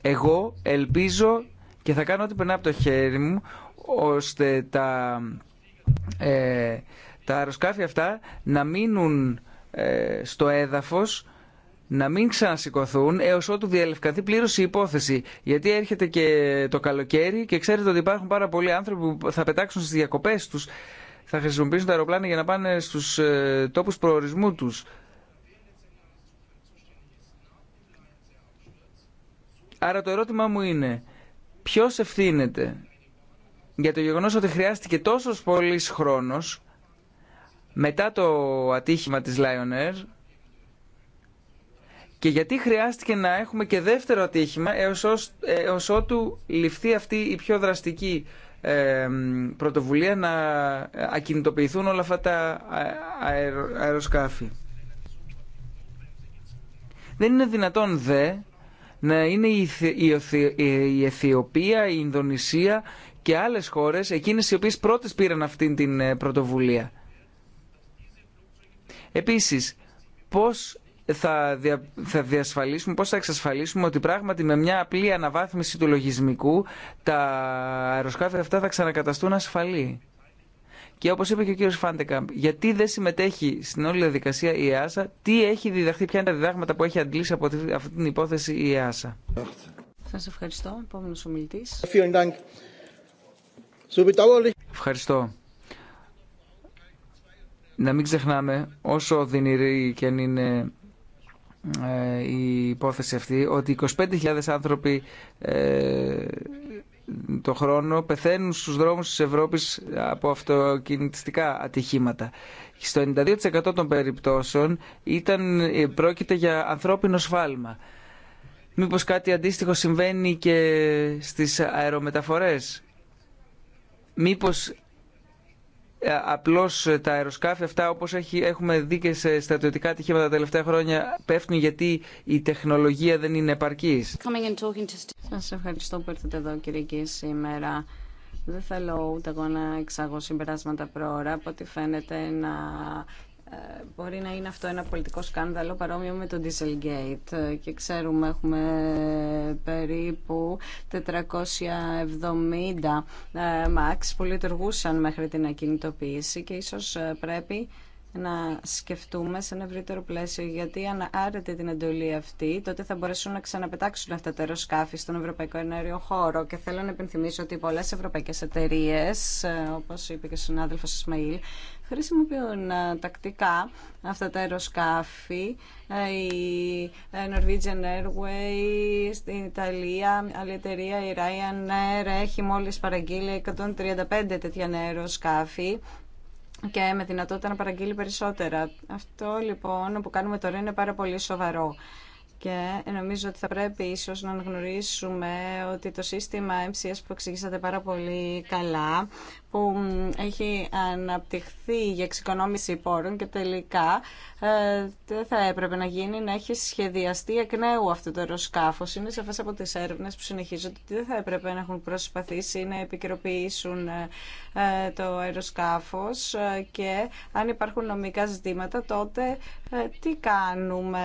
Εγώ ελπίζω και θα κάνω ό,τι περνά από το χέρι μου ώστε τα, ε, τα αεροσκάφη αυτά να μείνουν ε, στο έδαφος να μην ξανασηκωθούν έω ότου διαλευκανθεί πλήρω η υπόθεση. Γιατί έρχεται και το καλοκαίρι και ξέρετε ότι υπάρχουν πάρα πολλοί άνθρωποι που θα πετάξουν στι διακοπέ του, θα χρησιμοποιήσουν τα αεροπλάνα για να πάνε στου ε, τόπου προορισμού του. Άρα το ερώτημά μου είναι, ποιο ευθύνεται για το γεγονό ότι χρειάστηκε τόσο πολύ χρόνο, μετά το ατύχημα της Lion Air και γιατί χρειάστηκε να έχουμε και δεύτερο ατύχημα έως, ως, ε, ότου ληφθεί αυτή η πιο δραστική ε, πρωτοβουλία να ε, ακινητοποιηθούν όλα αυτά τα αεροσκάφη. Δεν είναι δυνατόν δε να είναι η, η Αιθιοπία, η Ινδονησία και άλλες χώρες εκείνες οι οποίες πρώτες πήραν αυτή την ε, πρωτοβουλία. Επίσης, πώς θα, δια, θα διασφαλίσουμε, πώς θα εξασφαλίσουμε ότι πράγματι με μια απλή αναβάθμιση του λογισμικού τα αεροσκάφη αυτά θα ξανακαταστούν ασφαλή. Και όπως είπε και ο κύριος Φάντεκαμπ, γιατί δεν συμμετέχει στην όλη διαδικασία η ΕΑΣΑ, τι έχει διδαχθεί, ποια είναι τα διδάγματα που έχει αντλήσει από αυτή την υπόθεση η ΕΑΣΑ. Σας ευχαριστώ. Επόμενος ομιλητής. Ευχαριστώ. Να μην ξεχνάμε, όσο δυνηρή και αν είναι ε, η υπόθεση αυτή ότι 25.000 άνθρωποι ε, το χρόνο πεθαίνουν στους δρόμους της Ευρώπης από αυτοκινητιστικά ατυχήματα. Στο 92% των περιπτώσεων ήταν, ε, πρόκειται για ανθρώπινο σφάλμα. Μήπως κάτι αντίστοιχο συμβαίνει και στις αερομεταφορές. Μήπως ε, απλώς ε, τα αεροσκάφη αυτά όπως έχουμε δει και σε στρατιωτικά τυχήματα τα τελευταία χρόνια πέφτουν γιατί η τεχνολογία δεν είναι επαρκής. Σα ευχαριστώ που ήρθατε εδώ κύριε και σήμερα. Δεν θέλω ούτε εγώ να εξάγω συμπεράσματα προώρα, από ό,τι φαίνεται να μπορεί να είναι αυτό ένα πολιτικό σκάνδαλο παρόμοιο με το Dieselgate και ξέρουμε έχουμε περίπου 470 μαξ ε, που λειτουργούσαν μέχρι την ακινητοποίηση και ίσως ε, πρέπει να σκεφτούμε σε ένα ευρύτερο πλαίσιο γιατί αν άρεται την εντολή αυτή τότε θα μπορέσουν να ξαναπετάξουν αυτά τα αεροσκάφη στον ευρωπαϊκό ενέργειο χώρο και θέλω να επενθυμίσω ότι πολλές ευρωπαϊκές εταιρείες ε, όπως είπε και ο συνάδελφος Ισμαήλ χρησιμοποιούν ε, τακτικά αυτά τα αεροσκάφη, ε, η ε, Norwegian Airways, στην Ιταλία, άλλη εταιρεία, η Ryanair, έχει μόλις παραγγείλει 135 τέτοια αεροσκάφη και με δυνατότητα να παραγγείλει περισσότερα. Αυτό λοιπόν που κάνουμε τώρα είναι πάρα πολύ σοβαρό και νομίζω ότι θα πρέπει ίσως να γνωρίσουμε ότι το σύστημα MCS που εξηγήσατε πάρα πολύ καλά που έχει αναπτυχθεί για εξοικονόμηση πόρων και τελικά ε, δεν θα έπρεπε να γίνει να έχει σχεδιαστεί εκ νέου αυτό το αεροσκάφο. Είναι σαφέ από τι έρευνε που συνεχίζονται ότι δεν θα έπρεπε να έχουν προσπαθήσει να επικαιροποιήσουν ε, ε, το αεροσκάφο και αν υπάρχουν νομικά ζητήματα τότε τι κάνουμε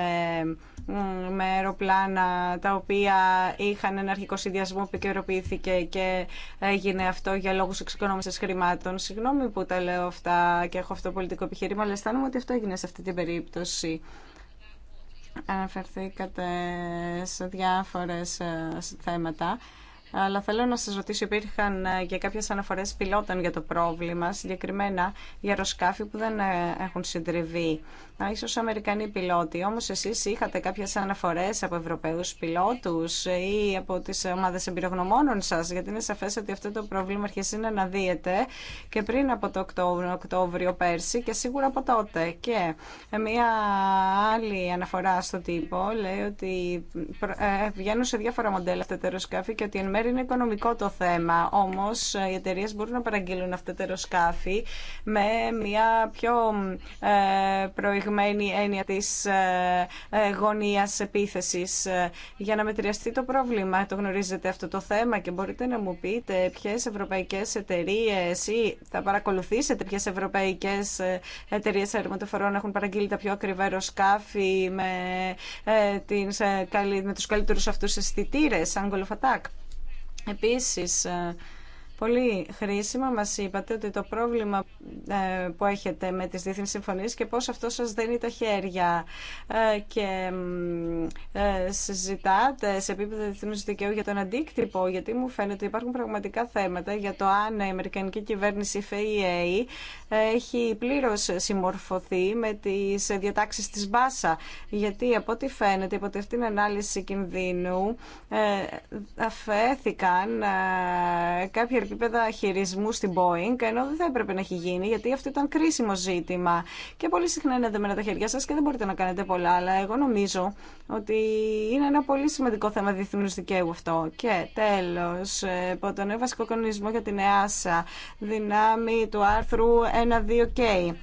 με αεροπλάνα τα οποία είχαν ένα αρχικό συνδυασμό που επικαιροποιήθηκε και έγινε αυτό για λόγους εξοικονόμηση χρημάτων. Συγγνώμη που τα λέω αυτά και έχω αυτό το πολιτικό επιχείρημα, αλλά αισθάνομαι ότι αυτό έγινε σε αυτή την περίπτωση. Αναφερθήκατε σε διάφορες ε, θέματα. Αλλά θέλω να σας ρωτήσω, υπήρχαν ε, και κάποιες αναφορές πιλότων για το πρόβλημα, συγκεκριμένα για αεροσκάφη που δεν ε, έχουν συντριβεί ίσως Αμερικανοί πιλότοι. Όμως εσείς είχατε κάποιες αναφορές από Ευρωπαίους πιλότους ή από τις ομάδες εμπειρογνωμόνων σας, γιατί είναι σαφές ότι αυτό το πρόβλημα αρχίζει να αναδύεται και πριν από το Οκτώβριο, Οκτώβριο πέρσι και σίγουρα από τότε. Και ε, μια άλλη αναφορά στο τύπο λέει ότι ε, βγαίνουν σε διάφορα μοντέλα αυτά τα αεροσκάφη και ότι εν μέρει είναι οικονομικό το θέμα. Όμως ε, οι εταιρείε μπορούν να παραγγείλουν αυτά τα αεροσκάφη με μια πιο προηγούμενη προηγμένη έννοια της ε, ε, γωνίας επίθεσης ε, για να μετριαστεί το πρόβλημα. Το γνωρίζετε αυτό το θέμα και μπορείτε να μου πείτε ποιες ευρωπαϊκές εταιρείε ή θα παρακολουθήσετε ποιες ευρωπαϊκές εταιρείες αερομεταφορών έχουν παραγγείλει τα πιο ακριβά αεροσκάφη με, με τους καλύτερους αυτούς αισθητήρε, Anglo Fatak. Επίσης, Πολύ χρήσιμα μας είπατε ότι το πρόβλημα ε, που έχετε με τις διεθνείς συμφωνίες και πώς αυτό σας δένει τα χέρια ε, και ε, συζητάτε σε επίπεδο διεθνούς δικαίου για τον αντίκτυπο, γιατί μου φαίνεται ότι υπάρχουν πραγματικά θέματα για το αν η Αμερικανική κυβέρνηση FAA έχει πλήρως συμμορφωθεί με τις διατάξεις της Μπάσα, γιατί από ό,τι φαίνεται από την ανάλυση κινδύνου αφέθηκαν κάποια επίπεδα χειρισμού στην Boeing, ενώ δεν θα έπρεπε να έχει γίνει, γιατί αυτό ήταν κρίσιμο ζήτημα. Και πολύ συχνά είναι δεμένα τα χέρια σα και δεν μπορείτε να κάνετε πολλά, αλλά εγώ νομίζω ότι είναι ένα πολύ σημαντικό θέμα διεθνού δικαίου αυτό. Και τέλο, ε, από τον νέο βασικό κανονισμό για την ΕΑΣΑ, δυνάμει του άρθρου 1-2K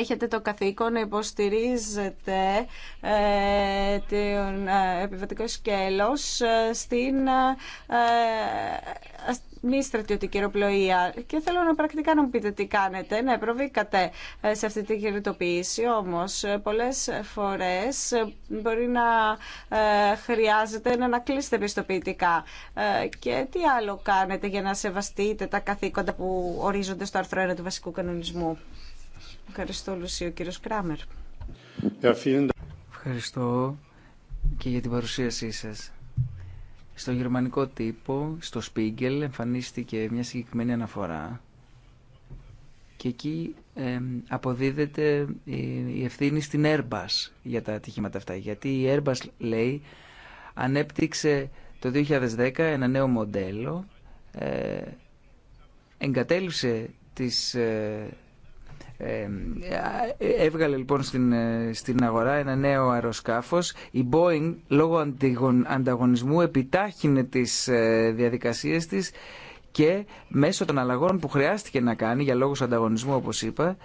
έχετε το καθήκον να υποστηρίζετε ε, την ε, επιβατικό σκέλος ε, στην, ε, ε μη στρατιωτική αεροπλοεία. Και θέλω να πρακτικά να μου πείτε τι κάνετε. Ναι, προβήκατε ε, σε αυτή τη κινητοποίηση, όμω. Ε, Πολλέ φορέ ε, μπορεί να χρειάζεται να ανακλείσετε πιστοποιητικά. Και τι άλλο κάνετε για να σεβαστείτε τα καθήκοντα που ορίζονται στο άρθρο 1 του βασικού κανονισμού. Ευχαριστώ, Λουσίου κύριο Κράμερ. Ευχαριστώ και για την παρουσίασή σας. Στο γερμανικό τύπο, στο Spiegel, εμφανίστηκε μια συγκεκριμένη αναφορά και εκεί αποδίδεται ε, η ευθύνη στην Airbus για τα ατυχήματα αυτά. Γιατί η Airbus, λέει, ανέπτυξε το 2010 ένα νέο μοντέλο, ε, εγκατέλειψε τις ε, ε, ε, έβγαλε λοιπόν στην, ε, στην αγορά ένα νέο αεροσκάφος. Η Boeing λόγω ανταγωνισμού επιτάχυνε τις διαδικασίες της και μέσω των αλλαγών που χρειάστηκε να κάνει για λόγους ανταγωνισμού όπως είπα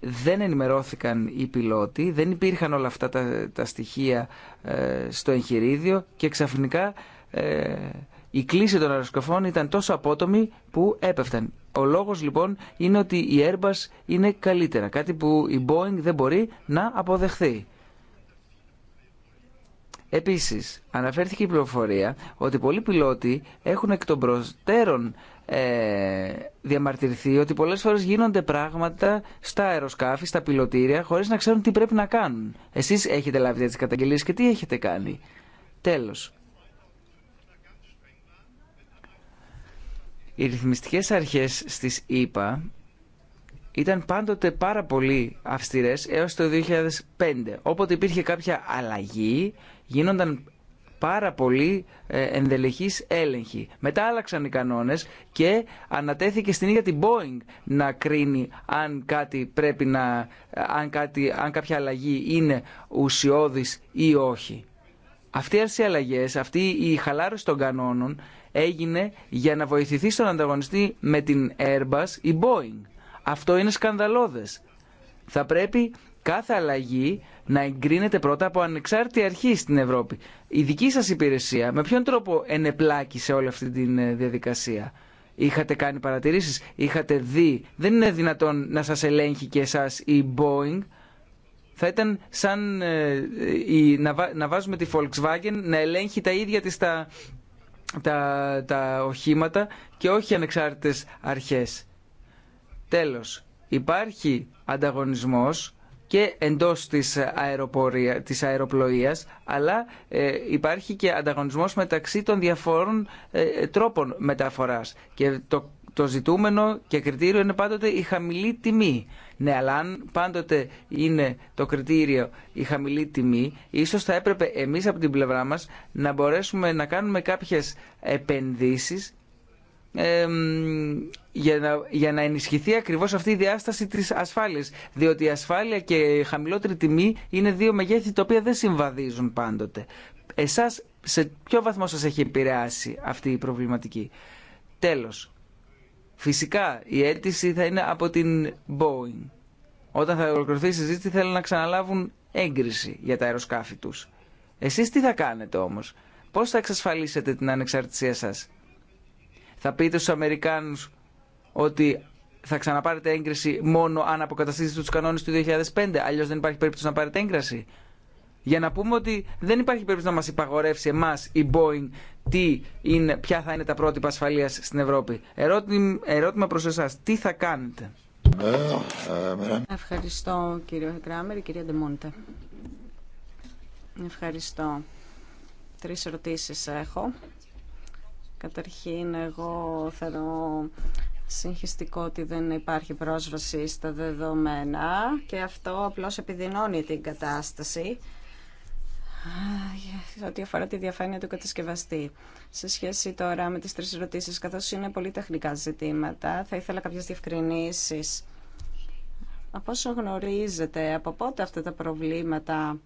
δεν ενημερώθηκαν οι πιλότοι, δεν υπήρχαν όλα αυτά τα, τα στοιχεία στο εγχειρίδιο και ξαφνικά η κλίση των αεροσκαφών ήταν τόσο απότομη που έπεφταν. Ο λόγος λοιπόν είναι ότι η Airbus είναι καλύτερα, κάτι που η Boeing δεν μπορεί να αποδεχθεί. Επίσης, αναφέρθηκε η πληροφορία ότι πολλοί πιλότοι έχουν εκ των προστέρων ε, διαμαρτυρηθεί ότι πολλές φορές γίνονται πράγματα στα αεροσκάφη, στα πιλωτήρια, χωρίς να ξέρουν τι πρέπει να κάνουν. Εσείς έχετε λάβει τις καταγγελίες και τι έχετε κάνει. Τέλος, Οι ρυθμιστικές αρχές στις ΗΠΑ ήταν πάντοτε πάρα πολύ αυστηρές έως το 2005. Όποτε υπήρχε κάποια αλλαγή γίνονταν πάρα πολύ ε, ενδελεχείς έλεγχοι. Μετά άλλαξαν οι κανόνες και ανατέθηκε στην ίδια την Boeing να κρίνει αν, κάτι πρέπει να, αν, κάτι, αν κάποια αλλαγή είναι ουσιώδης ή όχι. Αυτές οι αλλαγές, αυτή η χαλάρωση των κανόνων έγινε για να βοηθηθεί στον ανταγωνιστή με την Airbus η Boeing. Αυτό είναι σκανδαλώδες. Θα πρέπει κάθε αλλαγή να εγκρίνεται πρώτα από ανεξάρτητη αρχή στην Ευρώπη. Η δική σας υπηρεσία με ποιον τρόπο ενεπλάκησε όλη αυτή τη ε, διαδικασία. Είχατε κάνει παρατηρήσεις, είχατε δει. Δεν είναι δυνατόν να σας ελέγχει και εσάς η Boeing. Θα ήταν σαν ε, ε, η, να, να βάζουμε τη Volkswagen να ελέγχει τα ίδια της τα τα, οχήματα και όχι ανεξάρτητες αρχές. Τέλος, υπάρχει ανταγωνισμός και εντός της, αεροπορία, της αεροπλοείας, αλλά ε, υπάρχει και ανταγωνισμός μεταξύ των διαφόρων ε, τρόπων μεταφοράς. Και το ζητούμενο και κριτήριο είναι πάντοτε η χαμηλή τιμή. Ναι, αλλά αν πάντοτε είναι το κριτήριο η χαμηλή τιμή, ίσως θα έπρεπε εμείς από την πλευρά μας να μπορέσουμε να κάνουμε κάποιες επενδύσεις για, να, για να ενισχυθεί ακριβώς αυτή η διάσταση της ασφάλειας. Διότι η ασφάλεια και η χαμηλότερη τιμή είναι δύο μεγέθη τα οποία δεν συμβαδίζουν πάντοτε. Εσάς σε ποιο βαθμό σας έχει επηρεάσει αυτή η προβληματική. Τέλος, Φυσικά η αίτηση θα είναι από την Boeing. Όταν θα ολοκληρωθεί η συζήτηση θέλουν να ξαναλάβουν έγκριση για τα αεροσκάφη τους. Εσείς τι θα κάνετε όμως. Πώς θα εξασφαλίσετε την ανεξαρτησία σας. Θα πείτε στους Αμερικάνους ότι θα ξαναπάρετε έγκριση μόνο αν αποκαταστήσετε τους κανόνες του 2005. Αλλιώς δεν υπάρχει περίπτωση να πάρετε έγκριση για να πούμε ότι δεν υπάρχει περίπτωση να μας υπαγορεύσει εμά η Boeing τι είναι, ποια θα είναι τα πρότυπα ασφαλεία στην Ευρώπη. Ερώτημα, ερώτημα προς εσάς, τι θα κάνετε. Ευχαριστώ κύριο Κράμερ, κυρία Ντεμόντε. Ευχαριστώ. Τρεις ερωτήσεις έχω. Καταρχήν, εγώ θεωρώ συγχυστικό ότι δεν υπάρχει πρόσβαση στα δεδομένα και αυτό απλώς επιδεινώνει την κατάσταση ό,τι αφορά τη διαφάνεια του κατασκευαστή. Σε σχέση τώρα με τις τρεις ερωτήσει, καθώ είναι πολύ τεχνικά ζητήματα, θα ήθελα κάποιε διευκρινήσει. Από όσο γνωρίζετε, από πότε αυτά τα προβλήματα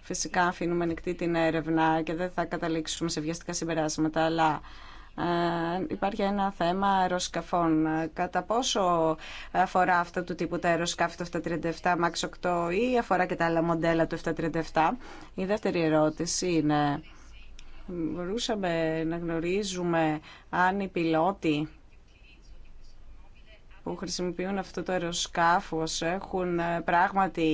Φυσικά αφήνουμε ανοιχτή την έρευνα και δεν θα καταλήξουμε σε βιαστικά συμπεράσματα, αλλά ε, υπάρχει ένα θέμα αεροσκαφών. Κατά πόσο αφορά αυτό του τύπου τα αεροσκάφη του 737 MAX 8 ή αφορά και τα άλλα μοντέλα του 737. Η δεύτερη ερώτηση είναι, μπορούσαμε να γνωρίζουμε αν οι πιλότοι που χρησιμοποιούν αυτό το αεροσκάφος έχουν ε, πράγματι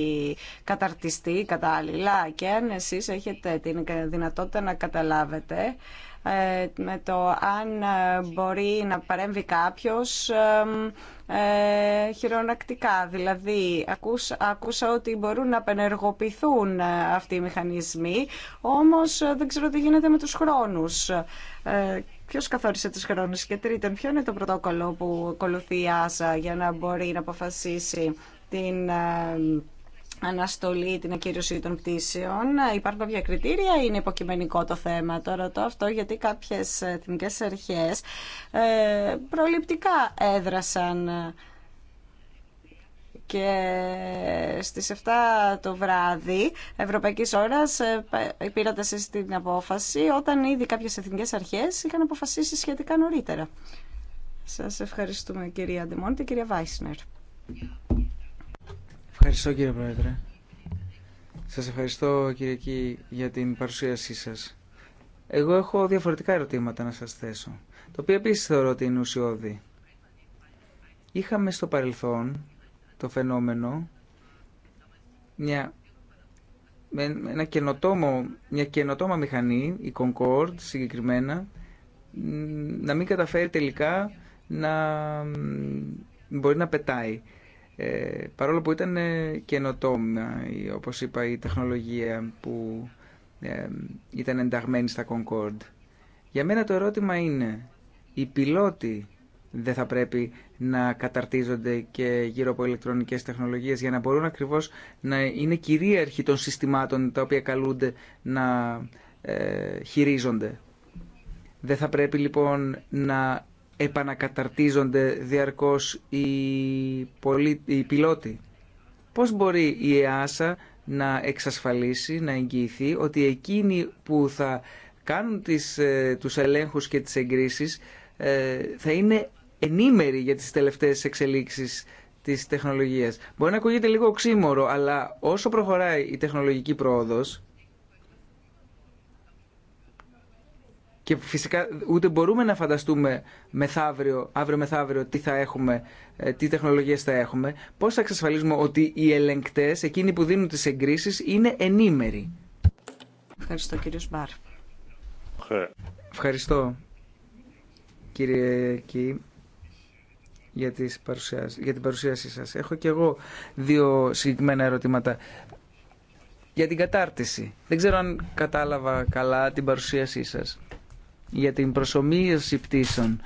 καταρτιστεί κατάλληλα και αν εσείς έχετε την δυνατότητα να καταλάβετε ε, με το αν ε, μπορεί να παρέμβει κάποιος ε, χειρονακτικά. Δηλαδή, ακούσα, ότι μπορούν να απενεργοποιηθούν αυτοί οι μηχανισμοί, όμως δεν ξέρω τι γίνεται με τους χρόνους. Ποιος καθόρισε τους χρόνους και τρίτον, ποιο είναι το πρωτόκολλο που ακολουθεί η ΆΣΑ για να μπορεί να αποφασίσει την αναστολή την ακύρωση των πτήσεων. Υπάρχουν κάποια κριτήρια ή είναι υποκειμενικό το θέμα. Τώρα το αυτό γιατί κάποιες εθνικές αρχές ε, προληπτικά έδρασαν και στις 7 το βράδυ ευρωπαϊκής ώρας ε, πήρατε εσείς την απόφαση όταν ήδη κάποιες εθνικές αρχές είχαν αποφασίσει σχετικά νωρίτερα. Σας ευχαριστούμε κυρία και κυρία Βάισνερ. Ευχαριστώ κύριε Πρόεδρε. Σας ευχαριστώ Κύ, για την παρουσίασή σας. Εγώ έχω διαφορετικά ερωτήματα να σας θέσω, το οποίο επίσης θεωρώ ότι είναι ουσιώδη. Είχαμε στο παρελθόν το φαινόμενο μια, ένα καινοτόμο, μια καινοτόμα μηχανή, η Concord συγκεκριμένα, να μην καταφέρει τελικά να μπορεί να πετάει. Ε, παρόλο που ήταν ε, καινοτόμια, όπως είπα, η τεχνολογία που ε, ήταν ενταγμένη στα Concord. Για μένα το ερώτημα είναι, οι πιλότοι δεν θα πρέπει να καταρτίζονται και γύρω από ηλεκτρονικές τεχνολογίες για να μπορούν ακριβώς να είναι κυρίαρχοι των συστημάτων τα οποία καλούνται να χειρίζονται. Δεν θα πρέπει λοιπόν να επανακαταρτίζονται διαρκώς οι, πολι... οι πιλότοι. Πώς μπορεί η ΕΑΣΑ να εξασφαλίσει, να εγγυηθεί ότι εκείνοι που θα κάνουν τις, ε, τους ελέγχους και τις εγκρίσεις ε, θα είναι ενήμεροι για τις τελευταίες εξελίξεις της τεχνολογίας. Μπορεί να ακούγεται λίγο οξύμορο, αλλά όσο προχωράει η τεχνολογική πρόοδος, και φυσικά ούτε μπορούμε να φανταστούμε μεθαύριο, αύριο μεθαύριο τι θα έχουμε, ε, τι τεχνολογίες θα έχουμε, πώς θα εξασφαλίσουμε ότι οι ελεγκτές, εκείνοι που δίνουν τις εγκρίσεις, είναι ενήμεροι. Ευχαριστώ κύριο Μπάρ. Ευχαριστώ κύριε Κι για, για την παρουσίασή σας. Έχω και εγώ δύο συγκεκριμένα ερωτήματα για την κατάρτιση. Δεν ξέρω αν κατάλαβα καλά την παρουσίασή σας για την προσωμείωση πτήσεων.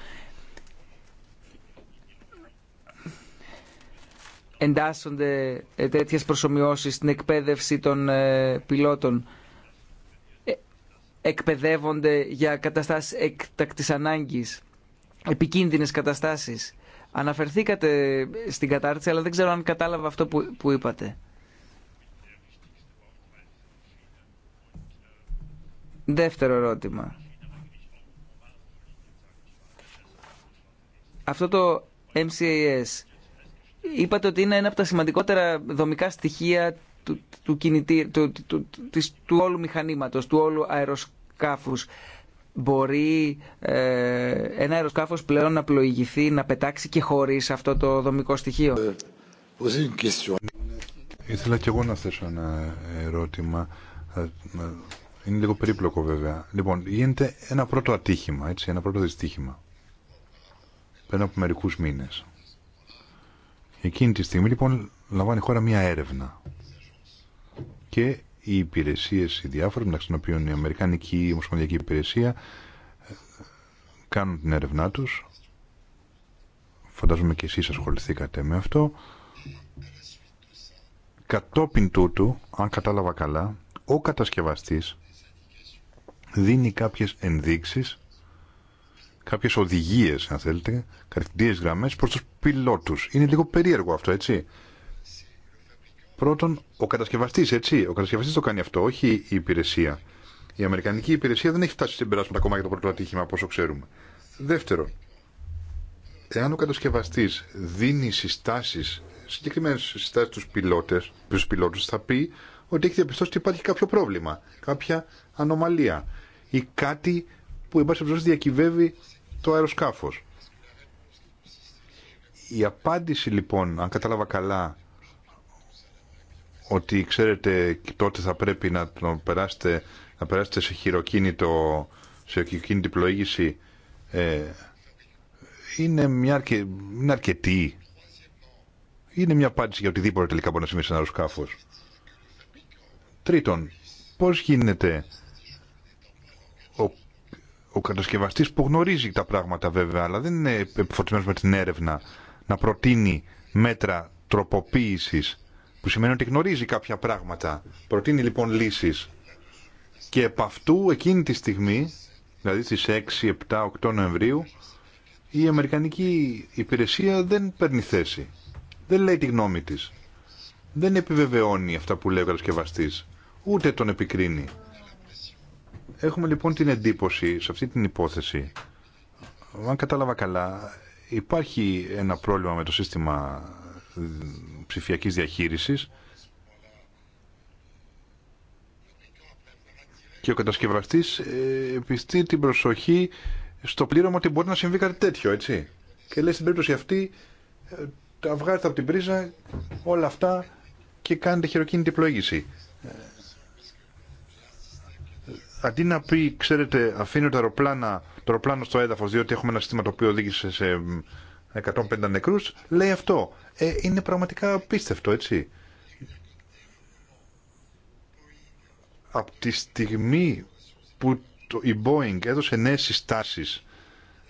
Εντάσσονται ε, τέτοιες προσωμιώσεις στην εκπαίδευση των ε, πιλότων. Ε, εκπαιδεύονται για καταστάσεις εκτακτής ανάγκης, επικίνδυνες καταστάσεις. Αναφερθήκατε στην κατάρτιση, αλλά δεν ξέρω αν κατάλαβα αυτό που είπατε. Δεύτερο ερώτημα. Αυτό το MCAS είπατε ότι είναι ένα από τα σημαντικότερα δομικά στοιχεία του, του, κινητή, του, του, του όλου μηχανήματος, του όλου αεροσκάφους. Μπορεί ε, ένα αεροσκάφος πλέον να πλοηγηθεί, να πετάξει και χωρίς αυτό το δομικό στοιχείο. Ε, Ήθελα και εγώ να θέσω ένα ερώτημα. Ε, ε, είναι λίγο περίπλοκο βέβαια. Λοιπόν, γίνεται ένα πρώτο ατύχημα, έτσι, ένα πρώτο δυστύχημα πριν από μερικούς μήνες. Εκείνη τη στιγμή λοιπόν λαμβάνει η χώρα μια έρευνα και οι υπηρεσίες οι διάφορες μεταξύ των οποίων η Αμερικανική Ομοσπονδιακή Υπηρεσία κάνουν την έρευνά τους φαντάζομαι και εσείς ασχοληθήκατε με αυτό κατόπιν τούτου αν κατάλαβα καλά ο κατασκευαστής δίνει κάποιες ενδείξεις Κάποιε οδηγίε αν θέλετε, κατευθυντήριες γραμμέ προ του πιλότους. Είναι λίγο περίεργο αυτό, έτσι. Πρώτον, ο κατασκευαστή, έτσι. Ο κατασκευαστή το κάνει αυτό, όχι η υπηρεσία. Η Αμερικανική υπηρεσία δεν έχει φτάσει στην περάσματα ακόμα για το πρώτο ατύχημα, όπω ξέρουμε. Δεύτερον, εάν ο κατασκευαστή δίνει συστάσεις, συγκεκριμένες συστάσεις στους πιλότε, στους πιλότους, θα πει ότι έχει διαπιστώσει ότι υπάρχει κάποιο πρόβλημα, κάποια ανομαλία ή κάτι που εν πάση διακυβεύει το αεροσκάφος. Η απάντηση λοιπόν, αν κατάλαβα καλά, ότι ξέρετε τότε θα πρέπει να περάσετε, να περάσετε σε χειροκίνητο, σε χειροκίνητη πλοήγηση, ε, είναι, μια αρκετή. Είναι μια απάντηση για οτιδήποτε τελικά μπορεί να σημαίνει σε ένα αεροσκάφο. Τρίτον, πώς γίνεται ο ο κατασκευαστή που γνωρίζει τα πράγματα βέβαια, αλλά δεν είναι επιφορτισμένο με την έρευνα, να προτείνει μέτρα τροποποίησης, που σημαίνει ότι γνωρίζει κάποια πράγματα. Προτείνει λοιπόν λύσει. Και επ' αυτού εκείνη τη στιγμή, δηλαδή στι 6, 7, 8 Νοεμβρίου, η Αμερικανική υπηρεσία δεν παίρνει θέση. Δεν λέει τη γνώμη τη. Δεν επιβεβαιώνει αυτά που λέει ο κατασκευαστή. Ούτε τον επικρίνει. Έχουμε λοιπόν την εντύπωση σε αυτή την υπόθεση, αν κατάλαβα καλά, υπάρχει ένα πρόβλημα με το σύστημα ψηφιακής διαχείρισης και ο κατασκευαστής ε, πιστεί την προσοχή στο πλήρωμα ότι μπορεί να συμβεί κάτι τέτοιο, έτσι. Και λέει στην περίπτωση αυτή, ε, τα βγάζετε από την πρίζα όλα αυτά και κάνετε χειροκίνητη πλοήγηση. Ε, αντί να πει, ξέρετε, αφήνω το αεροπλάνο, το στο έδαφος διότι έχουμε ένα σύστημα το οποίο οδήγησε σε 150 νεκρού, λέει αυτό. Ε, είναι πραγματικά απίστευτο, έτσι. Από τη στιγμή που το, η Boeing έδωσε νέες συστάσεις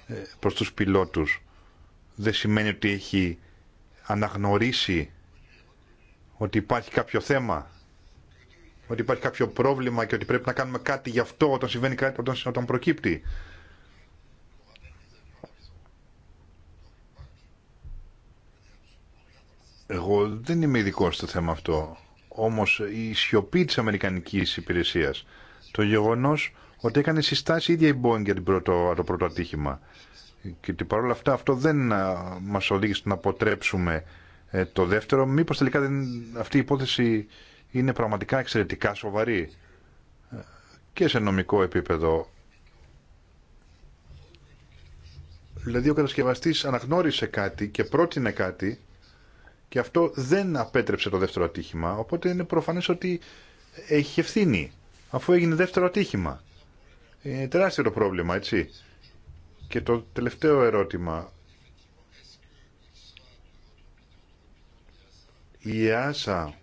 ε, προς τους πιλότους, δεν σημαίνει ότι έχει αναγνωρίσει ότι υπάρχει κάποιο θέμα ότι υπάρχει κάποιο πρόβλημα και ότι πρέπει να κάνουμε κάτι γι' αυτό όταν συμβαίνει κάτι, όταν, όταν προκύπτει. Εγώ δεν είμαι ειδικό στο θέμα αυτό. Όμως η σιωπή τη Αμερικανικής υπηρεσίας, το γεγονός ότι έκανε συστάσει ίδια η Boeing για πρώτο, το πρώτο ατύχημα και ότι παρόλα αυτά αυτό δεν μας οδήγησε να αποτρέψουμε ε, το δεύτερο, Μήπω τελικά δεν, αυτή η υπόθεση είναι πραγματικά εξαιρετικά σοβαρή ε, και σε νομικό επίπεδο. Δηλαδή ο κατασκευαστής αναγνώρισε κάτι και πρότεινε κάτι και αυτό δεν απέτρεψε το δεύτερο ατύχημα, οπότε είναι προφανές ότι έχει ευθύνη, αφού έγινε δεύτερο ατύχημα. Είναι τεράστιο το πρόβλημα, έτσι. Και το τελευταίο ερώτημα. Η ΕΑΣΑ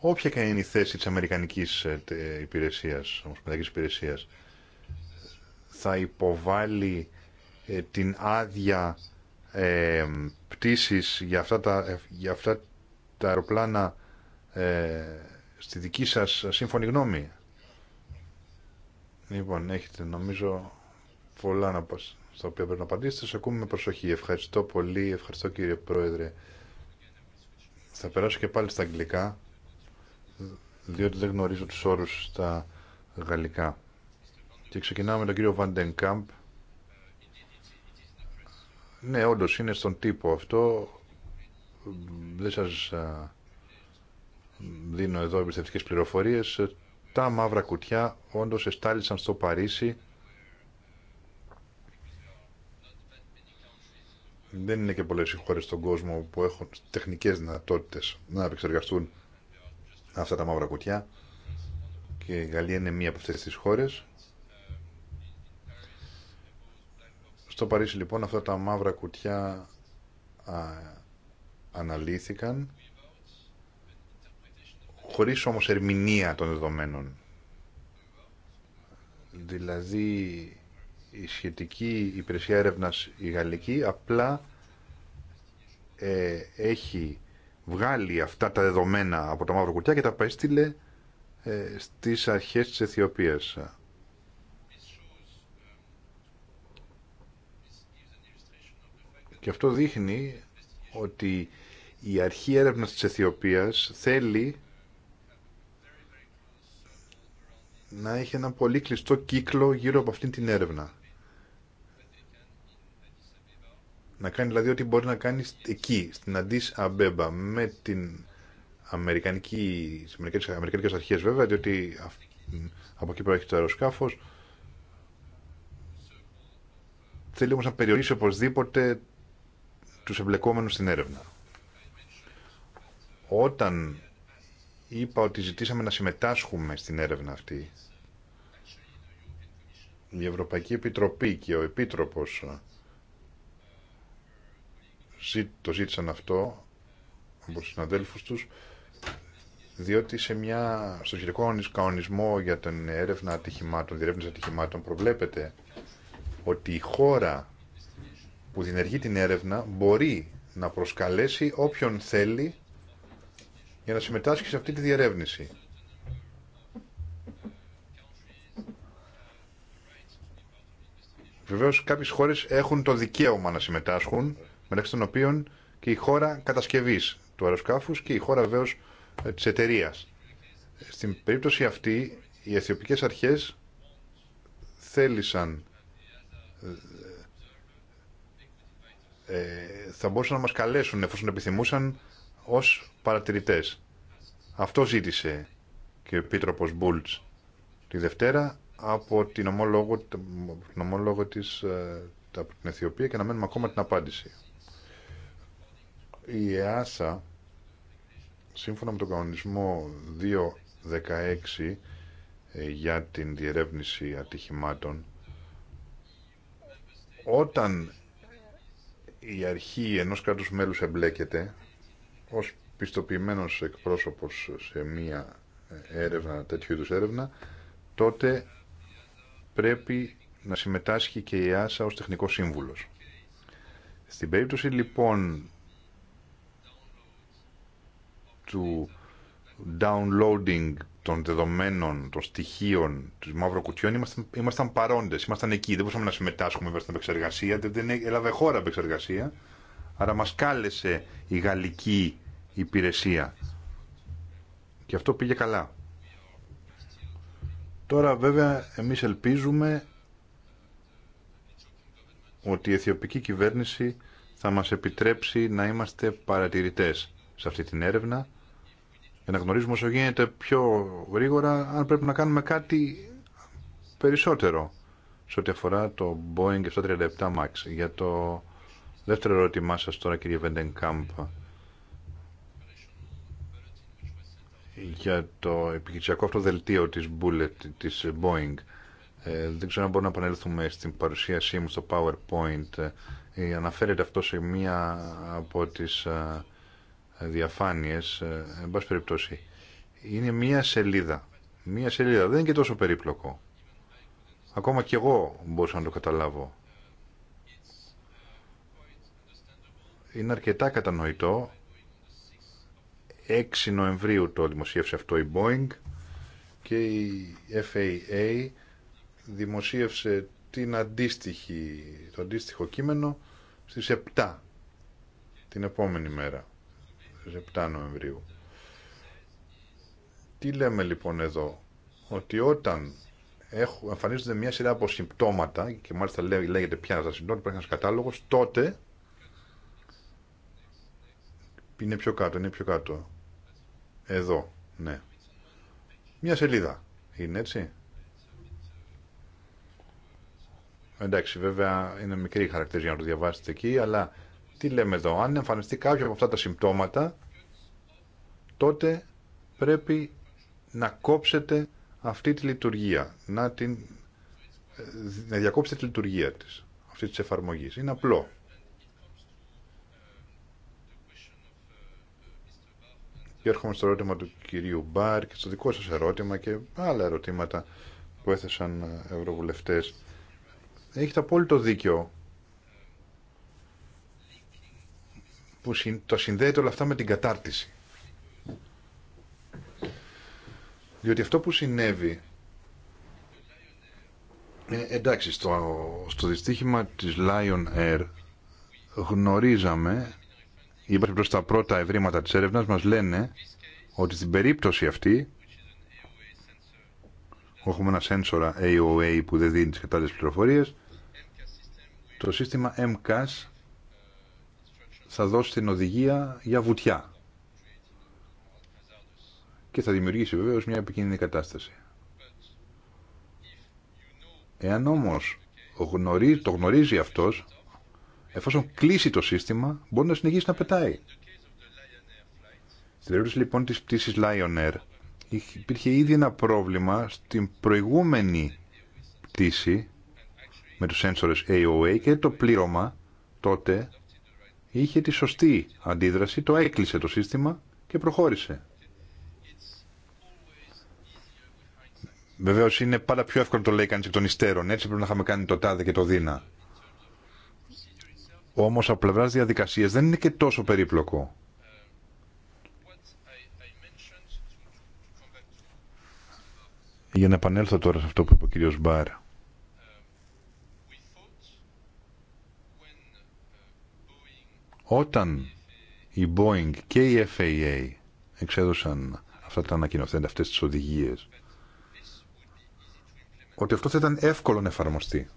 όποια και είναι η θέση της Αμερικανικής ε, υπηρεσίας, ομοσπονδιακής υπηρεσίας, θα υποβάλει ε, την άδεια ε, πτήσης για αυτά τα, ε, για αυτά τα αεροπλάνα ε, στη δική σας σύμφωνη γνώμη. Λοιπόν, έχετε νομίζω πολλά να πας στα οποία πρέπει να απαντήσετε. Σας ακούμε με προσοχή. Ευχαριστώ πολύ. Ευχαριστώ κύριε Πρόεδρε. Θα περάσω και πάλι στα αγγλικά διότι δεν γνωρίζω τους όρους στα γαλλικά. Και ξεκινάμε με τον κύριο Βαντενκάμπ. Ναι, όντω είναι στον τύπο αυτό. Δεν σας δίνω εδώ εμπιστευτικές πληροφορίες. Τα μαύρα κουτιά όντως εστάλησαν στο Παρίσι. Δεν είναι και πολλές οι χώρες στον κόσμο που έχουν τεχνικές δυνατότητες να επεξεργαστούν αυτά τα μαύρα κουτιά και η Γαλλία είναι μία από αυτές τις χώρες. Στο Παρίσι λοιπόν αυτά τα μαύρα κουτιά α, αναλύθηκαν χωρίς όμως ερμηνεία των δεδομένων. Δηλαδή η σχετική υπηρεσία έρευνας η γαλλική απλά ε, έχει βγάλει αυτά τα δεδομένα από τα μαύρα κουτιά και τα παίστηλε ε, στις αρχές της Αιθιοπίας. Και αυτό δείχνει ότι η αρχή έρευνα της Αιθιοπίας θέλει να έχει ένα πολύ κλειστό κύκλο γύρω από αυτήν την έρευνα. Να κάνει δηλαδή ό,τι μπορεί να κάνει εκεί, στην αντί Αμπέμπα, με την Αμερικανική, τις αρχές βέβαια, διότι από εκεί προέρχεται το αεροσκάφος. Θέλει όμως να περιορίσει οπωσδήποτε τους εμπλεκόμενους στην έρευνα. Όταν είπα ότι ζητήσαμε να συμμετάσχουμε στην έρευνα αυτή, η Ευρωπαϊκή Επιτροπή και ο Επίτροπος το ζήτησαν αυτό από τους συναδέλφους τους διότι σε μια, στο σχετικό κανονισμό για την έρευνα ατυχημάτων, διερεύνηση ατυχημάτων προβλέπεται ότι η χώρα που διενεργεί την έρευνα μπορεί να προσκαλέσει όποιον θέλει για να συμμετάσχει σε αυτή τη διερεύνηση. Βεβαίως κάποιες χώρες έχουν το δικαίωμα να συμμετάσχουν μεταξύ των οποίων και η χώρα κατασκευή του αεροσκάφου και η χώρα βεβαίω ε, τη εταιρεία. Στην περίπτωση αυτή οι αιθιοπικές αρχές θέλησαν ε, ε, θα μπορούσαν να μας καλέσουν εφόσον επιθυμούσαν ως παρατηρητές. Αυτό ζήτησε και ο Επίτροπος Μπούλτς τη Δευτέρα από την ομόλογο, ομόλογο της από την Αιθιοπία και αναμένουμε ακόμα την απάντηση. Η ΕΑΣΑ, σύμφωνα με τον κανονισμό 2.16 ε, για την διερεύνηση ατυχημάτων, όταν η αρχή ενός κράτους μέλους εμπλέκεται ως πιστοποιημένος εκπρόσωπος σε μία ε, έρευνα, τέτοιου είδους έρευνα, τότε πρέπει να συμμετάσχει και η ΆΣΑ ως τεχνικό σύμβουλος. Στην περίπτωση λοιπόν του downloading των δεδομένων, των στοιχείων του μαύρου κουτιών ήμασταν, ήμασταν παρόντε, ήμασταν εκεί. Δεν μπορούσαμε να συμμετάσχουμε στην επεξεργασία, δεν, δεν έλαβε χώρα επεξεργασία. Άρα μα κάλεσε η γαλλική υπηρεσία. Και αυτό πήγε καλά. Τώρα βέβαια εμείς ελπίζουμε ότι η αιθιοπική κυβέρνηση θα μας επιτρέψει να είμαστε παρατηρητές σε αυτή την έρευνα να γνωρίζουμε όσο γίνεται πιο γρήγορα αν πρέπει να κάνουμε κάτι περισσότερο σε ό,τι αφορά το Boeing 737 MAX. Για το δεύτερο ερώτημά σας τώρα κύριε Βεντενκάμπ για το επιχειρησιακό αυτό δελτίο της Bullet, της Boeing. Ε, δεν ξέρω αν μπορούμε να επανέλθουμε στην παρουσίασή μου στο PowerPoint. Ε, αναφέρεται αυτό σε μία από τις ε, διαφάνειες, ε, εν πάση περιπτώσει, είναι μία σελίδα. Μία σελίδα. Δεν είναι και τόσο περίπλοκο. Ακόμα και εγώ μπορούσα να το καταλάβω. Είναι αρκετά κατανοητό. 6 Νοεμβρίου το δημοσίευσε αυτό η Boeing και η FAA δημοσίευσε την αντίστοιχη, το αντίστοιχο κείμενο στις 7 την επόμενη μέρα. 7 Νοεμβρίου. Τι λέμε λοιπόν εδώ, ότι όταν έχουν, εμφανίζονται μια σειρά από συμπτώματα και μάλιστα λέγεται πια τα συμπτώματα, υπάρχει ένα κατάλογος, τότε είναι πιο κάτω, είναι πιο κάτω. Εδώ, ναι. Μια σελίδα είναι έτσι. Εντάξει, βέβαια είναι μικρή χαρακτήρα για να το διαβάσετε εκεί, αλλά τι λέμε εδώ, αν εμφανιστεί κάποιο από αυτά τα συμπτώματα, τότε πρέπει να κόψετε αυτή τη λειτουργία, να, την, να διακόψετε τη λειτουργία της, αυτή της εφαρμογής. Είναι απλό. Και έρχομαι στο ερώτημα του κυρίου Μπάρ και στο δικό σας ερώτημα και άλλα ερωτήματα που έθεσαν ε, ευρωβουλευτές. Έχετε απόλυτο δίκιο που το συνδέεται όλα αυτά με την κατάρτιση. Διότι αυτό που συνέβη ε, εντάξει, στο, στο δυστύχημα της Lion Air γνωρίζαμε, είπαμε προς τα πρώτα ευρήματα της έρευνας, μας λένε ότι στην περίπτωση αυτή έχουμε ένα σένσορα AOA που δεν δίνει τις κατάλληλες πληροφορίες το σύστημα MCAS θα δώσει την οδηγία για βουτιά. Και θα δημιουργήσει βεβαίως μια επικίνδυνη κατάσταση. Εάν όμως το γνωρίζει αυτός, εφόσον κλείσει το σύστημα, μπορεί να συνεχίσει να πετάει. Στην περίπτωση λοιπόν της πτήσης Lion Air, υπήρχε ήδη ένα πρόβλημα στην προηγούμενη πτήση με τους sensors AOA και το πλήρωμα τότε είχε τη σωστή αντίδραση, το έκλεισε το σύστημα και προχώρησε. Βεβαίω είναι πάντα πιο εύκολο το λέει κανεί εκ των υστέρων. Έτσι πρέπει να είχαμε κάνει το τάδε και το δίνα. Όμω από πλευρά διαδικασία δεν είναι και τόσο περίπλοκο. Για να επανέλθω τώρα σε αυτό που είπε ο κ. Μπάρα. Όταν η Boeing και η FAA εξέδωσαν αυτά τα ανακοινωθέντα, αυτές τις οδηγίες, ότι αυτό θα ήταν εύκολο να εφαρμοστεί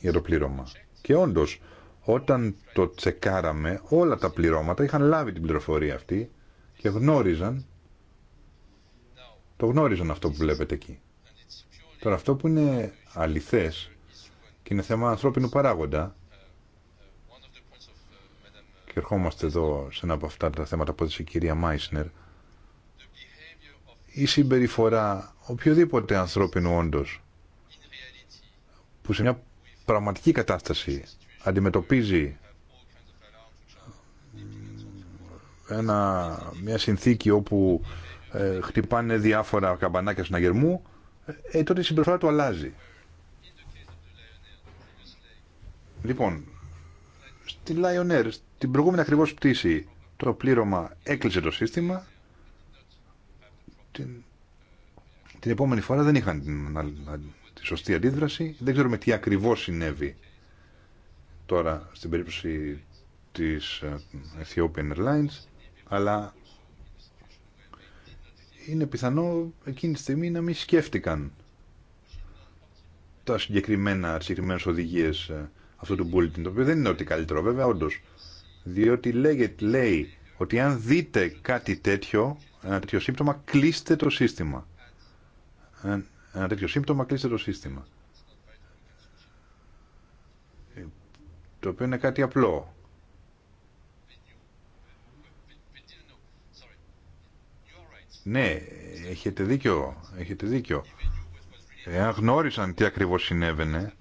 για το πλήρωμα. Και όντως, όταν το τσεκάραμε, όλα τα πληρώματα είχαν λάβει την πληροφορία αυτή και γνώριζαν, το γνώριζαν αυτό που βλέπετε εκεί. Τώρα αυτό που είναι αληθές και είναι θέμα ανθρώπινου παράγοντα, ερχόμαστε εδώ σε ένα από αυτά τα θέματα που έδωσε η κυρία Μάισνερ, η συμπεριφορά οποιοδήποτε ανθρώπινου όντω που σε μια πραγματική κατάσταση αντιμετωπίζει ε, ένα, μια συνθήκη όπου ε, χτυπάνε διάφορα καμπανάκια στον αγερμού, ε, τότε η συμπεριφορά του αλλάζει. Λοιπόν, στη Λάιονέρ, την προηγούμενη ακριβώ πτήση το πλήρωμα έκλεισε το σύστημα. Την, την επόμενη φορά δεν είχαν την, τη σωστή αντίδραση. Δεν ξέρουμε τι ακριβώς συνέβη τώρα στην περίπτωση της ε, Ethiopian Airlines, αλλά είναι πιθανό εκείνη τη στιγμή να μην σκέφτηκαν τα συγκεκριμένα, συγκεκριμένες οδηγίες ε, αυτού του bulletin, το οποίο δεν είναι ότι καλύτερο βέβαια, όντως διότι λέγεται, λέει ότι αν δείτε κάτι τέτοιο, ένα τέτοιο σύμπτωμα, κλείστε το σύστημα. Ένα τέτοιο σύμπτωμα, κλείστε το σύστημα. Ε, το οποίο είναι κάτι απλό. Ναι, έχετε δίκιο, έχετε δίκιο. Εάν γνώρισαν τι ακριβώς συνέβαινε,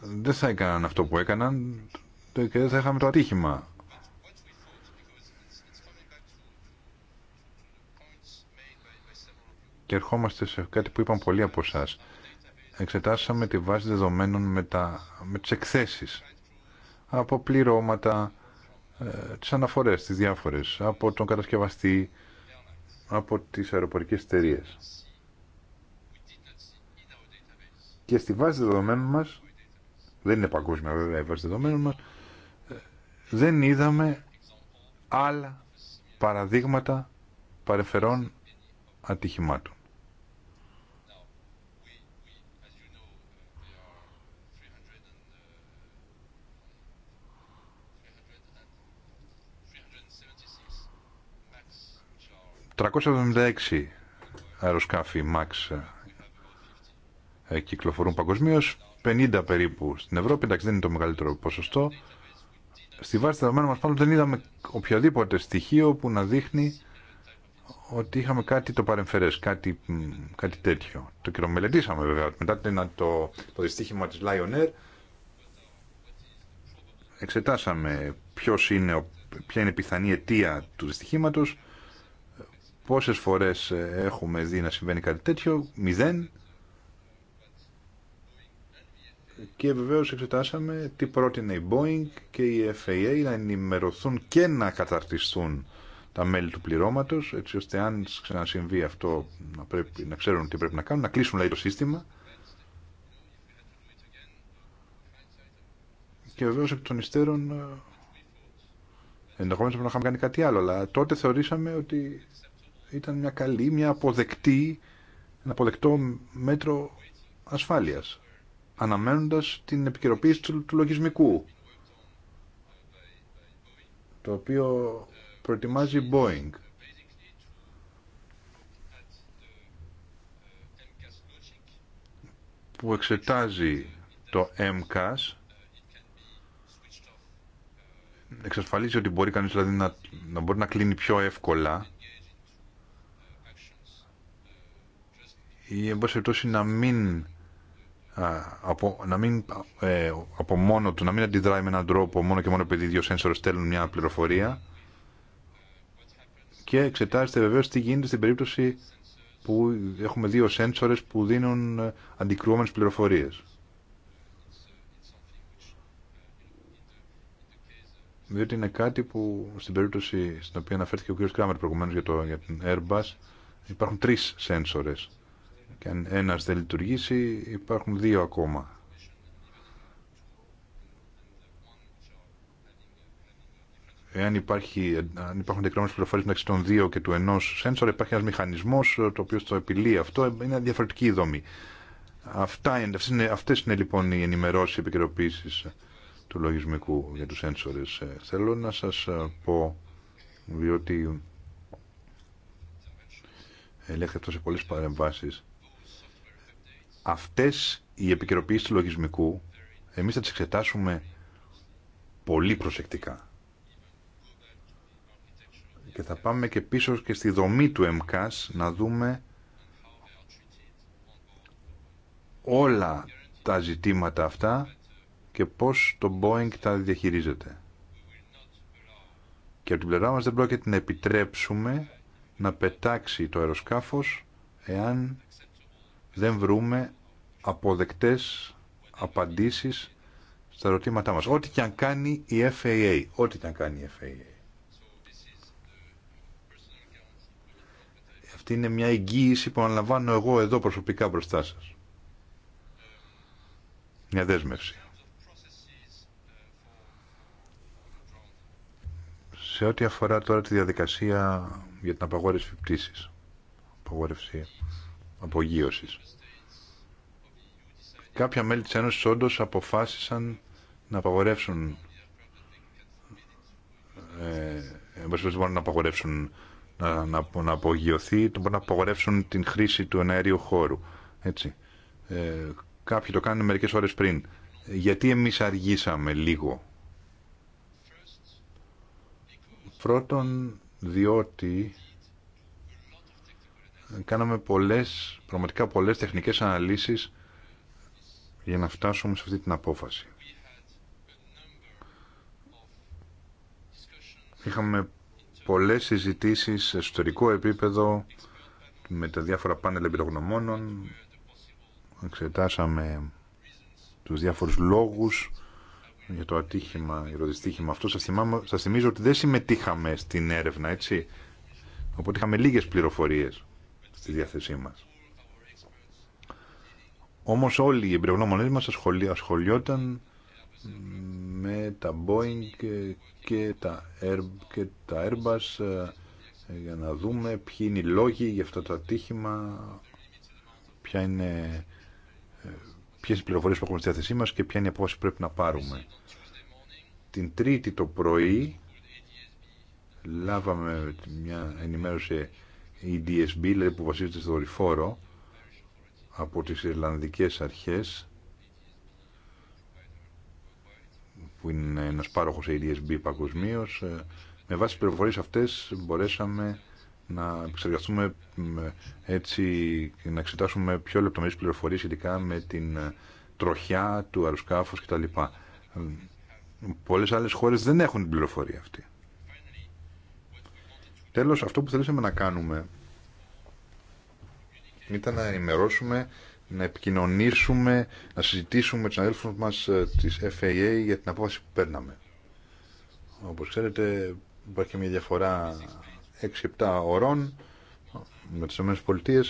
δεν θα έκαναν αυτό που έκαναν, και δεν θα είχαμε το ατύχημα. Και ερχόμαστε σε κάτι που είπαν πολλοί από εσά. Εξετάσαμε τη βάση δεδομένων με, τα, με τις εκθέσεις. Από πληρώματα, ε, τις αναφορές, τις διάφορες, από τον κατασκευαστή, από τις αεροπορικές εταιρείε. Και στη βάση δεδομένων μας, δεν είναι παγκόσμια βέβαια η βάση δεδομένων μας, δεν είδαμε άλλα παραδείγματα παρεφερών ατυχημάτων. ...376 αεροσκάφη MAX ε, κυκλοφορούν παγκοσμίω, 50 περίπου στην Ευρώπη, εντάξει δεν είναι το μεγαλύτερο ποσοστό, στη βάση δεδομένων μας πάντων δεν είδαμε οποιοδήποτε στοιχείο που να δείχνει ότι είχαμε κάτι το παρεμφερές, κάτι, κάτι τέτοιο. Το κυρομελετήσαμε βέβαια μετά το, το, το δυστύχημα τη Lion Air. Εξετάσαμε ποιος είναι, ποια είναι η πιθανή αιτία του δυστυχήματος, πόσες φορές ε, έχουμε δει να συμβαίνει κάτι τέτοιο, μηδέν, και βεβαίω εξετάσαμε τι πρότεινε η Boeing και η FAA να ενημερωθούν και να καταρτιστούν τα μέλη του πληρώματος έτσι ώστε αν ξανασυμβεί αυτό να, πρέπει, να ξέρουν τι πρέπει να κάνουν, να κλείσουν δηλαδή το σύστημα και βεβαίω εκ των υστέρων ε, ενδεχομένω να είχαμε κάνει κάτι άλλο αλλά τότε θεωρήσαμε ότι ήταν μια καλή, μια αποδεκτή ένα αποδεκτό μέτρο ασφάλειας αναμένοντας την επικαιροποίηση του, λογισμικού το οποίο προετοιμάζει Boeing. που εξετάζει το MCAS εξασφαλίζει ότι μπορεί κανείς δηλαδή, να, μπορεί να κλείνει πιο εύκολα ή εν να μην από, να μην, ε, από μόνο του, να μην αντιδράει με έναν τρόπο μόνο και μόνο επειδή δύο σένσορες στέλνουν μια πληροφορία και εξετάζεται βεβαίω τι γίνεται στην περίπτωση που έχουμε δύο σένσορες που δίνουν ε, αντικρουόμενες πληροφορίες. Διότι είναι κάτι που στην περίπτωση στην οποία αναφέρθηκε ο κ. Κράμερ προηγουμένως για, το, για την Airbus υπάρχουν τρεις σένσορες και αν ένας δεν λειτουργήσει υπάρχουν δύο ακόμα. Εάν, υπάρχει, αν υπάρχουν δεκρόμενες πληροφορίες μεταξύ των δύο και του ενός σένσορ υπάρχει ένας μηχανισμός ε, το οποίο το επιλύει αυτό, ε, είναι διαφορετική η δομή. Αυτά είναι, αυτές, είναι, λοιπόν οι ενημερώσεις επικαιροποίησης του λογισμικού για τους σένσορες. Θέλω να σας ε, πω, διότι ελέγχεται σε πολλές παρεμβάσεις, Αυτές οι επικαιροποιήσεις του λογισμικού εμείς θα τις εξετάσουμε πολύ προσεκτικά. Και θα πάμε και πίσω και στη δομή του ΕΜΚΑΣ να δούμε όλα τα ζητήματα αυτά και πώς το Boeing τα διαχειρίζεται. Και από την πλευρά μας δεν πρόκειται να επιτρέψουμε να πετάξει το αεροσκάφος εάν δεν βρούμε αποδεκτές απαντήσεις στα ερωτήματά μας. Ό,τι και αν κάνει η FAA. Ό,τι και αν κάνει η FAA. Αυτή είναι μια εγγύηση που αναλαμβάνω εγώ εδώ προσωπικά μπροστά σας. Μια δέσμευση. Σε ό,τι αφορά τώρα τη διαδικασία για την απαγόρευση πτήσης. Απαγόρευση απογείωσης. Κάποια μέλη της Ένωσης όντως αποφάσισαν να απαγορεύσουν ε, ε να απαγορεύσουν να, να, να απογειωθεί, να απαγορεύσουν την χρήση του εναέριου χώρου. Έτσι. Ε, κάποιοι το κάνουν μερικές ώρες πριν. Γιατί εμείς αργήσαμε λίγο. Πρώτον, διότι Κάναμε πολλές, πραγματικά πολλές τεχνικές αναλύσεις για να φτάσουμε σε αυτή την απόφαση. Είχαμε πολλές συζητήσεις σε εσωτερικό επίπεδο με τα διάφορα πάνελ εμπειρογνωμόνων. Εξετάσαμε τους διάφορους λόγους για το ατύχημα, για το δυστύχημα αυτό. Σας, θυμάμαι, σας θυμίζω ότι δεν συμμετείχαμε στην έρευνα, έτσι. Οπότε είχαμε λίγες πληροφορίες στη διάθεσή μας. Όμως όλοι οι εμπειρογνώμονές μας ασχολιόταν με τα Boeing και τα, Air, Airbus ε, για να δούμε ποιοι είναι οι λόγοι για αυτό το ατύχημα, ποια είναι, ε, ποιες οι πληροφορίες που έχουμε στη διάθεσή μας και ποια είναι η απόφαση που πρέπει να πάρουμε. Την Τρίτη το πρωί λάβαμε μια ενημέρωση η DSB λέει, δηλαδή, που βασίζεται στο δορυφόρο από τις Ιρλανδικές αρχές που είναι ένας πάροχος η DSB παγκοσμίω. Ε, με βάση τις πληροφορίες αυτές μπορέσαμε να εξεργαστούμε ε, έτσι και να εξετάσουμε πιο λεπτομερείς πληροφορίες σχετικά με την ε, τροχιά του αεροσκάφους κτλ. Πολλές άλλες χώρες δεν έχουν την πληροφορία αυτή. Τέλος, αυτό που θέλησαμε να κάνουμε ήταν να ενημερώσουμε, να επικοινωνήσουμε, να συζητήσουμε με τους αδέλφους μας ε, της FAA για την απόφαση που παίρναμε. Όπως ξέρετε υπάρχει μια διαφορά 6-7 ωρών με τις ΗΠΑ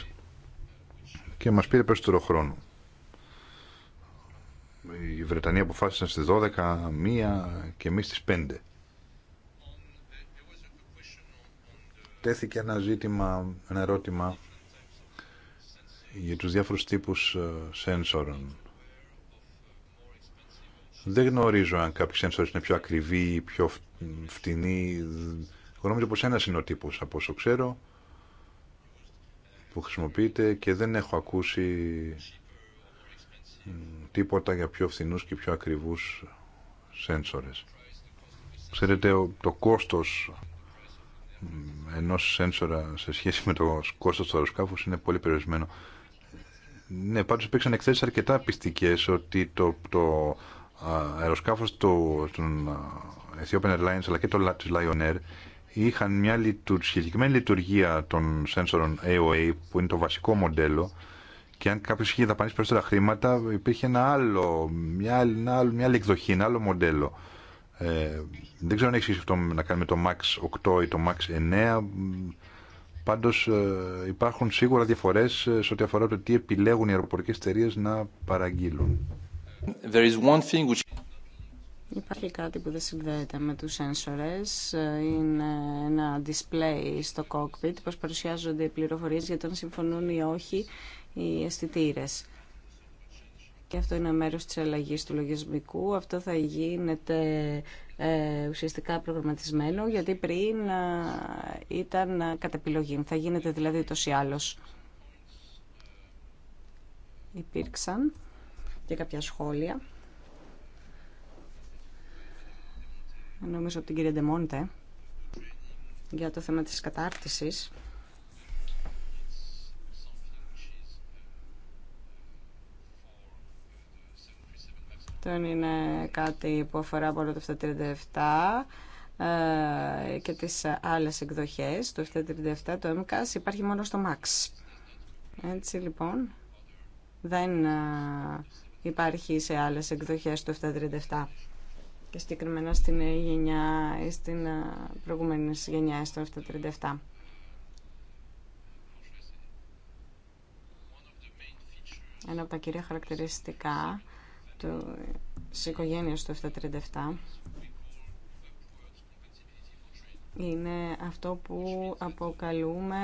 και μας πήρε περισσότερο χρόνο. Η Βρετανία αποφάσισε στις 12, 1 και εμείς στις 5. τέθηκε ένα ζήτημα, ένα ερώτημα για τους διάφορους τύπους ε, σένσορων. Δεν γνωρίζω αν κάποιοι σένσορες είναι πιο ακριβοί ή πιο φτηνοί. Εγώ πως ένας είναι ο τύπος από όσο ξέρω που χρησιμοποιείται και δεν έχω ακούσει τίποτα για πιο φθηνούς και πιο ακριβούς σένσορες. Ξέρετε, το κόστος ενός σένσορα σε σχέση με το κόστος του αεροσκάφους είναι πολύ περιορισμένο. Ναι, πάντως υπήρξαν εκθέσεις αρκετά πιστικές ότι το, το αεροσκάφος του, των Ethiopian Airlines αλλά και το, της Lion Air είχαν μια λειτου, συγκεκριμένη λειτουργία των σένσορων AOA που είναι το βασικό μοντέλο και αν κάποιος είχε δαπανίσει περισσότερα χρήματα υπήρχε ένα άλλο, μια, άλλη, μια άλλη εκδοχή, ένα άλλο μοντέλο. Ε, δεν ξέρω αν έχει σχέση αυτό να κάνει με το Max 8 ή το Max 9. Πάντως ε, υπάρχουν σίγουρα διαφορές ε, σε ό,τι αφορά το τι επιλέγουν οι αεροπορικέ εταιρείε να παραγγείλουν. There is one thing which... Υπάρχει κάτι που δεν συνδέεται με τους σένσορες, ε, είναι ένα display στο cockpit, πως παρουσιάζονται οι πληροφορίες για το αν συμφωνούν ή όχι οι αισθητήρε και αυτό είναι μέρος της αλλαγής του λογισμικού. Αυτό θα γίνεται ε, ουσιαστικά προγραμματισμένο, γιατί πριν ε, ήταν ε, επιλογή. Θα γίνεται δηλαδή το άλλος. Υπήρξαν και κάποια σχόλια. Νομίζω από την κυρία Ντεμόντε για το θέμα της κατάρτισης. τουλάχιστον είναι κάτι που αφορά από το 737 ε, και τις άλλες εκδοχές του 737 το MCAS υπάρχει μόνο στο MAX. Έτσι λοιπόν δεν ε, υπάρχει σε άλλες εκδοχές του 737 και συγκεκριμένα στην γενιά ή στην ε, προηγούμενη γενιά στο 737. Ένα από τα κυρία χαρακτηριστικά της οικογένειας του 737 είναι αυτό που αποκαλούμε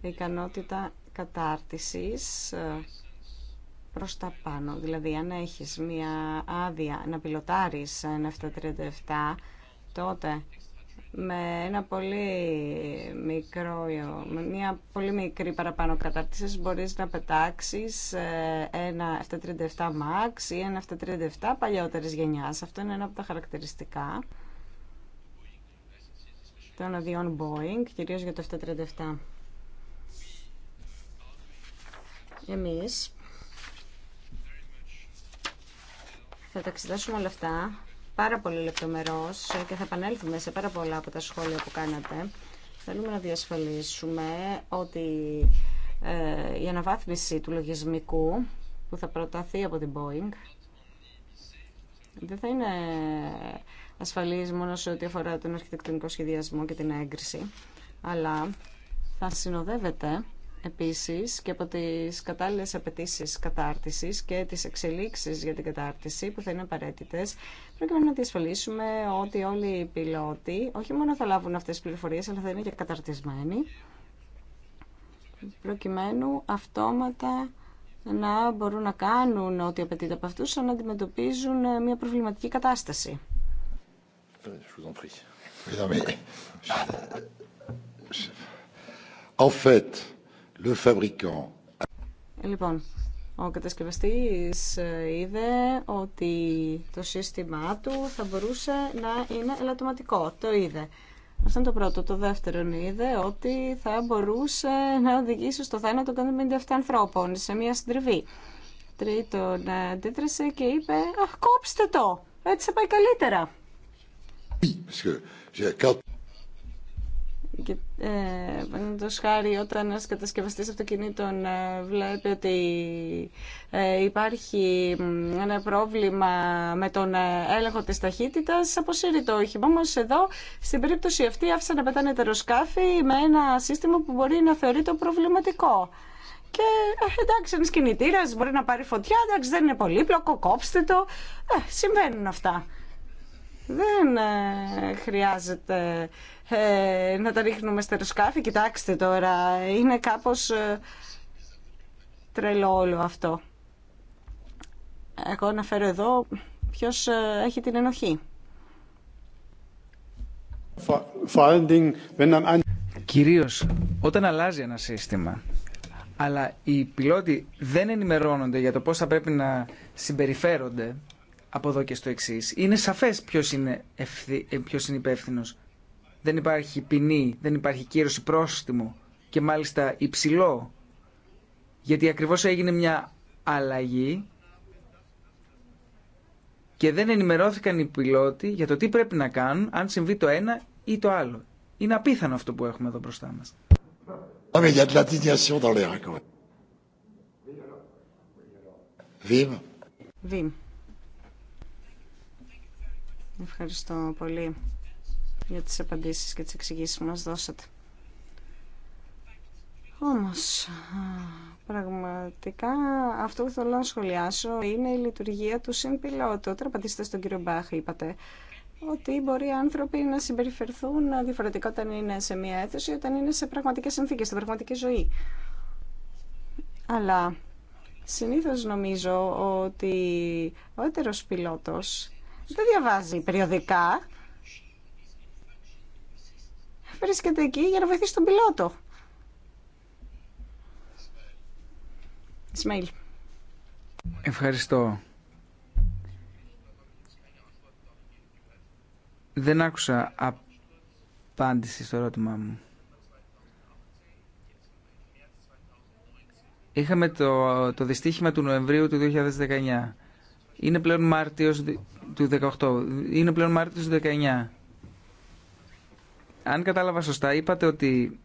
ικανότητα κατάρτισης ε, προς τα πάνω. Δηλαδή αν έχεις μία άδεια να πιλοτάρεις ένα 737 τότε με ένα πολύ μικρό, μια πολύ μικρή παραπάνω κατάρτιση μπορείς να πετάξεις ε, ένα F37 Max ή ένα F37 παλιότερης γενιάς. Αυτό είναι ένα από τα χαρακτηριστικά των αδειών Boeing, κυρίως για το F37. Εμείς θα τα εξετάσουμε όλα αυτά πάρα πολύ λεπτομερός και θα επανέλθουμε σε πάρα πολλά από τα σχόλια που κάνατε. Θέλουμε να διασφαλίσουμε ότι ε, η αναβάθμιση του λογισμικού που θα προταθεί από την Boeing δεν θα είναι ασφαλής μόνο σε ό,τι αφορά τον αρχιτεκτονικό σχεδιασμό και την έγκριση, αλλά θα συνοδεύεται επίσης και από τις κατάλληλες απαιτήσει κατάρτισης και τις εξελίξεις για την κατάρτιση που θα είναι απαραίτητε προκειμένου να διασφαλίσουμε ότι όλοι οι πιλότοι όχι μόνο θα λάβουν αυτές τις πληροφορίες, αλλά θα είναι και καταρτισμένοι, προκειμένου αυτόματα να μπορούν να κάνουν ό,τι απαιτείται από αυτούς, να αντιμετωπίζουν ε, μια προβληματική κατάσταση. Λοιπόν, ο κατασκευαστής ε, είδε ότι το σύστημά του θα μπορούσε να είναι ελαττωματικό. Το είδε. Αυτό είναι το πρώτο. Το δεύτερο είδε ότι θα μπορούσε να οδηγήσει στο θάνατο 157 ανθρώπων σε μια συντριβή. Τρίτον, ε, αντίδρασε και είπε «Αχ, κόψτε το! Έτσι θα πάει καλύτερα». Ε, Παραδείγματο χάρη, όταν ένα κατασκευαστή αυτοκινήτων ε, βλέπει ότι ε, υπάρχει ένα πρόβλημα με τον έλεγχο τη ταχύτητα, αποσύρει το όχημα. Όμω εδώ, στην περίπτωση αυτή, άφησαν να πετάνε τεροσκάφη με ένα σύστημα που μπορεί να θεωρεί το προβληματικό. Και εντάξει, ένα κινητήρα μπορεί να πάρει φωτιά, εντάξει, δεν είναι πολύπλοκο, κόψτε το. Ε, συμβαίνουν αυτά. Δεν χρειάζεται ε, να τα ρίχνουμε στο Κοιτάξτε τώρα, είναι κάπως ε, τρελό όλο αυτό. Εγώ αναφέρω εδώ ποιος ε, έχει την ενοχή. Κυρίως όταν αλλάζει ένα σύστημα αλλά οι πιλότοι δεν ενημερώνονται για το πώς θα πρέπει να συμπεριφέρονται από εδώ και στο εξή. Είναι σαφές ποιος είναι, ευθύ, ε, ποιος είναι υπεύθυνος δεν υπάρχει ποινή, δεν υπάρχει κύρωση πρόστιμο και μάλιστα υψηλό, γιατί ακριβώς έγινε μια αλλαγή και δεν ενημερώθηκαν οι πιλότοι για το τι πρέπει να κάνουν αν συμβεί το ένα ή το άλλο. Είναι απίθανο αυτό που έχουμε εδώ μπροστά μας. Βιμ. Ευχαριστώ πολύ για τις απαντήσεις και τις εξηγήσεις που μας δώσατε. Όμως, πραγματικά αυτό που θέλω να σχολιάσω είναι η λειτουργία του συμπιλότου. Όταν απαντήσετε στον κύριο Μπάχ, είπατε ότι μπορεί οι άνθρωποι να συμπεριφερθούν διαφορετικά όταν είναι σε μια αίθουσα ή όταν είναι σε πραγματικές συνθήκες, στην πραγματική ζωή. Αλλά συνήθως νομίζω ότι ο έτερος πιλότος δεν διαβάζει περιοδικά βρίσκεται εκεί για να βοηθήσει τον πιλότο. Ισμαήλ. Ευχαριστώ. Δεν άκουσα απάντηση στο ερώτημά μου. Είχαμε το, το δυστύχημα του Νοεμβρίου του 2019. Είναι πλέον Μάρτιος του 18. Είναι πλέον Μάρτιος του 19. Αν κατάλαβα σωστά, είπατε ότι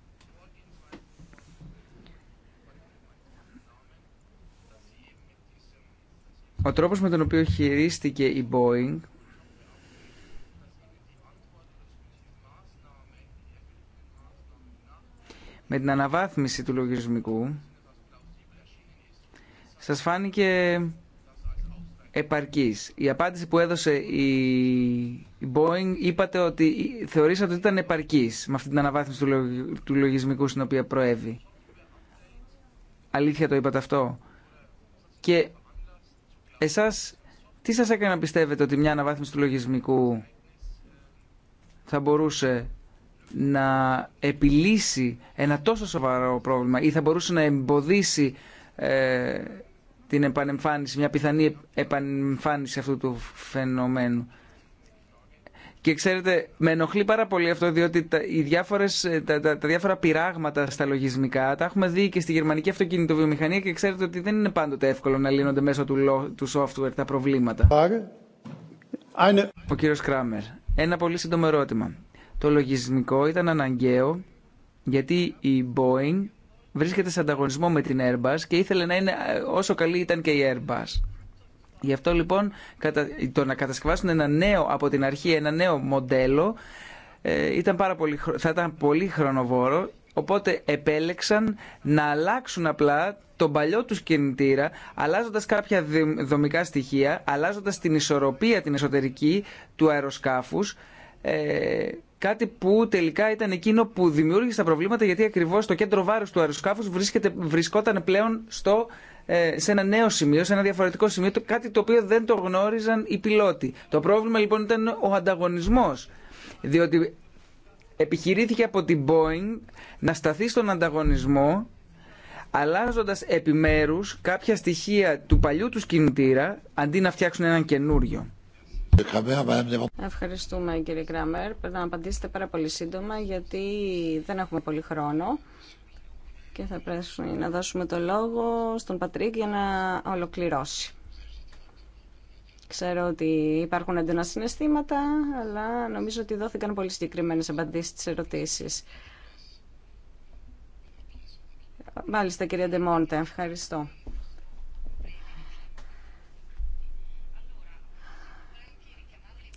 ο τρόπος με τον οποίο χειρίστηκε η Boeing με την αναβάθμιση του λογισμικού σας φάνηκε επαρκής. Η απάντηση που έδωσε η Boeing είπατε ότι θεωρήσατε ότι ήταν επαρκής με αυτή την αναβάθμιση του λογισμικού στην οποία προέβη. Αλήθεια το είπατε αυτό. Και εσάς τι σας έκανε να πιστεύετε ότι μια αναβάθμιση του λογισμικού θα μπορούσε να επιλύσει ένα τόσο σοβαρό πρόβλημα ή θα μπορούσε να εμποδίσει ε, την επανεμφάνιση, μια πιθανή επανεμφάνιση αυτού του φαινομένου. Και ξέρετε, με ενοχλεί πάρα πολύ αυτό, διότι τα, οι διάφορες, τα, τα, διάφορα πειράγματα στα λογισμικά τα έχουμε δει και στη γερμανική αυτοκινητοβιομηχανία και ξέρετε ότι δεν είναι πάντοτε εύκολο να λύνονται μέσω του, του software τα προβλήματα. Ο κύριος Κράμερ, ένα πολύ σύντομο ερώτημα. Το λογισμικό ήταν αναγκαίο γιατί η Boeing βρίσκεται σε ανταγωνισμό με την Airbus και ήθελε να είναι όσο καλή ήταν και η Airbus. Γι' αυτό λοιπόν το να κατασκευάσουν ένα νέο από την αρχή, ένα νέο μοντέλο ε, ήταν πάρα θα ήταν πολύ χρονοβόρο οπότε επέλεξαν να αλλάξουν απλά τον παλιό τους κινητήρα αλλάζοντας κάποια δομικά στοιχεία, αλλάζοντας την ισορροπία την εσωτερική του αεροσκάφους ε, Κάτι που τελικά ήταν εκείνο που δημιούργησε τα προβλήματα γιατί ακριβώς το κέντρο βάρους του αεροσκάφους βρισκόταν πλέον στο, ε, σε ένα νέο σημείο, σε ένα διαφορετικό σημείο, κάτι το οποίο δεν το γνώριζαν οι πιλότοι. Το πρόβλημα λοιπόν ήταν ο ανταγωνισμός, διότι επιχειρήθηκε από την Boeing να σταθεί στον ανταγωνισμό αλλάζοντα επιμέρου κάποια στοιχεία του παλιού του κινητήρα αντί να φτιάξουν έναν καινούριο. Ευχαριστούμε κύριε Κράμερ. Πρέπει να απαντήσετε πάρα πολύ σύντομα γιατί δεν έχουμε πολύ χρόνο και θα πρέπει να δώσουμε το λόγο στον Πατρίκ για να ολοκληρώσει. Ξέρω ότι υπάρχουν έντονα συναισθήματα, αλλά νομίζω ότι δόθηκαν πολύ συγκεκριμένε απαντήσει στι ερωτήσει. Μάλιστα, κυρία Ντεμόντε, ευχαριστώ.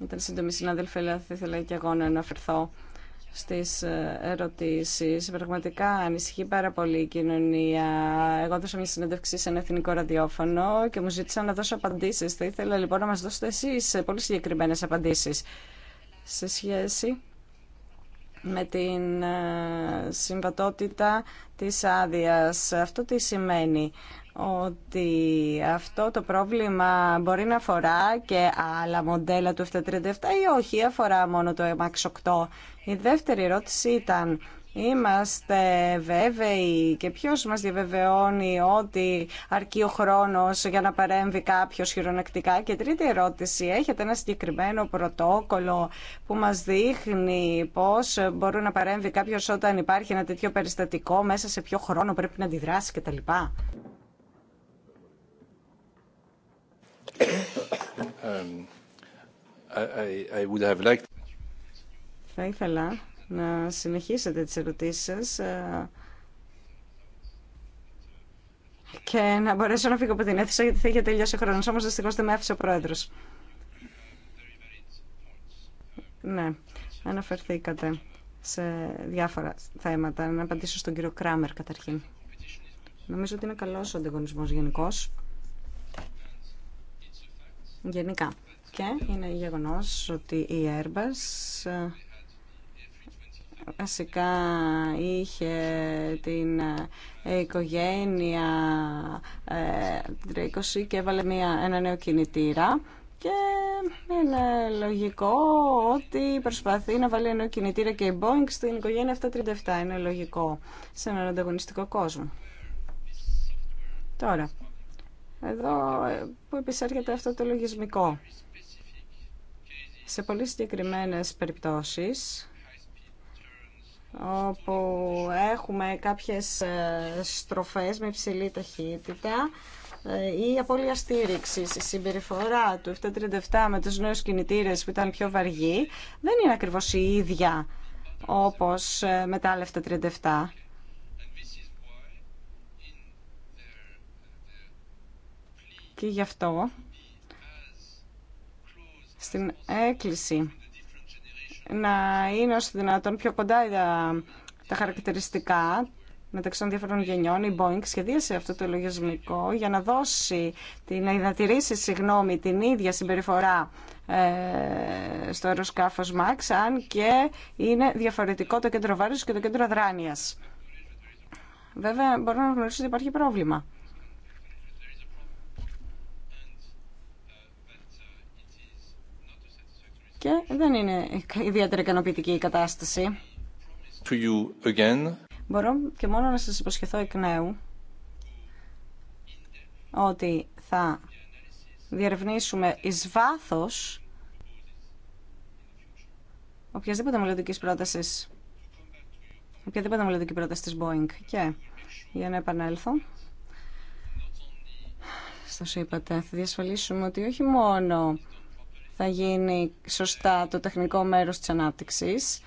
Ήταν σύντομη συνάδελφα, αλλά θα ήθελα και εγώ να αναφερθώ στις ε, ερωτήσεις. Πραγματικά ανησυχεί πάρα πολύ η κοινωνία. Εγώ δώσα μια συνέντευξη σε ένα εθνικό ραδιόφωνο και μου ζήτησαν να δώσω απαντήσεις. Θα ήθελα λοιπόν να μας δώσετε εσείς ε, πολύ συγκεκριμένες απαντήσεις σε σχέση με την ε, συμβατότητα της άδειας. Αυτό τι σημαίνει ότι αυτό το πρόβλημα μπορεί να αφορά και άλλα μοντέλα του 737 ή όχι, αφορά μόνο το MAX 8. Η δεύτερη ερώτηση ήταν, είμαστε βέβαιοι και ποιος μας διαβεβαιώνει ότι αρκεί ο χρόνος για να παρέμβει κάποιος χειρονακτικά. Και τρίτη ερώτηση, έχετε ένα συγκεκριμένο πρωτόκολλο που μας δείχνει πώς μπορεί να παρέμβει κάποιος όταν υπάρχει ένα τέτοιο περιστατικό, μέσα σε ποιο χρόνο πρέπει να αντιδράσει κτλ. Um, θα ήθελα να συνεχίσετε τις ερωτήσεις σας ε, και να μπορέσω να φύγω από την αίθουσα γιατί θα είχε τελειώσει ο χρόνος, όμως δυστυχώς δεν με άφησε ο πρόεδρος. Ναι, αναφερθήκατε σε διάφορα θέματα. Να απαντήσω στον κύριο Κράμερ καταρχήν. Νομίζω ότι είναι καλός ο ανταγωνισμός γενικός γενικά. Και είναι γεγονός ότι η Airbus ε, βασικά είχε την ε, οικογένεια 20 ε, και έβαλε μια, ένα νέο κινητήρα και είναι λογικό ότι προσπαθεί να βάλει ένα νέο κινητήρα και η Boeing στην οικογένεια 737. Είναι λογικό σε έναν ανταγωνιστικό κόσμο. Τώρα, εδώ ε, που επισέρχεται αυτό το λογισμικό. Σε πολύ συγκεκριμένες περιπτώσεις, όπου έχουμε κάποιες ε, στροφές με υψηλή ταχύτητα, η ε, απώλεια στήριξη, η συμπεριφορά του 737 με τους νέους κινητήρες που ήταν πιο βαργοί, δεν είναι ακριβώς η ίδια όπως με τα άλλα 737. Και γι' αυτό στην έκκληση να είναι όσο δυνατόν πιο κοντά τα χαρακτηριστικά μεταξύ των διάφορων γενιών, η Boeing σχεδίασε αυτό το λογισμικό για να δώσει, την, να υδατηρήσει, συγγνώμη, την ίδια συμπεριφορά ε, στο αεροσκάφος Max, αν και είναι διαφορετικό το κέντρο βάρους και το κέντρο δράνειας. Βέβαια, μπορώ να γνωρίσουμε ότι υπάρχει πρόβλημα. και δεν είναι ιδιαίτερα ικανοποιητική η κατάσταση. you again. Μπορώ και μόνο να σας υποσχεθώ εκ νέου ότι θα διερευνήσουμε εις βάθος οποιασδήποτε μελλοντικής πρότασης οποιαδήποτε μελλοντική πρόταση της Boeing και για να επανέλθω σας είπατε θα διασφαλίσουμε ότι όχι μόνο θα γίνει σωστά το τεχνικό μέρος της ανάπτυξης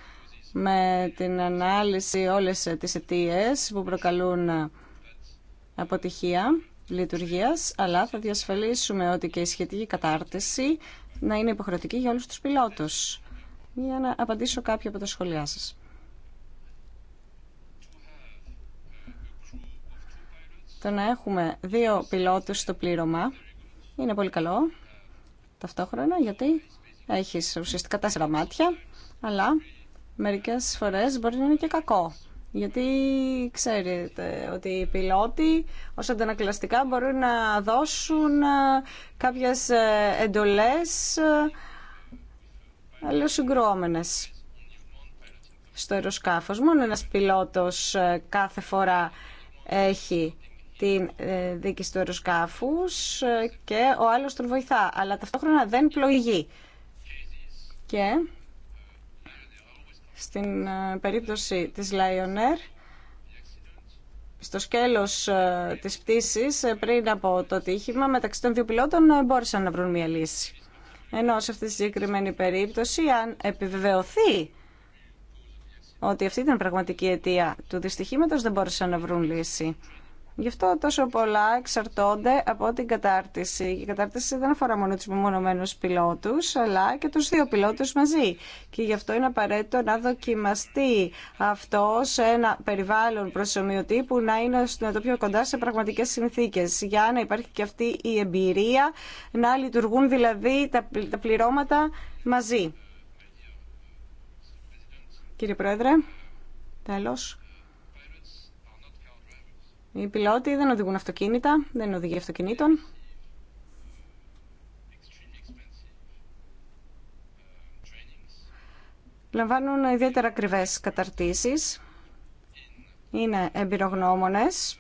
με την ανάλυση όλες τις αιτίε που προκαλούν αποτυχία λειτουργίας, αλλά θα διασφαλίσουμε ότι και η σχετική κατάρτιση να είναι υποχρεωτική για όλους τους πιλότους. Για να απαντήσω κάποια από τα σχόλιά σας. Το να έχουμε δύο πιλότους στο πλήρωμα είναι πολύ καλό ταυτόχρονα γιατί έχεις ουσιαστικά τέσσερα μάτια, αλλά μερικές φορές μπορεί να είναι και κακό. Γιατί ξέρετε ότι οι πιλότοι ως αντανακλαστικά μπορούν να δώσουν ε, κάποιες ε, εντολές ε, αλληλοσυγκρόμενες στο αεροσκάφος. Μόνο ένας πιλότος κάθε φορά έχει την ε, δίκηση του αεροσκάφου ε, και ο άλλο τον βοηθά, αλλά ταυτόχρονα δεν πλοηγεί. Και στην ε, περίπτωση της Lion στο σκέλος της πτήσης πριν από το τύχημα μεταξύ των δύο πιλότων μπόρεσαν να βρουν μια λύση. Ενώ σε αυτή τη συγκεκριμένη περίπτωση αν επιβεβαιωθεί ότι αυτή ήταν πραγματική αιτία του δυστυχήματος δεν μπόρεσαν να βρουν λύση. Γι' αυτό τόσο πολλά εξαρτώνται από την κατάρτιση. Η κατάρτιση δεν αφορά μόνο του μονομένους πιλότους, αλλά και τους δύο πιλότους μαζί. Και γι' αυτό είναι απαραίτητο να δοκιμαστεί αυτό σε ένα περιβάλλον προσωμιωτή που να είναι το πιο κοντά σε πραγματικές συνθήκες. Για να υπάρχει και αυτή η εμπειρία, να λειτουργούν δηλαδή τα πληρώματα μαζί. Κύριε Πρόεδρε, τέλος. Οι πιλότοι δεν οδηγούν αυτοκίνητα, δεν οδηγεί αυτοκινήτων. Λαμβάνουν ιδιαίτερα ακριβέ καταρτήσεις. Είναι εμπειρογνώμονες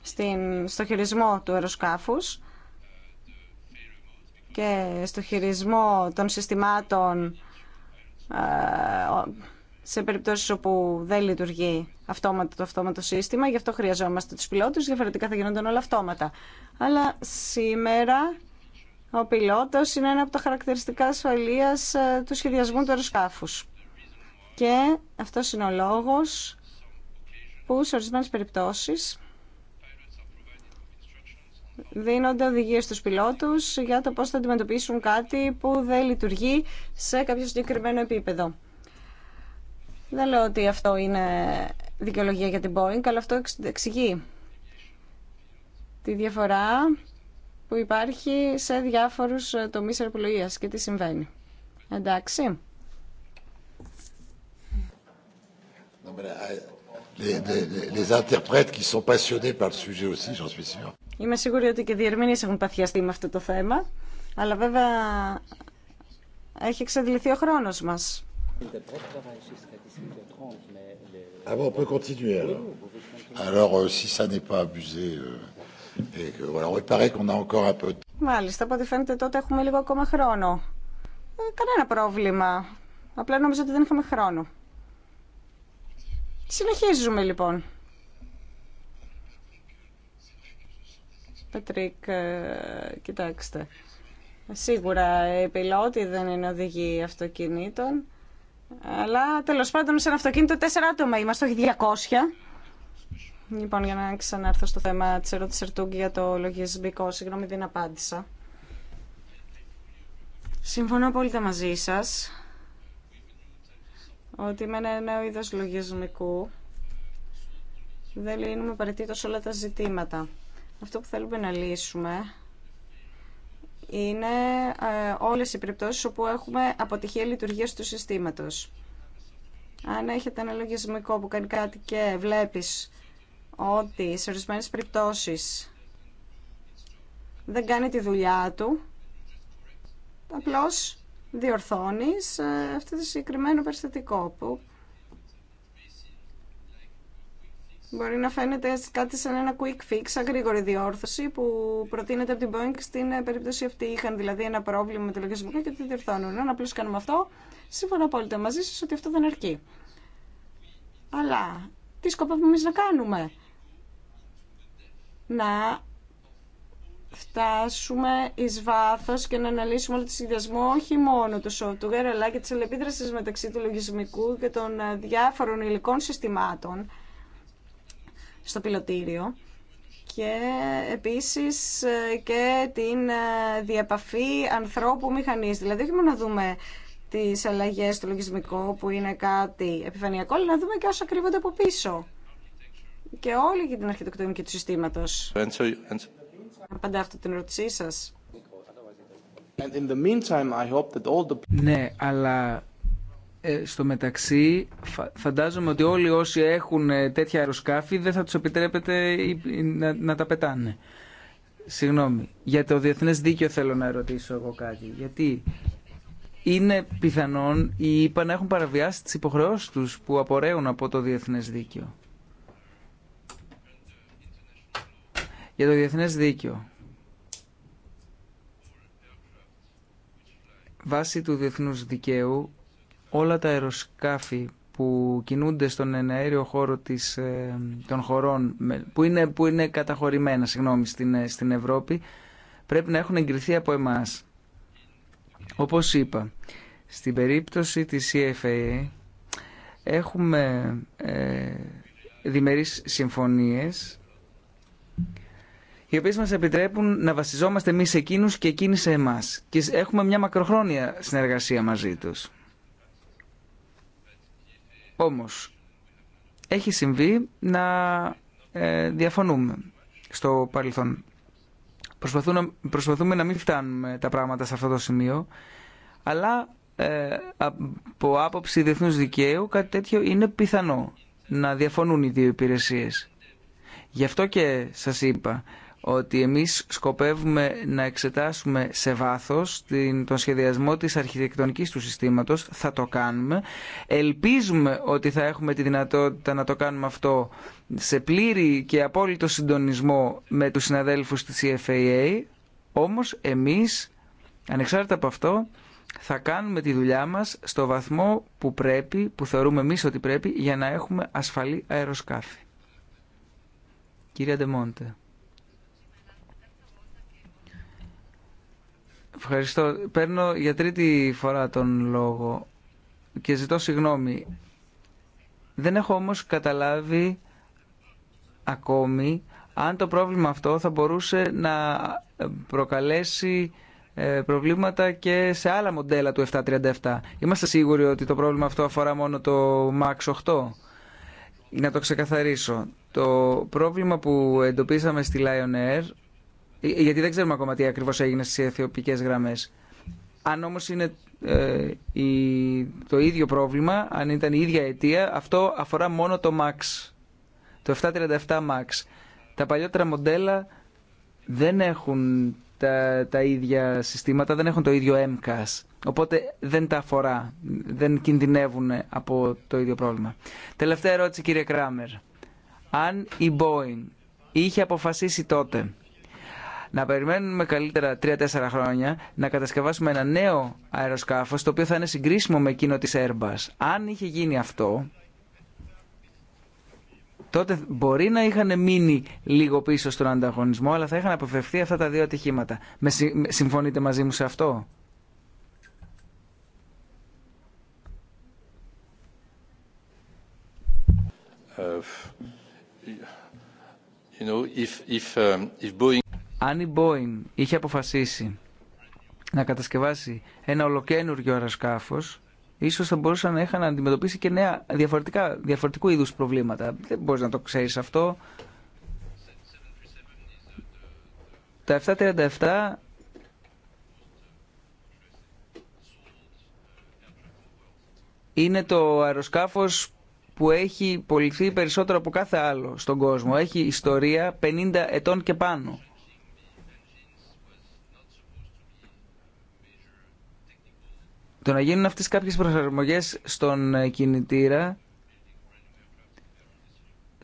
στην, στο χειρισμό του αεροσκάφους και στο χειρισμό των συστημάτων ε, σε περιπτώσει όπου δεν λειτουργεί αυτόματα το αυτόματο σύστημα, γι' αυτό χρειαζόμαστε του πιλότους, διαφορετικά θα γινόνταν όλα αυτόματα. Αλλά σήμερα ο πιλότο είναι ένα από τα χαρακτηριστικά ασφαλεία ε, του σχεδιασμού του αεροσκάφου. Και αυτό είναι ο λόγο, που σε ορισμένε περιπτώσει, δίνονται οδηγίες στους πιλότους για το πώς θα αντιμετωπίσουν κάτι που δεν λειτουργεί σε κάποιο συγκεκριμένο επίπεδο. Δεν λέω ότι αυτό είναι δικαιολογία για την Boeing, αλλά αυτό εξηγεί τη διαφορά που υπάρχει σε διάφορους τομείς αεροπλοείας και τι συμβαίνει. Εντάξει. Είμαι σίγουρη ότι και διερμηνείς έχουν παθιαστεί με αυτό το θέμα, αλλά βέβαια έχει εξαντληθεί ο χρόνος μας. Ah bon, on peut continuer alors. Alors, euh, si ça n'est pas abusé, euh, et qu'on a encore un peu Μάλιστα, από τότε έχουμε λίγο ακόμα χρόνο. Ε, κανένα πρόβλημα. Απλά νόμιζα ότι δεν είχαμε χρόνο. Συνεχίζουμε λοιπόν. Πατρίκ, ε, κοιτάξτε. Σίγουρα οι πιλότοι δεν είναι οδηγοί αυτοκινήτων. Αλλά τέλο πάντων σε ένα αυτοκίνητο τέσσερα άτομα είμαστε, όχι 200. Λοιπόν, για να ξανάρθω στο θέμα τη ερώτηση Ερτούγκη για το λογισμικό, συγγνώμη δεν απάντησα. Συμφωνώ απόλυτα μαζί σα ότι με ένα νέο είδο λογισμικού δεν λύνουμε απαραίτητο όλα τα ζητήματα. Αυτό που θέλουμε να λύσουμε είναι ε, όλες οι περιπτώσεις όπου έχουμε αποτυχία λειτουργίας του συστήματος. Αν έχετε ένα λογισμικό που κάνει κάτι και βλέπεις ότι σε ορισμένε περιπτώσεις δεν κάνει τη δουλειά του, απλώς διορθώνεις ε, αυτό το συγκεκριμένο περιστατικό που Μπορεί να φαίνεται κάτι σαν ένα quick fix, σαν γρήγορη διόρθωση που προτείνεται από την Boeing στην ε, περίπτωση αυτή. Είχαν δηλαδή ένα πρόβλημα με το λογισμικό και το διορθώνουν. Αν απλώ κάνουμε αυτό, σύμφωνα απόλυτα μαζί σα ότι αυτό δεν αρκεί. Αλλά τι σκοπεύουμε εμεί να κάνουμε. Να φτάσουμε ει βάθο και να αναλύσουμε όλο το συνδυασμό όχι μόνο του software αλλά και τη αλληλεπίδραση μεταξύ του λογισμικού και των ε, διάφορων υλικών συστημάτων στο πιλωτήριο και επίσης ε, και την ε, διαπαφή ανθρώπου μηχανής. Δηλαδή όχι μόνο να δούμε τις αλλαγές του λογισμικού που είναι κάτι επιφανειακό, αλλά να δούμε και όσα κρύβονται από πίσω. Και όλη για την αρχιτεκτονική του συστήματος. Απαντά αυτή την ερώτησή σας. Ναι, αλλά ε, στο μεταξύ φαντάζομαι ότι όλοι όσοι έχουν ε, τέτοια αεροσκάφη δεν θα τους επιτρέπεται να, τα πετάνε. Συγγνώμη, για το διεθνές δίκαιο θέλω να ρωτήσω εγώ κάτι. Γιατί είναι πιθανόν οι ΙΠΑ να έχουν παραβιάσει τις υποχρεώσεις τους που απορρέουν από το διεθνές δίκαιο. Για το διεθνές δίκαιο. Βάσει του διεθνούς δικαίου όλα τα αεροσκάφη που κινούνται στον εναέριο χώρο της, ε, των χωρών που είναι, που είναι καταχωρημένα στην, ε, στην Ευρώπη πρέπει να έχουν εγκριθεί από εμάς. Όπως είπα, στην περίπτωση της CFA έχουμε ε, διμερείς συμφωνίες οι οποίε μας επιτρέπουν να βασιζόμαστε εμεί σε και εκείνοι σε εμά. Και έχουμε μια μακροχρόνια συνεργασία μαζί τους. Όμως, έχει συμβεί να ε, διαφωνούμε στο παρελθόν. Προσπαθούμε, προσπαθούμε να μην φτάνουμε τα πράγματα σε αυτό το σημείο, αλλά ε, από άποψη διεθνούς δικαίου κάτι τέτοιο είναι πιθανό να διαφωνούν οι δύο υπηρεσίες. Γι' αυτό και σας είπα ότι εμείς σκοπεύουμε να εξετάσουμε σε βάθος τον σχεδιασμό της αρχιτεκτονικής του συστήματος. Θα το κάνουμε. Ελπίζουμε ότι θα έχουμε τη δυνατότητα να το κάνουμε αυτό σε πλήρη και απόλυτο συντονισμό με τους συναδέλφους της CFAA, e Όμως εμείς, ανεξάρτητα από αυτό, θα κάνουμε τη δουλειά μας στο βαθμό που πρέπει, που θεωρούμε εμείς ότι πρέπει, για να έχουμε ασφαλή αεροσκάφη. Κύριε Ντεμόντε. Ευχαριστώ. Παίρνω για τρίτη φορά τον λόγο και ζητώ συγγνώμη. Δεν έχω όμως καταλάβει ακόμη αν το πρόβλημα αυτό θα μπορούσε να προκαλέσει ε, προβλήματα και σε άλλα μοντέλα του 737. Είμαστε σίγουροι ότι το πρόβλημα αυτό αφορά μόνο το MAX 8. Να το ξεκαθαρίσω. Το πρόβλημα που εντοπίσαμε στη Lion Air γιατί δεν ξέρουμε ακόμα τι ακριβώ έγινε στι αιθιοπικέ γραμμές. Αν όμως είναι ε, το ίδιο πρόβλημα, αν ήταν η ίδια αιτία, αυτό αφορά μόνο το MAX, το 737 MAX. Τα παλιότερα μοντέλα δεν έχουν τα, τα ίδια συστήματα, δεν έχουν το ίδιο MCAS. Οπότε δεν τα αφορά, δεν κινδυνεύουν από το ίδιο πρόβλημα. Τελευταία ερώτηση κύριε Κράμερ. Αν η Boeing είχε αποφασίσει τότε να περιμένουμε καλύτερα 3-4 χρόνια να κατασκευάσουμε ένα νέο αεροσκάφος το οποίο θα είναι συγκρίσιμο με εκείνο της Airbus. Αν είχε γίνει αυτό, τότε μπορεί να είχαν μείνει λίγο πίσω στον ανταγωνισμό, αλλά θα είχαν αποφευθεί αυτά τα δύο ατυχήματα. Με συμφωνείτε μαζί μου σε αυτό? Uh, you know, if, if, ε, if αν η Boeing είχε αποφασίσει να κατασκευάσει ένα ολοκένουργιο αεροσκάφο, ίσως θα μπορούσαν να είχαν να αντιμετωπίσει και νέα διαφορετικά, διαφορετικού είδους προβλήματα. Δεν μπορεί να το ξέρει αυτό. Τα 737 είναι το αεροσκάφος που έχει πολιθεί περισσότερο από κάθε άλλο στον κόσμο. Έχει ιστορία 50 ετών και πάνω. Το να γίνουν αυτές κάποιες προσαρμογές στον ε, κινητήρα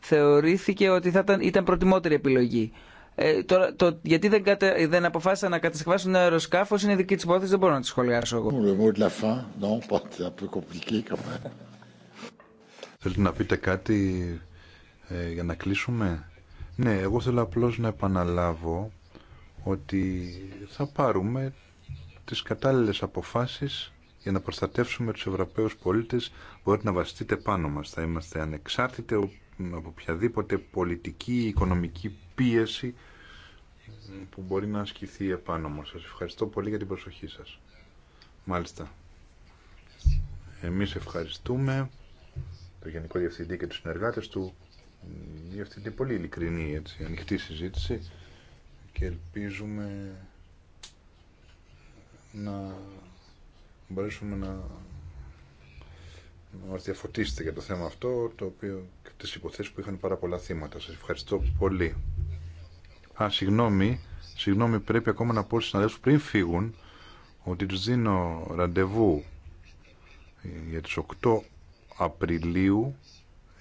θεωρήθηκε ότι θα ήταν, ήταν προτιμότερη επιλογή. Ε, τώρα, το, γιατί δεν, κατε, δεν αποφάσισαν να κατασκευάσουν ένα αεροσκάφο είναι δική τη υπόθεση, δεν μπορώ να τη σχολιάσω εγώ. Θέλετε να πείτε κάτι ε, για να κλείσουμε. Ναι, εγώ θέλω απλώς να επαναλάβω ότι θα πάρουμε τις κατάλληλες αποφάσεις για να προστατεύσουμε τους Ευρωπαίους πολίτες μπορείτε να βασιστείτε πάνω μας. Θα είμαστε ανεξάρτητοι από οποιαδήποτε πολιτική ή οικονομική πίεση που μπορεί να ασκηθεί επάνω μας. Σας ευχαριστώ πολύ για την προσοχή σας. Μάλιστα. Εμείς ευχαριστούμε το Γενικό Διευθυντή και τους συνεργάτες του. Διευθυντή πολύ ειλικρινή, έτσι, ανοιχτή συζήτηση και ελπίζουμε να μπορέσουμε να μας διαφωτίσετε για το θέμα αυτό, το οποίο και τις υποθέσεις που είχαν πάρα πολλά θύματα. Σας ευχαριστώ πολύ. Α, συγγνώμη, συγγνώμη πρέπει ακόμα να πω στους συναδέλφους πριν φύγουν ότι τους δίνω ραντεβού για τις 8 Απριλίου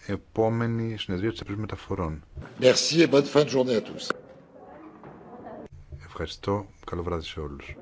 επόμενη συνεδρία της Επιτροπής Μεταφορών. Ευχαριστώ. Καλό βράδυ σε όλους.